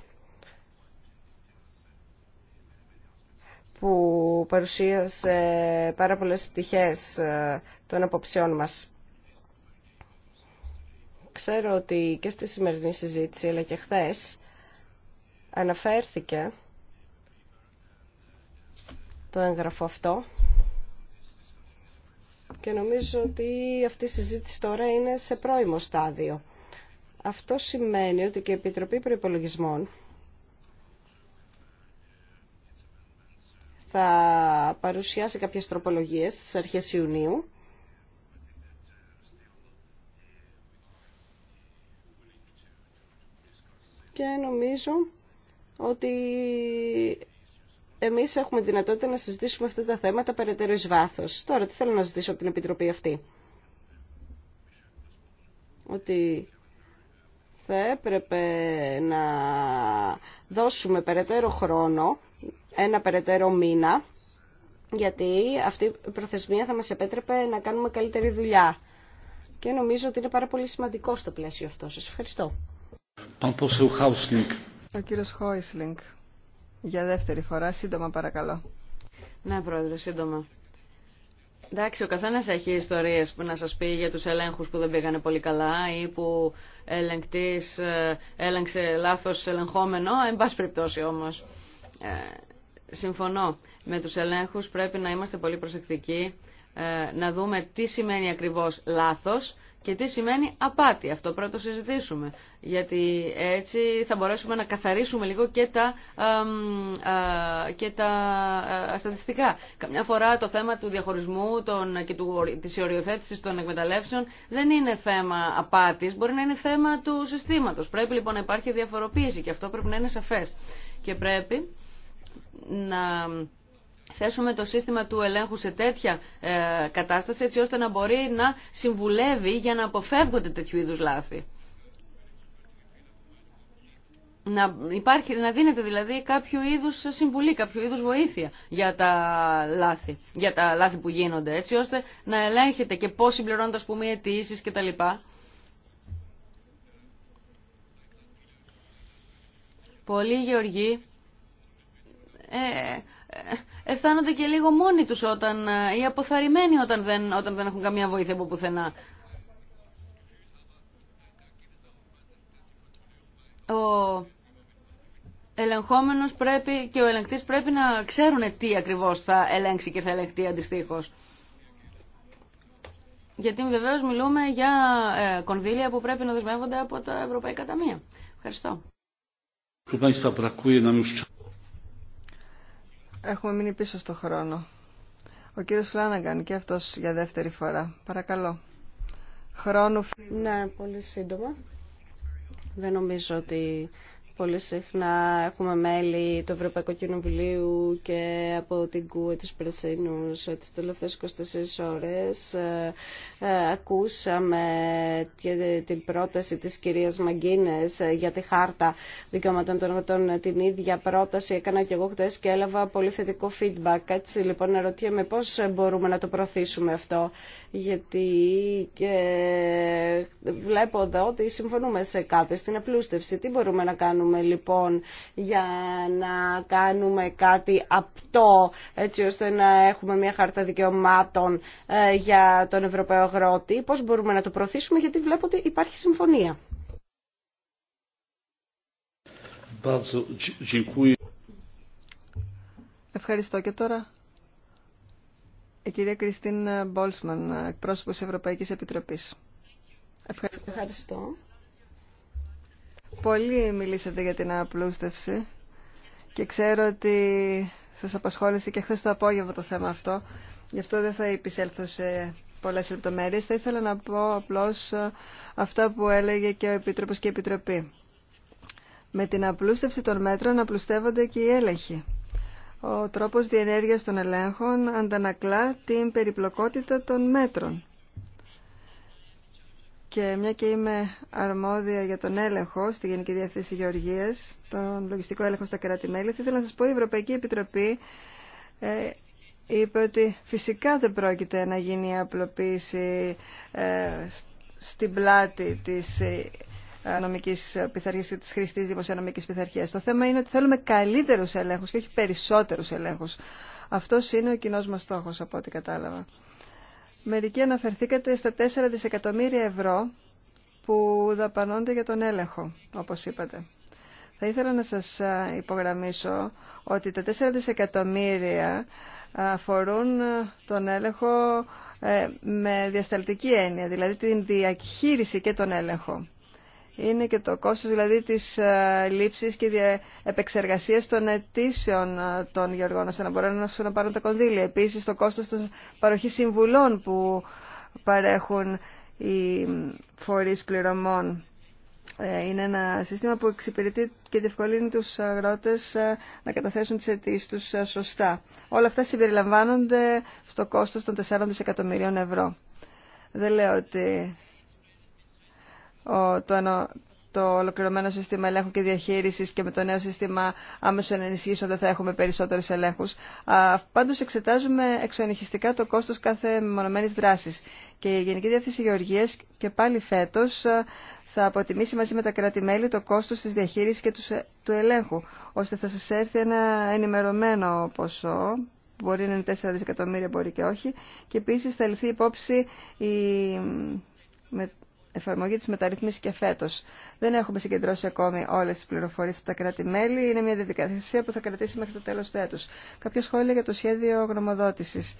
που παρουσίασε πάρα πολλές πτυχές ε, των αποψιών μας. Ξέρω ότι και στη σημερινή συζήτηση, αλλά και χθες, αναφέρθηκε το έγγραφο αυτό. Και νομίζω ότι αυτή η συζήτηση τώρα είναι σε πρώιμο στάδιο. Αυτό σημαίνει ότι και η Επιτροπή Προϋπολογισμών θα παρουσιάσει κάποιες τροπολογίες στις αρχές Ιουνίου. Και νομίζω ότι εμείς έχουμε δυνατότητα να συζητήσουμε αυτά τα θέματα περαιτέρω εις βάθος. Τώρα, τι θέλω να ζητήσω από την Επιτροπή αυτή. Ότι θα έπρεπε να δώσουμε περαιτέρω χρόνο, ένα περαιτέρω μήνα, γιατί αυτή η προθεσμία θα μας επέτρεπε να κάνουμε καλύτερη δουλειά. Και νομίζω ότι είναι πάρα πολύ σημαντικό στο πλαίσιο αυτό. Σας ευχαριστώ. Ο κύριος Χόισλινγκ για δεύτερη φορά. Σύντομα παρακαλώ. Ναι, Πρόεδρε, σύντομα. Εντάξει, ο καθένα έχει ιστορίε που να σα πει για του ελέγχου που δεν πήγανε πολύ καλά ή που ελεγκτή ε, έλεγξε λάθο ελεγχόμενο. Εν πάση περιπτώσει όμω. Ε, συμφωνώ. Με του ελέγχου πρέπει να είμαστε πολύ προσεκτικοί, ε, να δούμε τι σημαίνει ακριβώ λάθο και τι σημαίνει απάτη. Αυτό πρέπει να το συζητήσουμε. Γιατί έτσι θα μπορέσουμε να καθαρίσουμε λίγο και τα, και τα στατιστικά. Καμιά φορά το θέμα του διαχωρισμού των, και του, της οριοθέτησης των εκμεταλλεύσεων δεν είναι θέμα απάτης, μπορεί να είναι θέμα του συστήματος. Πρέπει λοιπόν να υπάρχει διαφοροποίηση και αυτό πρέπει να είναι σαφές. Και πρέπει να θέσουμε το σύστημα του ελέγχου σε τέτοια ε, κατάσταση έτσι ώστε να μπορεί να συμβουλεύει για να αποφεύγονται τέτοιου είδους λάθη. Να, υπάρχει, να δίνεται δηλαδή κάποιο είδους συμβουλή, κάποιο είδους βοήθεια για τα λάθη, για τα λάθη που γίνονται, έτσι ώστε να ελέγχεται και πώς συμπληρώνονται ας πούμε οι αιτήσεις κτλ. Πολύ γεωργοί ε, ε αισθάνονται και λίγο μόνοι τους όταν, ε, ή αποθαρρυμένοι όταν δεν, όταν δεν έχουν καμία βοήθεια από πουθενά. Ο ελεγχόμενος πρέπει και ο ελεγκτής πρέπει να ξέρουν τι ακριβώς θα ελέγξει και θα ελεγχτεί αντιστοίχως. Γιατί βεβαίως μιλούμε για ε, κονδύλια που πρέπει να δεσμεύονται από τα ευρωπαϊκά ταμεία. Ευχαριστώ. Έχουμε μείνει πίσω στο χρόνο. Ο κύριος Φλάναγκαν και αυτός για δεύτερη φορά. Παρακαλώ. Χρόνου. Ναι, πολύ σύντομα. Δεν νομίζω ότι Πολύ συχνά έχουμε μέλη του Ευρωπαϊκού Κοινοβουλίου και από την ΚΟΥΕ της Πρεσίνους τις τελευταίες 24 ώρες. Ε, ε, ακούσαμε την πρόταση της κυρίας Μαγκίνες ε, για τη χάρτα δικαιωματών των εργατών. Την ίδια πρόταση έκανα και εγώ χτες και έλαβα πολύ θετικό feedback. Έτσι λοιπόν ρωτήσαμε πώς μπορούμε να το προωθήσουμε αυτό. Γιατί και βλέπω εδώ ότι συμφωνούμε σε κάτι, στην απλούστευση. Τι μπορούμε να κάνουμε λοιπόν για να κάνουμε κάτι απτό έτσι ώστε να έχουμε μια χάρτα δικαιωμάτων ε, για τον Ευρωπαίο αγρότη. Πώς μπορούμε να το προωθήσουμε γιατί βλέπω ότι υπάρχει συμφωνία. Ευχαριστώ και τώρα. Η κυρία Κριστίν Μπόλσμαν, εκπρόσωπος Ευρωπαϊκής Επιτροπής. Ευχαριστώ. Πολύ μιλήσατε για την απλούστευση και ξέρω ότι σας απασχόλησε και χθε το απόγευμα το θέμα αυτό. Γι' αυτό δεν θα επισέλθω σε πολλές λεπτομέρειες. Θα ήθελα να πω απλώς αυτά που έλεγε και ο Επίτροπος και η Επιτροπή. Με την απλούστευση των μέτρων απλουστεύονται και οι έλεγχοι. Ο τρόπος διενέργειας των ελέγχων αντανακλά την περιπλοκότητα των μέτρων. Και μια και είμαι αρμόδια για τον έλεγχο στη Γενική Διευθύνση Γεωργίας, τον λογιστικό έλεγχο στα κράτη-μέλη, θα ήθελα να σας πω η Ευρωπαϊκή Επιτροπή ε, είπε ότι φυσικά δεν πρόκειται να γίνει η απλοποίηση ε, στην πλάτη της ε, νομικής πειθαρχίας και της χρηστής δημοσιονομικής πειθαρχίας. Το θέμα είναι ότι θέλουμε καλύτερους ελέγχους και όχι περισσότερους ελέγχους. Αυτός είναι ο κοινό μας στόχος από ό,τι κατάλαβα. Μερικοί αναφερθήκατε στα 4 δισεκατομμύρια ευρώ που δαπανώνται για τον έλεγχο, όπως είπατε. Θα ήθελα να σας υπογραμμίσω ότι τα 4 δισεκατομμύρια αφορούν τον έλεγχο ε, με διασταλτική έννοια, δηλαδή την διαχείριση και τον έλεγχο είναι και το κόστος δηλαδή της ε, λήψης και επεξεργασίας των αιτήσεων ε, των γεωργών ώστε να μπορούν να πάρουν τα κονδύλια. Επίσης το κόστος των παροχής συμβουλών που παρέχουν οι φορείς πληρωμών. Ε, είναι ένα σύστημα που εξυπηρετεί και διευκολύνει τους αγρότες να καταθέσουν τις αιτήσεις τους σωστά. Όλα αυτά συμπεριλαμβάνονται στο κόστος των 4 δισεκατομμυρίων ευρώ. Δεν λέω ότι το, το ολοκληρωμένο σύστημα ελέγχου και διαχείρισης και με το νέο σύστημα άμεσων ενισχύσεων δεν θα έχουμε περισσότερους ελέγχους. Πάντως εξετάζουμε εξονυχιστικά το κόστος κάθε μονομένης δράσης. Και η Γενική Διεύθυνση Γεωργίας και πάλι φέτος θα αποτιμήσει μαζί με τα κράτη-μέλη το κόστος της διαχείρισης και του ελέγχου, ώστε θα σας έρθει ένα ενημερωμένο ποσό μπορεί να είναι 4 δισεκατομμύρια, μπορεί και όχι. Και επίσης θα ληφθεί υπόψη η, με, εφαρμογή της μεταρρύθμισης και φέτος. Δεν έχουμε συγκεντρώσει ακόμη όλες τις πληροφορίες από τα κράτη-μέλη. Είναι μια διαδικασία που θα κρατήσει μέχρι το τέλος του έτους. Κάποια σχόλια για το σχέδιο γνωμοδότησης.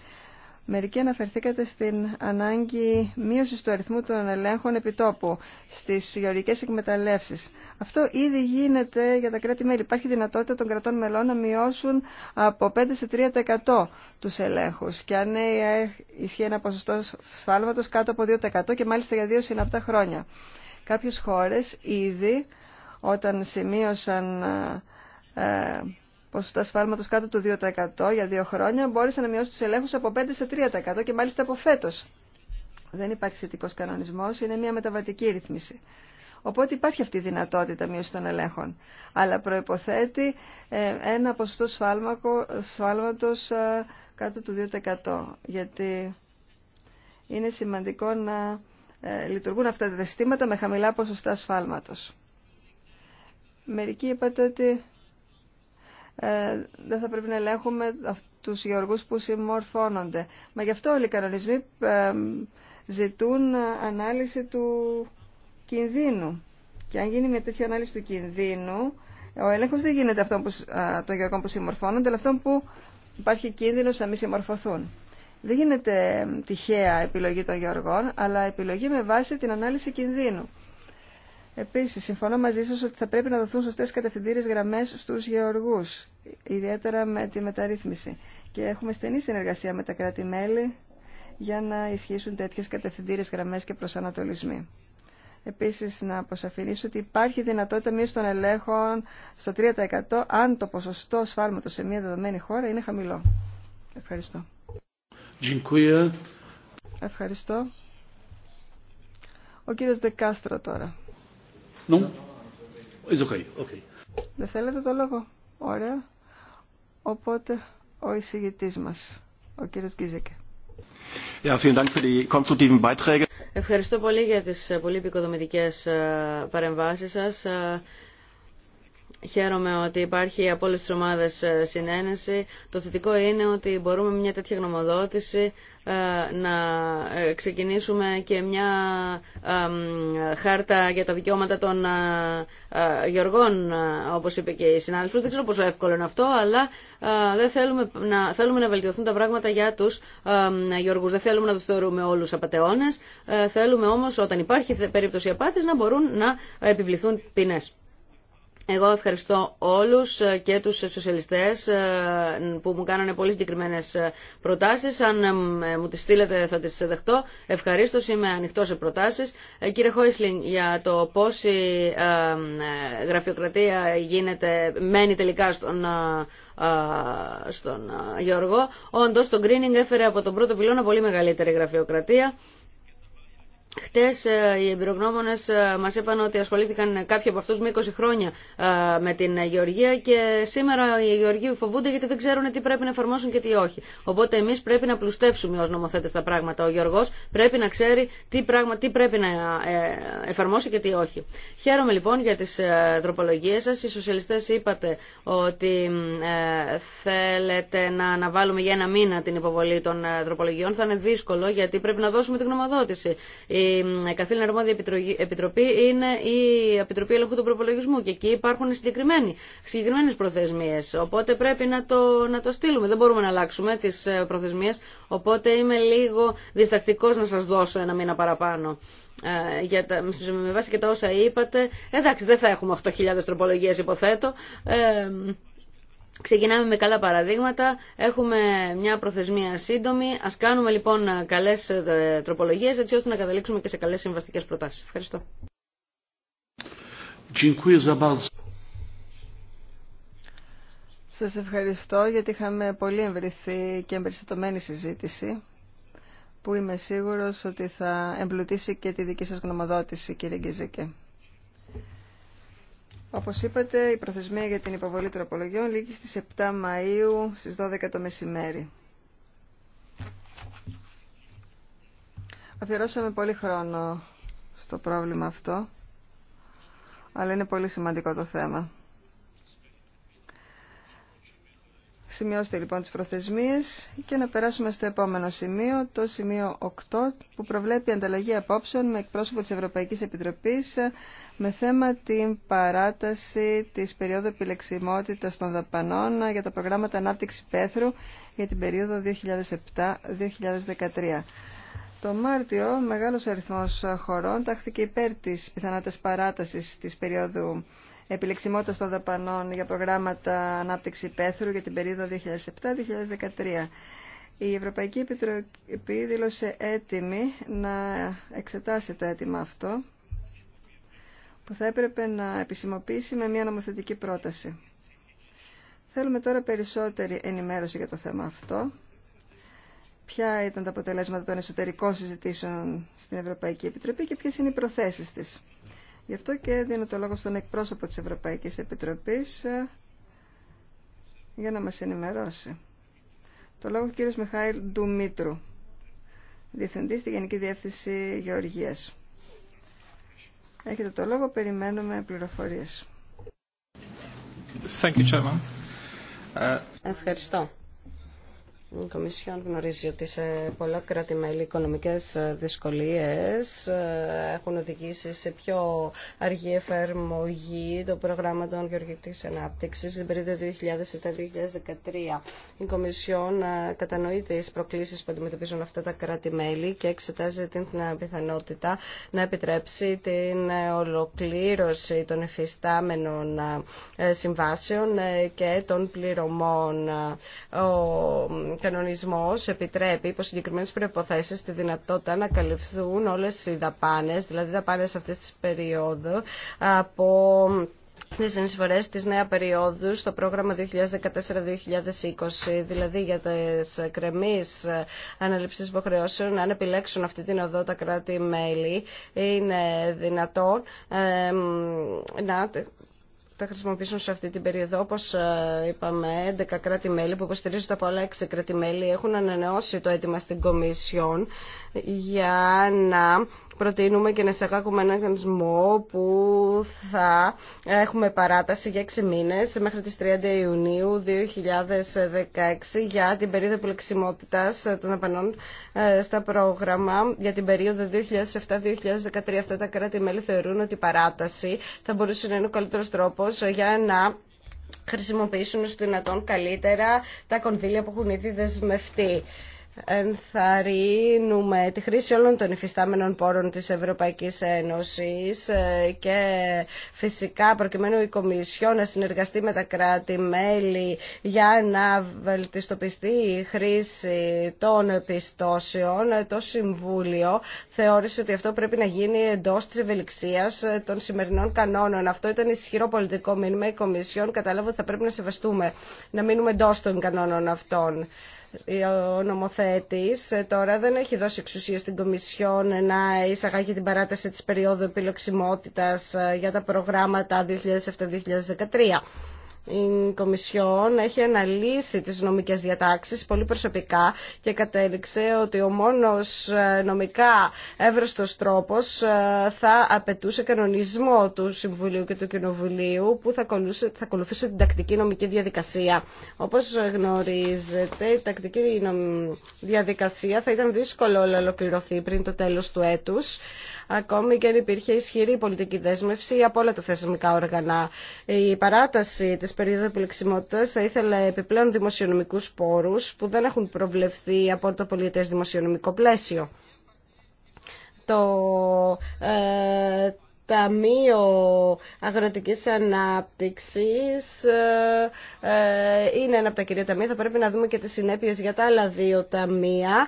Μερικοί αναφερθήκατε στην ανάγκη μείωση του αριθμού των ελέγχων επιτόπου στι γεωργικέ εκμεταλλεύσει. Αυτό ήδη γίνεται για τα κράτη-μέλη. Υπάρχει δυνατότητα των κρατών μελών να μειώσουν από 5 σε 3% του ελέγχου. Και αν ισχύει ένα ποσοστό σφάλματο κάτω από 2% και μάλιστα για δύο συναπτά χρόνια. Κάποιε χώρε ήδη όταν σημείωσαν ε, ποσοστά σφάλματος κάτω του 2% για δύο χρόνια μπόρεσε να μειώσει του ελεγχου από 5% σε 3% και μάλιστα από φέτος. Δεν υπάρχει σχετικό κανονισμός, είναι μια μεταβατική ρύθμιση. Οπότε υπάρχει αυτή η δυνατότητα μείωση των ελέγχων. Αλλά προϋποθέτει ε, ένα ποσοστό σφάλματο σφάλματος ε, κάτω του 2%. Γιατί είναι σημαντικό να ε, λειτουργούν αυτά τα συστήματα με χαμηλά ποσοστά σφάλματο. Μερικοί είπατε ότι ε, δεν θα πρέπει να ελέγχουμε τους γεωργούς που συμμορφώνονται. Μα γι' αυτό όλοι οι κανονισμοί ζητούν ανάλυση του κινδύνου. Και αν γίνει μια τέτοια ανάλυση του κινδύνου, ο έλεγχος δεν γίνεται που, των γεωργών που συμμορφώνονται, αλλά αυτών που υπάρχει κίνδυνος να μην συμμορφωθούν. Δεν γίνεται τυχαία επιλογή των γεωργών, αλλά επιλογή με βάση την ανάλυση κινδύνου. Επίση, συμφωνώ μαζί σα ότι θα πρέπει να δοθούν σωστέ κατευθυντήριε γραμμέ στου γεωργού, ιδιαίτερα με τη μεταρρύθμιση. Και έχουμε στενή συνεργασία με τα κράτη-μέλη για να ισχύσουν τέτοιε κατευθυντήριε γραμμέ και προσανατολισμοί. Επίση, να αποσαφηνήσω ότι υπάρχει δυνατότητα μείωση των ελέγχων στο 3% αν το ποσοστό σφάλματο σε μια δεδομένη χώρα είναι χαμηλό. Ευχαριστώ. Ευχαριστώ. Ο κύριο Δεκάστρο τώρα. Δεν θέλετε το λόγο. Ωραία. Οπότε ο εισηγητή μα, ο κύριο Γκίζεκε. Ευχαριστώ πολύ για τι πολύ επικοδομητικέ ε, παρεμβάσει σα. Ε, Χαίρομαι ότι υπάρχει από όλε τι ομάδε ε, συνένεση. Το θετικό είναι ότι μπορούμε με μια τέτοια γνωμοδότηση ε, να ε, ξεκινήσουμε και μια χάρτα για τα δικαιώματα των γεωργών, όπω είπε και η συνάδελφο. Δεν ξέρω πόσο εύκολο είναι αυτό, αλλά δεν θέλουμε, να, θέλουμε να βελτιωθούν τα πράγματα για του γεωργού. Δεν θέλουμε να του θεωρούμε όλου απαταιώνε. Θέλουμε όμω όταν υπάρχει περίπτωση απάτη, να μπορούν να επιβληθούν ποινέ. Εγώ ευχαριστώ όλους ε, και τους σοσιαλιστές ε, που μου κάνανε πολύ συγκεκριμένε ε, προτάσεις. Αν μου τις στείλετε θα τις δεχτώ. Ευχαρίστω, είμαι ανοιχτό σε προτάσεις. Κύριε Χόισλινγκ, για το πόση γραφειοκρατία γίνεται, μένει τελικά στον, στον Γιώργο. Όντως, το greening έφερε από τον πρώτο πυλώνα πολύ μεγαλύτερη γραφειοκρατία. Χτε ε, οι εμπειρογνώμονε ε, μα είπαν ότι ασχολήθηκαν κάποιοι από αυτού με 20 χρόνια ε, με την Γεωργία και σήμερα οι Γεωργοί φοβούνται γιατί δεν ξέρουν τι πρέπει να εφαρμόσουν και τι όχι. Οπότε εμεί πρέπει να πλουστεύσουμε ως νομοθέτες τα πράγματα. Ο γεωργό πρέπει να ξέρει τι, πράγμα, τι πρέπει να εφαρμόσει και τι όχι. Χαίρομαι λοιπόν για τι τροπολογίε σα. Οι σοσιαλιστέ είπατε ότι θέλετε να αναβάλουμε για ένα μήνα την υποβολή των τροπολογιών. Θα είναι δύσκολο γιατί πρέπει να δώσουμε την γνωμοδότηση η καθήλυνα αρμόδια επιτροπή είναι η Επιτροπή Ελέγχου του Προπολογισμού και εκεί υπάρχουν συγκεκριμένε προθεσμίε. Οπότε πρέπει να το, να το στείλουμε. Δεν μπορούμε να αλλάξουμε τι ε, προθεσμίε. Οπότε είμαι λίγο διστακτικό να σα δώσω ένα μήνα παραπάνω. Ε, για με βάση και τα όσα είπατε, εντάξει, δεν θα έχουμε 8.000 τροπολογίε, υποθέτω. Ε, Ξεκινάμε με καλά παραδείγματα, έχουμε μια προθεσμία σύντομη. Α κάνουμε λοιπόν καλέ ε, τροπολογίε έτσι ώστε να καταλήξουμε και σε καλέ συμβαστικέ προτάσει. Ευχαριστώ. Σας ευχαριστώ γιατί είχαμε πολύ εμβριθεί και εμπεριστατωμένη συζήτηση που είμαι σίγουρος ότι θα εμπλουτίσει και τη δική σας γνωμοδότηση κύριε Γκίζικε. Όπω είπατε, η προθεσμία για την υποβολή τροπολογιών λήγει στι 7 Μαΐου στις 12 το μεσημέρι. Αφιερώσαμε πολύ χρόνο στο πρόβλημα αυτό, αλλά είναι πολύ σημαντικό το θέμα. Σημειώστε λοιπόν τις προθεσμίες και να περάσουμε στο επόμενο σημείο, το σημείο 8, που προβλέπει ανταλλαγή απόψεων με εκπρόσωπο της Ευρωπαϊκής Επιτροπής με θέμα την παράταση της περίοδου επιλεξιμότητας των δαπανών για τα προγράμματα ανάπτυξη πέθρου για την περίοδο 2007-2013. Το Μάρτιο, μεγάλος αριθμός χωρών τάχθηκε υπέρ της πιθανότητας παράτασης της περίοδου Επιλεξιμότητα των δαπανών για προγράμματα ανάπτυξη υπαίθρου για την περίοδο 2007-2013. Η Ευρωπαϊκή Επιτροπή δήλωσε έτοιμη να εξετάσει το αίτημα αυτό που θα έπρεπε να επισημοποιήσει με μια νομοθετική πρόταση. Θέλουμε τώρα περισσότερη ενημέρωση για το θέμα αυτό. Ποια ήταν τα αποτελέσματα των εσωτερικών συζητήσεων στην Ευρωπαϊκή Επιτροπή και ποιες είναι οι προθέσεις της. Γι' αυτό και δίνω το λόγο στον εκπρόσωπο της Ευρωπαϊκής Επιτροπής ε, για να μας ενημερώσει. Το λόγο του κύριος Μιχάηλ Ντουμίτρου, Διευθυντής στη Γενική Διεύθυνση Γεωργίας. Έχετε το λόγο, περιμένουμε πληροφορίες. Ε, Ευχαριστώ. Η Κομισιόν γνωρίζει ότι σε πολλά κράτη-μέλη οικονομικές ε, δυσκολίες ε, έχουν οδηγήσει σε πιο αργή εφαρμογή των προγράμματων γεωργικής ανάπτυξης στην περίοδο 2007-2013. Η Κομισιόν ε, κατανοεί τις προκλήσεις που αντιμετωπίζουν αυτά τα κράτη-μέλη και εξετάζει την πιθανότητα να επιτρέψει την ολοκλήρωση των εφιστάμενων συμβάσεων και των πληρωμών κανονισμός επιτρέπει υπό συγκεκριμένε προποθέσει τη δυνατότητα να καλυφθούν όλες οι δαπάνε, δηλαδή δαπάνε αυτής της περίοδου από τι συνεισφορέ τη νέα περίοδου στο πρόγραμμα 2014-2020, δηλαδή για τι κρεμείς αναλήψεις υποχρεώσεων, αν επιλέξουν αυτή την οδό τα κράτη-μέλη, είναι δυνατόν να θα χρησιμοποιήσουν σε αυτή την περίοδο. Όπω ε, είπαμε, 11 κράτη-μέλη που υποστηρίζονται από άλλα 6 κράτη-μέλη έχουν ανανεώσει το αίτημα στην Κομισιόν για να προτείνουμε και να εισαγάγουμε έναν οργανισμό που θα έχουμε παράταση για 6 μήνες μέχρι τις 30 Ιουνίου 2016 για την περίοδο επιλεξιμότητας ε, των απανών ε, στα πρόγραμμα για την περίοδο 2007-2013. Αυτά τα κράτη-μέλη θεωρούν ότι η παράταση θα μπορούσε να είναι ο καλύτερος τρόπος για να χρησιμοποιήσουν στο δυνατόν καλύτερα τα κονδύλια που έχουν ήδη δεσμευτεί ενθαρρύνουμε τη χρήση όλων των υφιστάμενων πόρων της Ευρωπαϊκής Ένωσης ε, και φυσικά προκειμένου η Κομισιό να συνεργαστεί με τα κράτη-μέλη για να βελτιστοποιηθεί η χρήση των πιστώσεων, ε, το Συμβούλιο θεώρησε ότι αυτό πρέπει να γίνει εντός της ευελιξίας ε, των σημερινών κανόνων. Αυτό ήταν ισχυρό πολιτικό μήνυμα. Η Κομισιόν κατάλαβε ότι θα πρέπει να σεβαστούμε, να μείνουμε εντός των κανόνων αυτών. Ε, ο νομοθέτης ε, τώρα δεν έχει δώσει εξουσία στην Κομισιόν να εισαγάγει την παράταση της περίοδου επιλοξιμότητας ε, για τα προγράμματα 2007-2013 η Κομισιόν έχει αναλύσει τις νομικές διατάξεις πολύ προσωπικά και κατέληξε ότι ο μόνος ε, νομικά εύρωστος τρόπος ε, θα απαιτούσε κανονισμό του Συμβουλίου και του Κοινοβουλίου που θα ακολουθούσε, θα την τακτική νομική διαδικασία. Όπως γνωρίζετε, η τακτική διαδικασία θα ήταν δύσκολο να ολοκληρωθεί πριν το τέλος του έτους ακόμη και αν υπήρχε ισχυρή πολιτική δέσμευση από όλα τα θεσμικά όργανα. Η παράταση της περίοδου επιλεξιμότητας θα ήθελε επιπλέον δημοσιονομικούς πόρους που δεν έχουν προβλεφθεί από το πολιτέ δημοσιονομικό πλαίσιο. Το ε, Ταμείο Αγροτικής Ανάπτυξης ε, ε, είναι ένα από τα κυρία ταμεία. Θα πρέπει να δούμε και τις συνέπειες για τα άλλα δύο ταμεία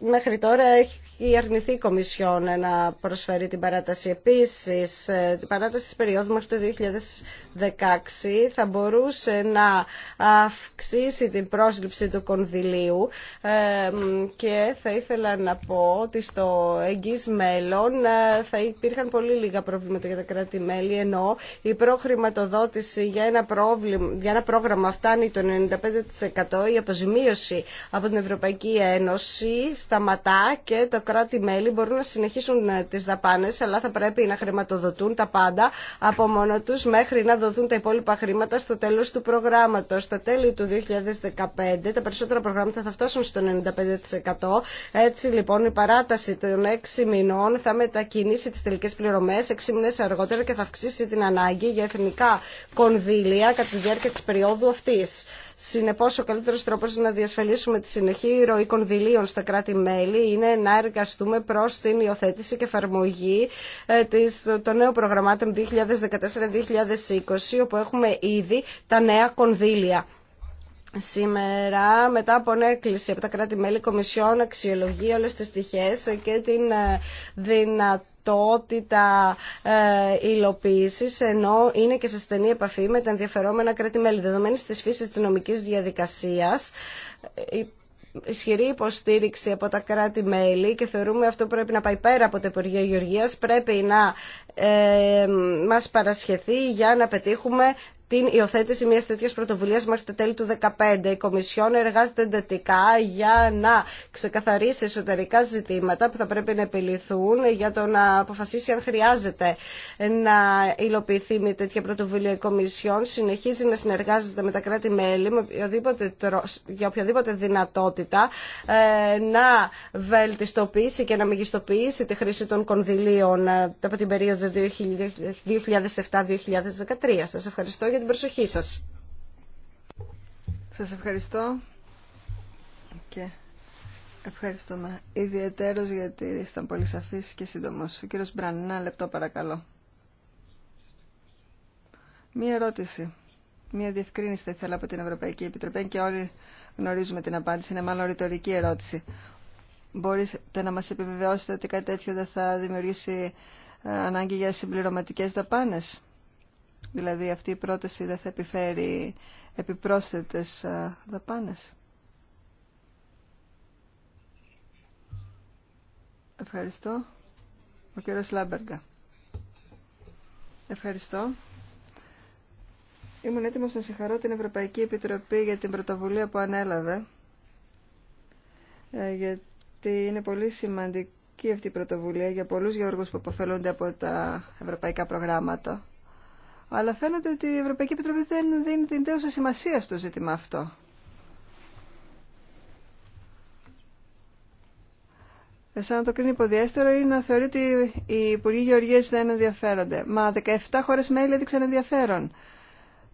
μέχρι τώρα έχει αρνηθεί η Κομισιόν να προσφέρει την παράταση. Επίσης, η παράταση της περίοδου μέχρι το 2016 θα μπορούσε να αυξήσει την πρόσληψη του κονδυλίου και θα ήθελα να πω ότι στο εγγύς μέλλον ε, θα υπήρχαν πολύ λίγα προβλήματα για τα κράτη-μέλη, ενώ η προχρηματοδότηση για ένα, πρόβλημα, για ένα πρόγραμμα φτάνει το 95% η αποζημίωση από την Ευρωπαϊκή Ένωση σταματά και τα κράτη-μέλη μπορούν να συνεχίσουν ε, τις δαπάνες, αλλά θα πρέπει να χρηματοδοτούν τα πάντα από μόνο τους μέχρι να δοθούν τα υπόλοιπα χρήματα στο τέλος του προγράμματος. Στα τέλη του 2015 τα περισσότερα προγράμματα θα φτάσουν στο 95%. Έτσι λοιπόν η παράταση των 6 μηνών θα μετακινήσει τις τελικές πληρωμές 6 μήνες αργότερα και θα αυξήσει την ανάγκη για εθνικά κονδύλια κατά τη διάρκεια της περίοδου αυτής. Συνεπώς ο καλύτερος τρόπος να διασφαλίσουμε τη συνεχή ροή κονδυλίων στα κράτη είναι να εργαστούμε προς την υιοθέτηση και εφαρμογή ε, των νέων προγραμμάτων 2014-2020, όπου έχουμε ήδη τα νέα κονδύλια. Σήμερα, μετά από έκκληση από τα κράτη-μέλη, Κομισιόν αξιολογεί όλες τις πτυχές και την ε, δυνατότητα ε, υλοποίησης, ενώ είναι και σε στενή επαφή με τα ενδιαφερόμενα κράτη-μέλη. Δεδομένης της φύσης της νομικής διαδικασίας, ε, ισχυρή υποστήριξη από τα κράτη-μέλη και θεωρούμε αυτό πρέπει να πάει πέρα από το Υπουργείο Γεωργίας, πρέπει να ε, μας παρασχεθεί για να πετύχουμε την υιοθέτηση μια τέτοια πρωτοβουλία μέχρι τα τέλη του 2015. Η Κομισιόν εργάζεται εντατικά για να ξεκαθαρίσει εσωτερικά ζητήματα που θα πρέπει να επιληθούν για το να αποφασίσει αν χρειάζεται να υλοποιηθεί μια τέτοια πρωτοβουλία. Η Κομισιόν συνεχίζει να συνεργάζεται με τα κράτη-μέλη για οποιαδήποτε δυνατότητα ε, να βελτιστοποιήσει και να μεγιστοποιήσει τη χρήση των κονδυλίων ε, από την περίοδο 2007-2013. Σα ευχαριστώ για την προσοχή σας. Σας ευχαριστώ και ευχαριστούμε ιδιαίτερος γιατί ήταν πολύ σαφής και σύντομος. Ο κύριος Μπραν, ένα λεπτό παρακαλώ. Μία ερώτηση. Μία διευκρίνηση θα ήθελα από την Ευρωπαϊκή Επιτροπή και όλοι γνωρίζουμε την απάντηση. Είναι μάλλον ρητορική ερώτηση. Μπορείτε να μας επιβεβαιώσετε ότι κάτι τέτοιο δεν θα δημιουργήσει ε, ανάγκη για συμπληρωματικές δαπάνε. Δηλαδή αυτή η πρόταση δεν θα επιφέρει επιπρόσθετες ε, δαπάνες. Ευχαριστώ. Ο κύριος Λάμπεργκα. Ευχαριστώ. Ήμουν έτοιμος να συγχαρώ την Ευρωπαϊκή Επιτροπή για την πρωτοβουλία που ανέλαβε, ε, γιατί είναι πολύ σημαντική αυτή η πρωτοβουλία για πολλούς γεωργούς που αποφελούνται από τα ευρωπαϊκά προγράμματα αλλά φαίνεται ότι η Ευρωπαϊκή Επιτροπή δεν δίνει την τέτοια σημασία στο ζήτημα αυτό. σαν να το κρίνει υποδιέστερο ή να θεωρεί ότι οι Υπουργοί Γεωργίες δεν ενδιαφέρονται. Μα 17 χώρες μέλη έδειξαν ενδιαφέρον.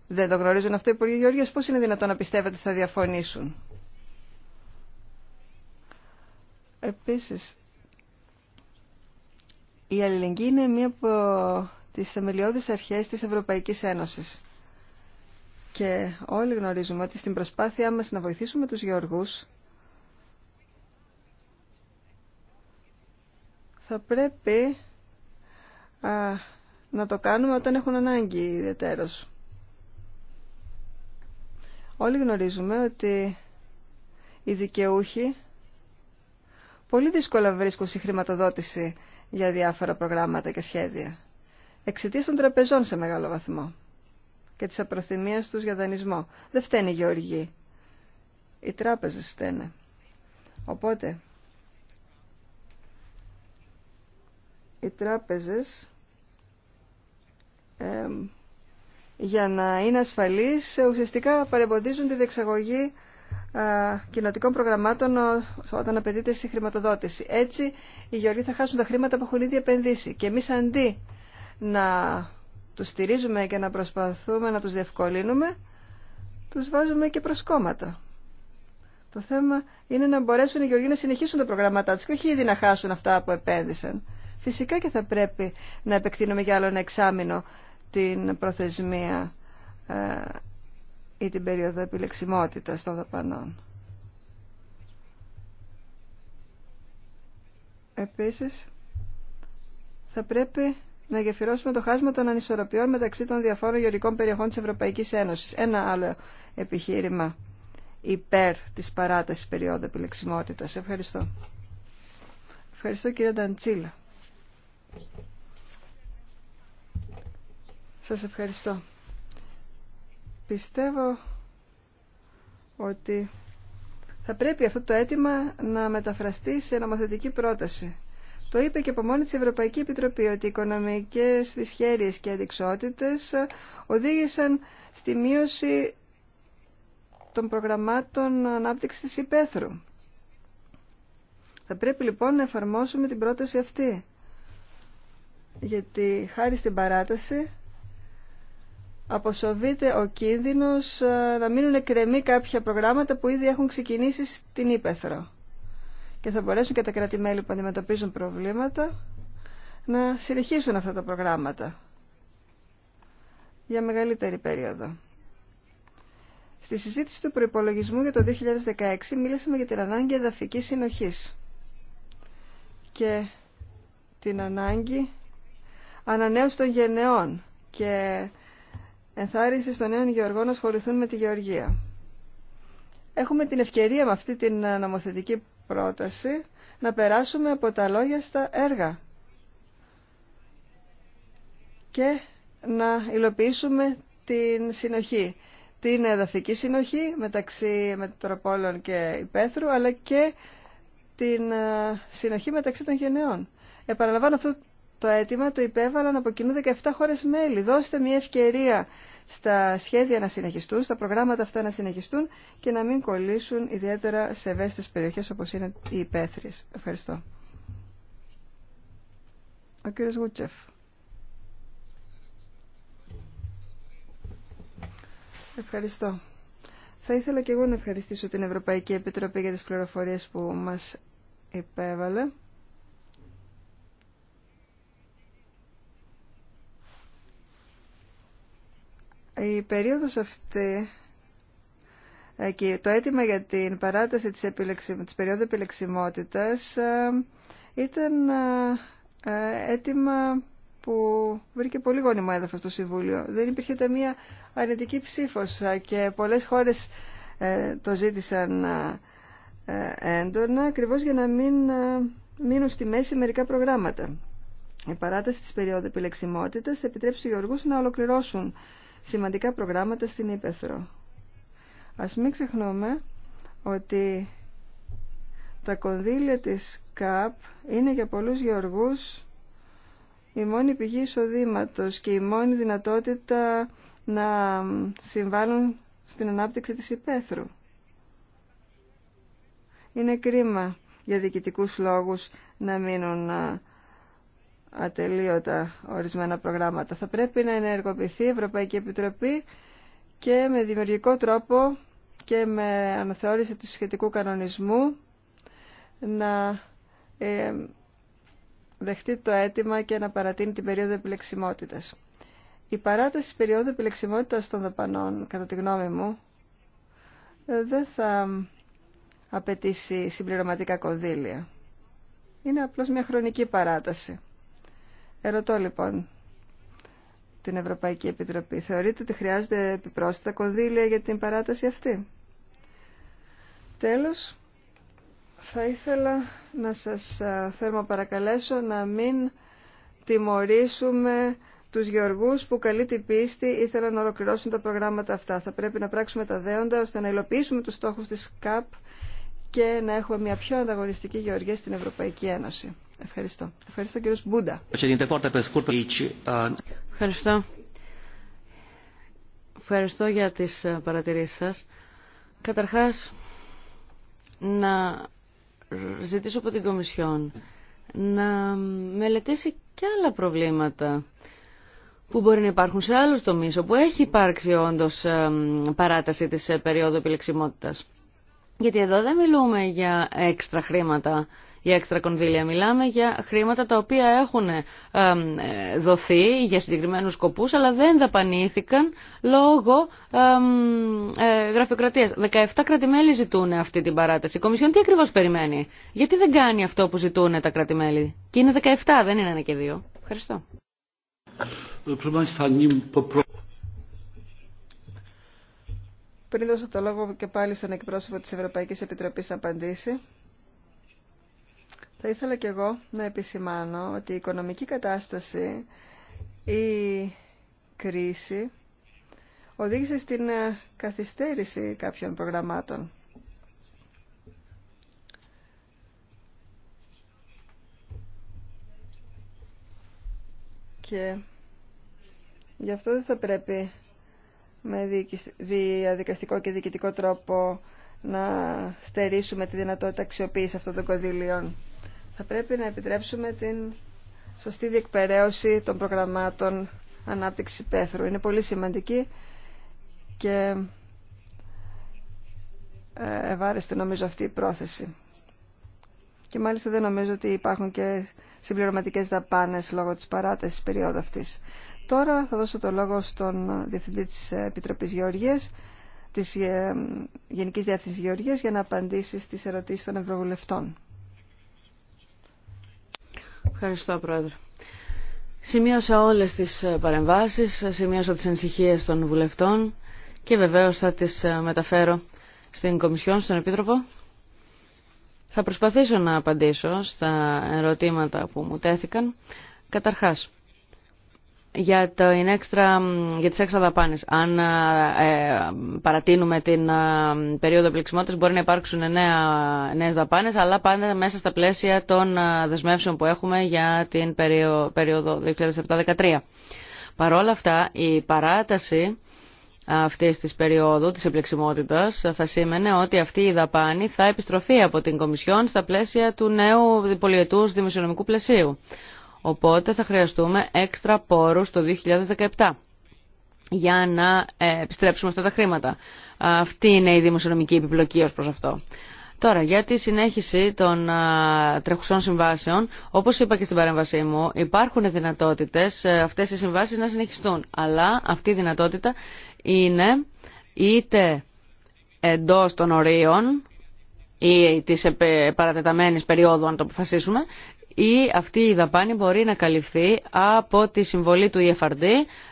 Δεν το γνωρίζουν αυτό οι Υπουργοί Γεωργίες. Πώς είναι δυνατόν να πιστεύετε ότι θα διαφωνήσουν. Επίσης, η αλληλεγγύη είναι μία από τις θεμελιώδεις αρχές της Ευρωπαϊκής Ένωσης. Και όλοι γνωρίζουμε ότι στην προσπάθειά μας να βοηθήσουμε τους γεωργούς θα πρέπει α, να το κάνουμε όταν έχουν ανάγκη ιδιαίτερως. Όλοι γνωρίζουμε ότι οι δικαιούχοι πολύ δύσκολα βρίσκουν συγχρηματοδότηση για διάφορα προγράμματα και σχέδια εξαιτία των τραπεζών σε μεγάλο βαθμό και της απροθυμίας τους για δανεισμό. Δεν φταίνει η γεωργοί. Οι τράπεζες φταίνε. Οπότε, οι τράπεζες για να είναι ασφαλείς ουσιαστικά παρεμποδίζουν τη διεξαγωγή κοινοτικών προγραμμάτων όταν απαιτείται στη χρηματοδότηση. Έτσι, οι γεωργοί θα χάσουν τα χρήματα που έχουν ήδη επενδύσει. Και εμεί αντί να τους στηρίζουμε και να προσπαθούμε να τους διευκολύνουμε, τους βάζουμε και κόμματα Το θέμα είναι να μπορέσουν οι Γεωργοί να συνεχίσουν τα προγράμματά τους και όχι ήδη να χάσουν αυτά που επένδυσαν. Φυσικά και θα πρέπει να επεκτείνουμε για άλλο ένα εξάμεινο την προθεσμία ε, ή την περίοδο επιλεξιμότητας των δαπανών. Επίσης, θα πρέπει να γεφυρώσουμε το χάσμα των ανισορροπιών μεταξύ των διαφόρων γεωρικών περιοχών της Ευρωπαϊκής Ένωσης. Ένα άλλο επιχείρημα υπέρ της παράτασης περίοδου επιλεξιμότητας. Ευχαριστώ. Ευχαριστώ κύριε Νταντσίλα. Σας ευχαριστώ. Πιστεύω ότι θα πρέπει αυτό το αίτημα να μεταφραστεί σε νομοθετική πρόταση. Το είπε και από μόνη της Ευρωπαϊκή Επιτροπή ότι οι οικονομικές δυσχέρειες και αδειξότητες οδήγησαν στη μείωση των προγραμμάτων ανάπτυξης της υπαίθρου. Θα πρέπει λοιπόν να εφαρμόσουμε την πρόταση αυτή. Γιατί χάρη στην παράταση αποσοβείται ο κίνδυνος ε, να μείνουν εκκρεμή κάποια προγράμματα που ήδη έχουν ξεκινήσει στην Ήπεθρο και θα μπορέσουν και τα κράτη-μέλη που αντιμετωπίζουν προβλήματα να συνεχίσουν αυτά τα προγράμματα για μεγαλύτερη περίοδο. Στη συζήτηση του προϋπολογισμού για το 2016 μίλησαμε για την ανάγκη εδαφικής συνοχής και την ανάγκη ανανέωση των γενεών και ενθάρρυνση των νέων γεωργών να ασχοληθούν με τη γεωργία. Έχουμε την ευκαιρία με αυτή την νομοθετική πρόταση να περάσουμε από τα λόγια στα έργα και να υλοποιήσουμε την συνοχή. Την εδαφική συνοχή μεταξύ μετροπόλων και Υπέθρου, αλλά και την ε, συνοχή μεταξύ των γενεών. Επαναλαμβάνω αυτό το αίτημα το υπέβαλαν από κοινού 17 χώρες μέλη. Δώστε μια ευκαιρία στα σχέδια να συνεχιστούν, στα προγράμματα αυτά να συνεχιστούν και να μην κολλήσουν ιδιαίτερα σε ευαίσθητες περιοχές όπως είναι οι υπαίθριες. Ευχαριστώ. Ο κύριος Γουτσεφ. Ευχαριστώ. Θα ήθελα και εγώ να ευχαριστήσω την Ευρωπαϊκή Επιτροπή για τις πληροφορίες που μας υπέβαλε. Η περίοδος αυτή ε, και το αίτημα για την παράταση της, της περίοδου επιλεξιμότητας ε, ήταν ε, αίτημα που βρήκε πολύ γόνιμο έδαφος στο Συμβούλιο. Δεν υπήρχε ούτε μία αρνητική ψήφος και πολλές χώρες το ζήτησαν έντονα ακριβώς για να μην μείνουν στη μέση μερικά προγράμματα. Η παράταση της περίοδου επιλεξιμότητας θα επιτρέψει στους γεωργούς να ολοκληρώσουν σημαντικά προγράμματα στην Ήπεθρο. Ας μην ξεχνούμε ότι τα κονδύλια της ΚΑΠ είναι για πολλούς γεωργούς η μόνη πηγή εισοδήματος και η μόνη δυνατότητα να συμβάλλουν στην ανάπτυξη της υπαίθρου. Είναι κρίμα για διοικητικούς λόγους να μείνουν ατελείωτα ορισμένα προγράμματα. Θα πρέπει να ενεργοποιηθεί η Ευρωπαϊκή Επιτροπή και με δημιουργικό τρόπο και με αναθεώρηση του σχετικού κανονισμού να ε, δεχτεί το αίτημα και να παρατείνει την περίοδο επιλεξιμότητας. Η παράταση της περίοδου επιλεξιμότητας των δαπανών, κατά τη γνώμη μου, ε, δεν θα απαιτήσει συμπληρωματικά κονδύλια. Είναι απλώς μια χρονική παράταση. Ερωτώ λοιπόν την Ευρωπαϊκή Επιτροπή. Θεωρείτε ότι χρειάζονται επιπρόσθετα κονδύλια για την παράταση αυτή. Τέλος, θα ήθελα να σας θέρμα παρακαλέσω να μην τιμωρήσουμε τους γεωργούς που καλή την πίστη ήθελαν να ολοκληρώσουν τα προγράμματα αυτά. Θα πρέπει να πράξουμε τα δέοντα ώστε να υλοποιήσουμε τους στόχους της ΚΑΠ και να έχουμε μια πιο ανταγωνιστική γεωργία στην Ευρωπαϊκή Ένωση. Ευχαριστώ. Ευχαριστώ κύριος Μπούντα. Uh, Ευχαριστώ. Ευχαριστώ για τις uh, παρατηρήσεις σας. Καταρχάς, να ζητήσω από την Κομισιόν να μελετήσει και άλλα προβλήματα που μπορεί να υπάρχουν σε άλλους τομείς, όπου έχει υπάρξει όντως παράταση της ε, περίοδου επιλεξιμότητας. Γιατί εδώ δεν μιλούμε για έξτρα χρήματα, για έξτρα κονδύλια. Μιλάμε για χρήματα τα οποία έχουν δοθεί για συγκεκριμένους σκοπούς, αλλά δεν δαπανήθηκαν λόγω ε, γραφειοκρατίας. 17 κρατημέλη ζητούν αυτή την παράταση. Η Κομισιόν τι ακριβώς περιμένει. Γιατί δεν κάνει αυτό που ζητούν τα κρατημέλη. Και είναι 17, δεν είναι ένα και δύο. Ευχαριστώ. Πριν δώσω το λόγο και πάλι στον εκπρόσωπο της Ευρωπαϊκής Επιτροπής να απαντήσει, θα ήθελα και εγώ να επισημάνω ότι η οικονομική κατάσταση, η κρίση, οδήγησε στην ε, καθυστέρηση κάποιων προγραμμάτων. Και γι' αυτό δεν θα πρέπει με διαδικαστικό και διοικητικό τρόπο να στερήσουμε τη δυνατότητα αξιοποίηση αυτών των κονδυλίων. Θα πρέπει να επιτρέψουμε την σωστή διεκπαιρέωση των προγραμμάτων ανάπτυξη πέθρου. Είναι πολύ σημαντική και ε, ευάρεστη νομίζω αυτή η πρόθεση. Και μάλιστα δεν νομίζω ότι υπάρχουν και συμπληρωματικές δαπάνες λόγω της παράτασης της περίοδου αυτής. Τώρα θα δώσω το λόγο στον Διευθυντή της Επιτροπής Γεωργίας, της ε, Γενικής Διεύθυνσης Γεωργίας, για να απαντήσει στις ερωτήσεις των Ευρωβουλευτών. Ευχαριστώ, Πρόεδρε. Σημείωσα όλες τις ε, παρεμβάσεις, σημείωσα τις ενσυχίες των βουλευτών και βεβαίως θα τις ε, μεταφέρω στην Κομισιόν, στον Επίτροπο. Θα προσπαθήσω να απαντήσω στα ερωτήματα που μου τέθηκαν. Καταρχάς, για, το, extra, για τις έξτρα δαπάνες. Αν ε, ε παρατείνουμε την ε, περίοδο επιλεξιμότητας μπορεί να υπάρξουν νέα, νέες δαπάνες αλλά πάντα μέσα στα πλαίσια των ε, δεσμεύσεων που έχουμε για την περίοδο, περίοδο 2017-2013. Παρ' όλα αυτά η παράταση αυτή τη περίοδου τη επλεξιμότητα θα σήμαινε ότι αυτή η δαπάνη θα επιστροφεί από την Κομισιόν στα πλαίσια του νέου πολιετού δημοσιονομικού πλαισίου. Οπότε θα χρειαστούμε έξτρα πόρους το 2017 για να ε, επιστρέψουμε αυτά τα χρήματα. Αυτή είναι η δημοσιονομική επιπλοκή ως προς αυτό. Τώρα, για τη συνέχιση των α, τρεχουσών συμβάσεων, όπως είπα και στην παρέμβασή μου, υπάρχουν δυνατότητες αυτέ ε, αυτές οι συμβάσεις να συνεχιστούν. Αλλά αυτή η δυνατότητα είναι είτε εντός των ορίων ή της παρατεταμένης περίοδου, αν το αποφασίσουμε, ή αυτή η δαπάνη μπορεί να καλυφθεί από τη συμβολή του EFRD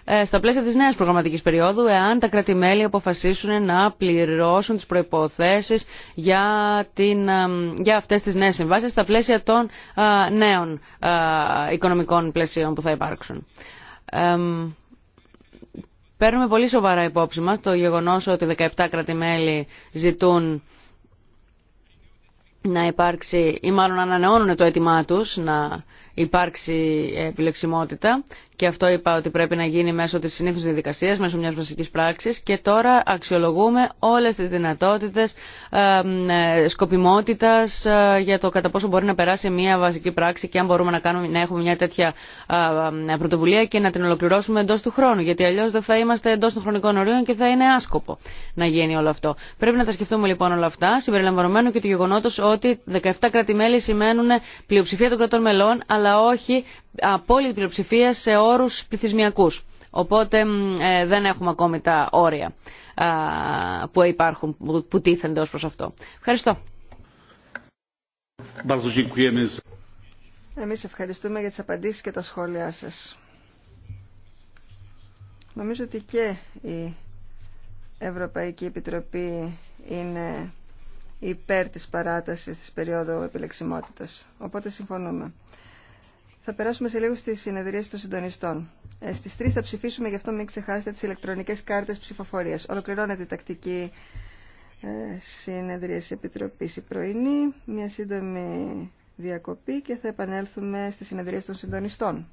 ε, στα πλαίσια της νέας προγραμματικής περίοδου εάν τα κρατη αποφασίσουν να πληρώσουν τις προϋποθέσεις για, την, ε, για αυτές τις νέες συμβάσεις στα πλαίσια των ε, νέων οικονομικών πλαισίων που θα υπάρξουν. Παίρνουμε πολύ σοβαρά υπόψη μας το γεγονός ότι 17 κρατη ζητούν να υπάρξει, ή μάλλον ανανεώνουν το αίτημά τους να υπάρξει επιλεξιμότητα και αυτό είπα ότι πρέπει να γίνει μέσω τη συνήθω διαδικασία, μέσω μια βασική πράξη και τώρα αξιολογούμε όλες τις δυνατότητες ε, σκοπιμότητας ε, για το κατά πόσο μπορεί να περάσει μια βασική πράξη και αν μπορούμε να, κάνουμε, να έχουμε μια τέτοια ε, πρωτοβουλία και να την ολοκληρώσουμε εντό του χρόνου γιατί αλλιώ δεν θα είμαστε εντό των χρονικών ορίων και θα είναι άσκοπο να γίνει όλο αυτό. Πρέπει να τα σκεφτούμε λοιπόν όλα αυτά, συμπεριλαμβανομένου και του γεγονότο ότι 17 κράτη-μέλη σημαίνουν πλειοψηφία των κρατών μελών αλλά όχι απόλυτη πλειοψηφία σε όρους πληθυσμιακούς. Οπότε ε, δεν έχουμε ακόμη τα όρια που υπάρχουν, που τίθενται ως προς αυτό. Ευχαριστώ. Εμείς ευχαριστούμε για τις απαντήσεις και τα σχόλιά σας. Νομίζω ότι και η Ευρωπαϊκή Επιτροπή είναι υπέρ της παράτασης της περίοδου επιλεξιμότητας. Οπότε συμφωνούμε. Θα περάσουμε σε λίγο στις συνεδρίες των συντονιστών. Ε, στις 3 θα ψηφίσουμε, γι' αυτό μην ξεχάσετε τις ηλεκτρονικές κάρτες ψηφοφορίας. Ολοκληρώνεται η τακτική ε, συνεδρία Επιτροπής η πρωινή, μια σύντομη διακοπή και θα επανέλθουμε στις συνεδρίες των συντονιστών.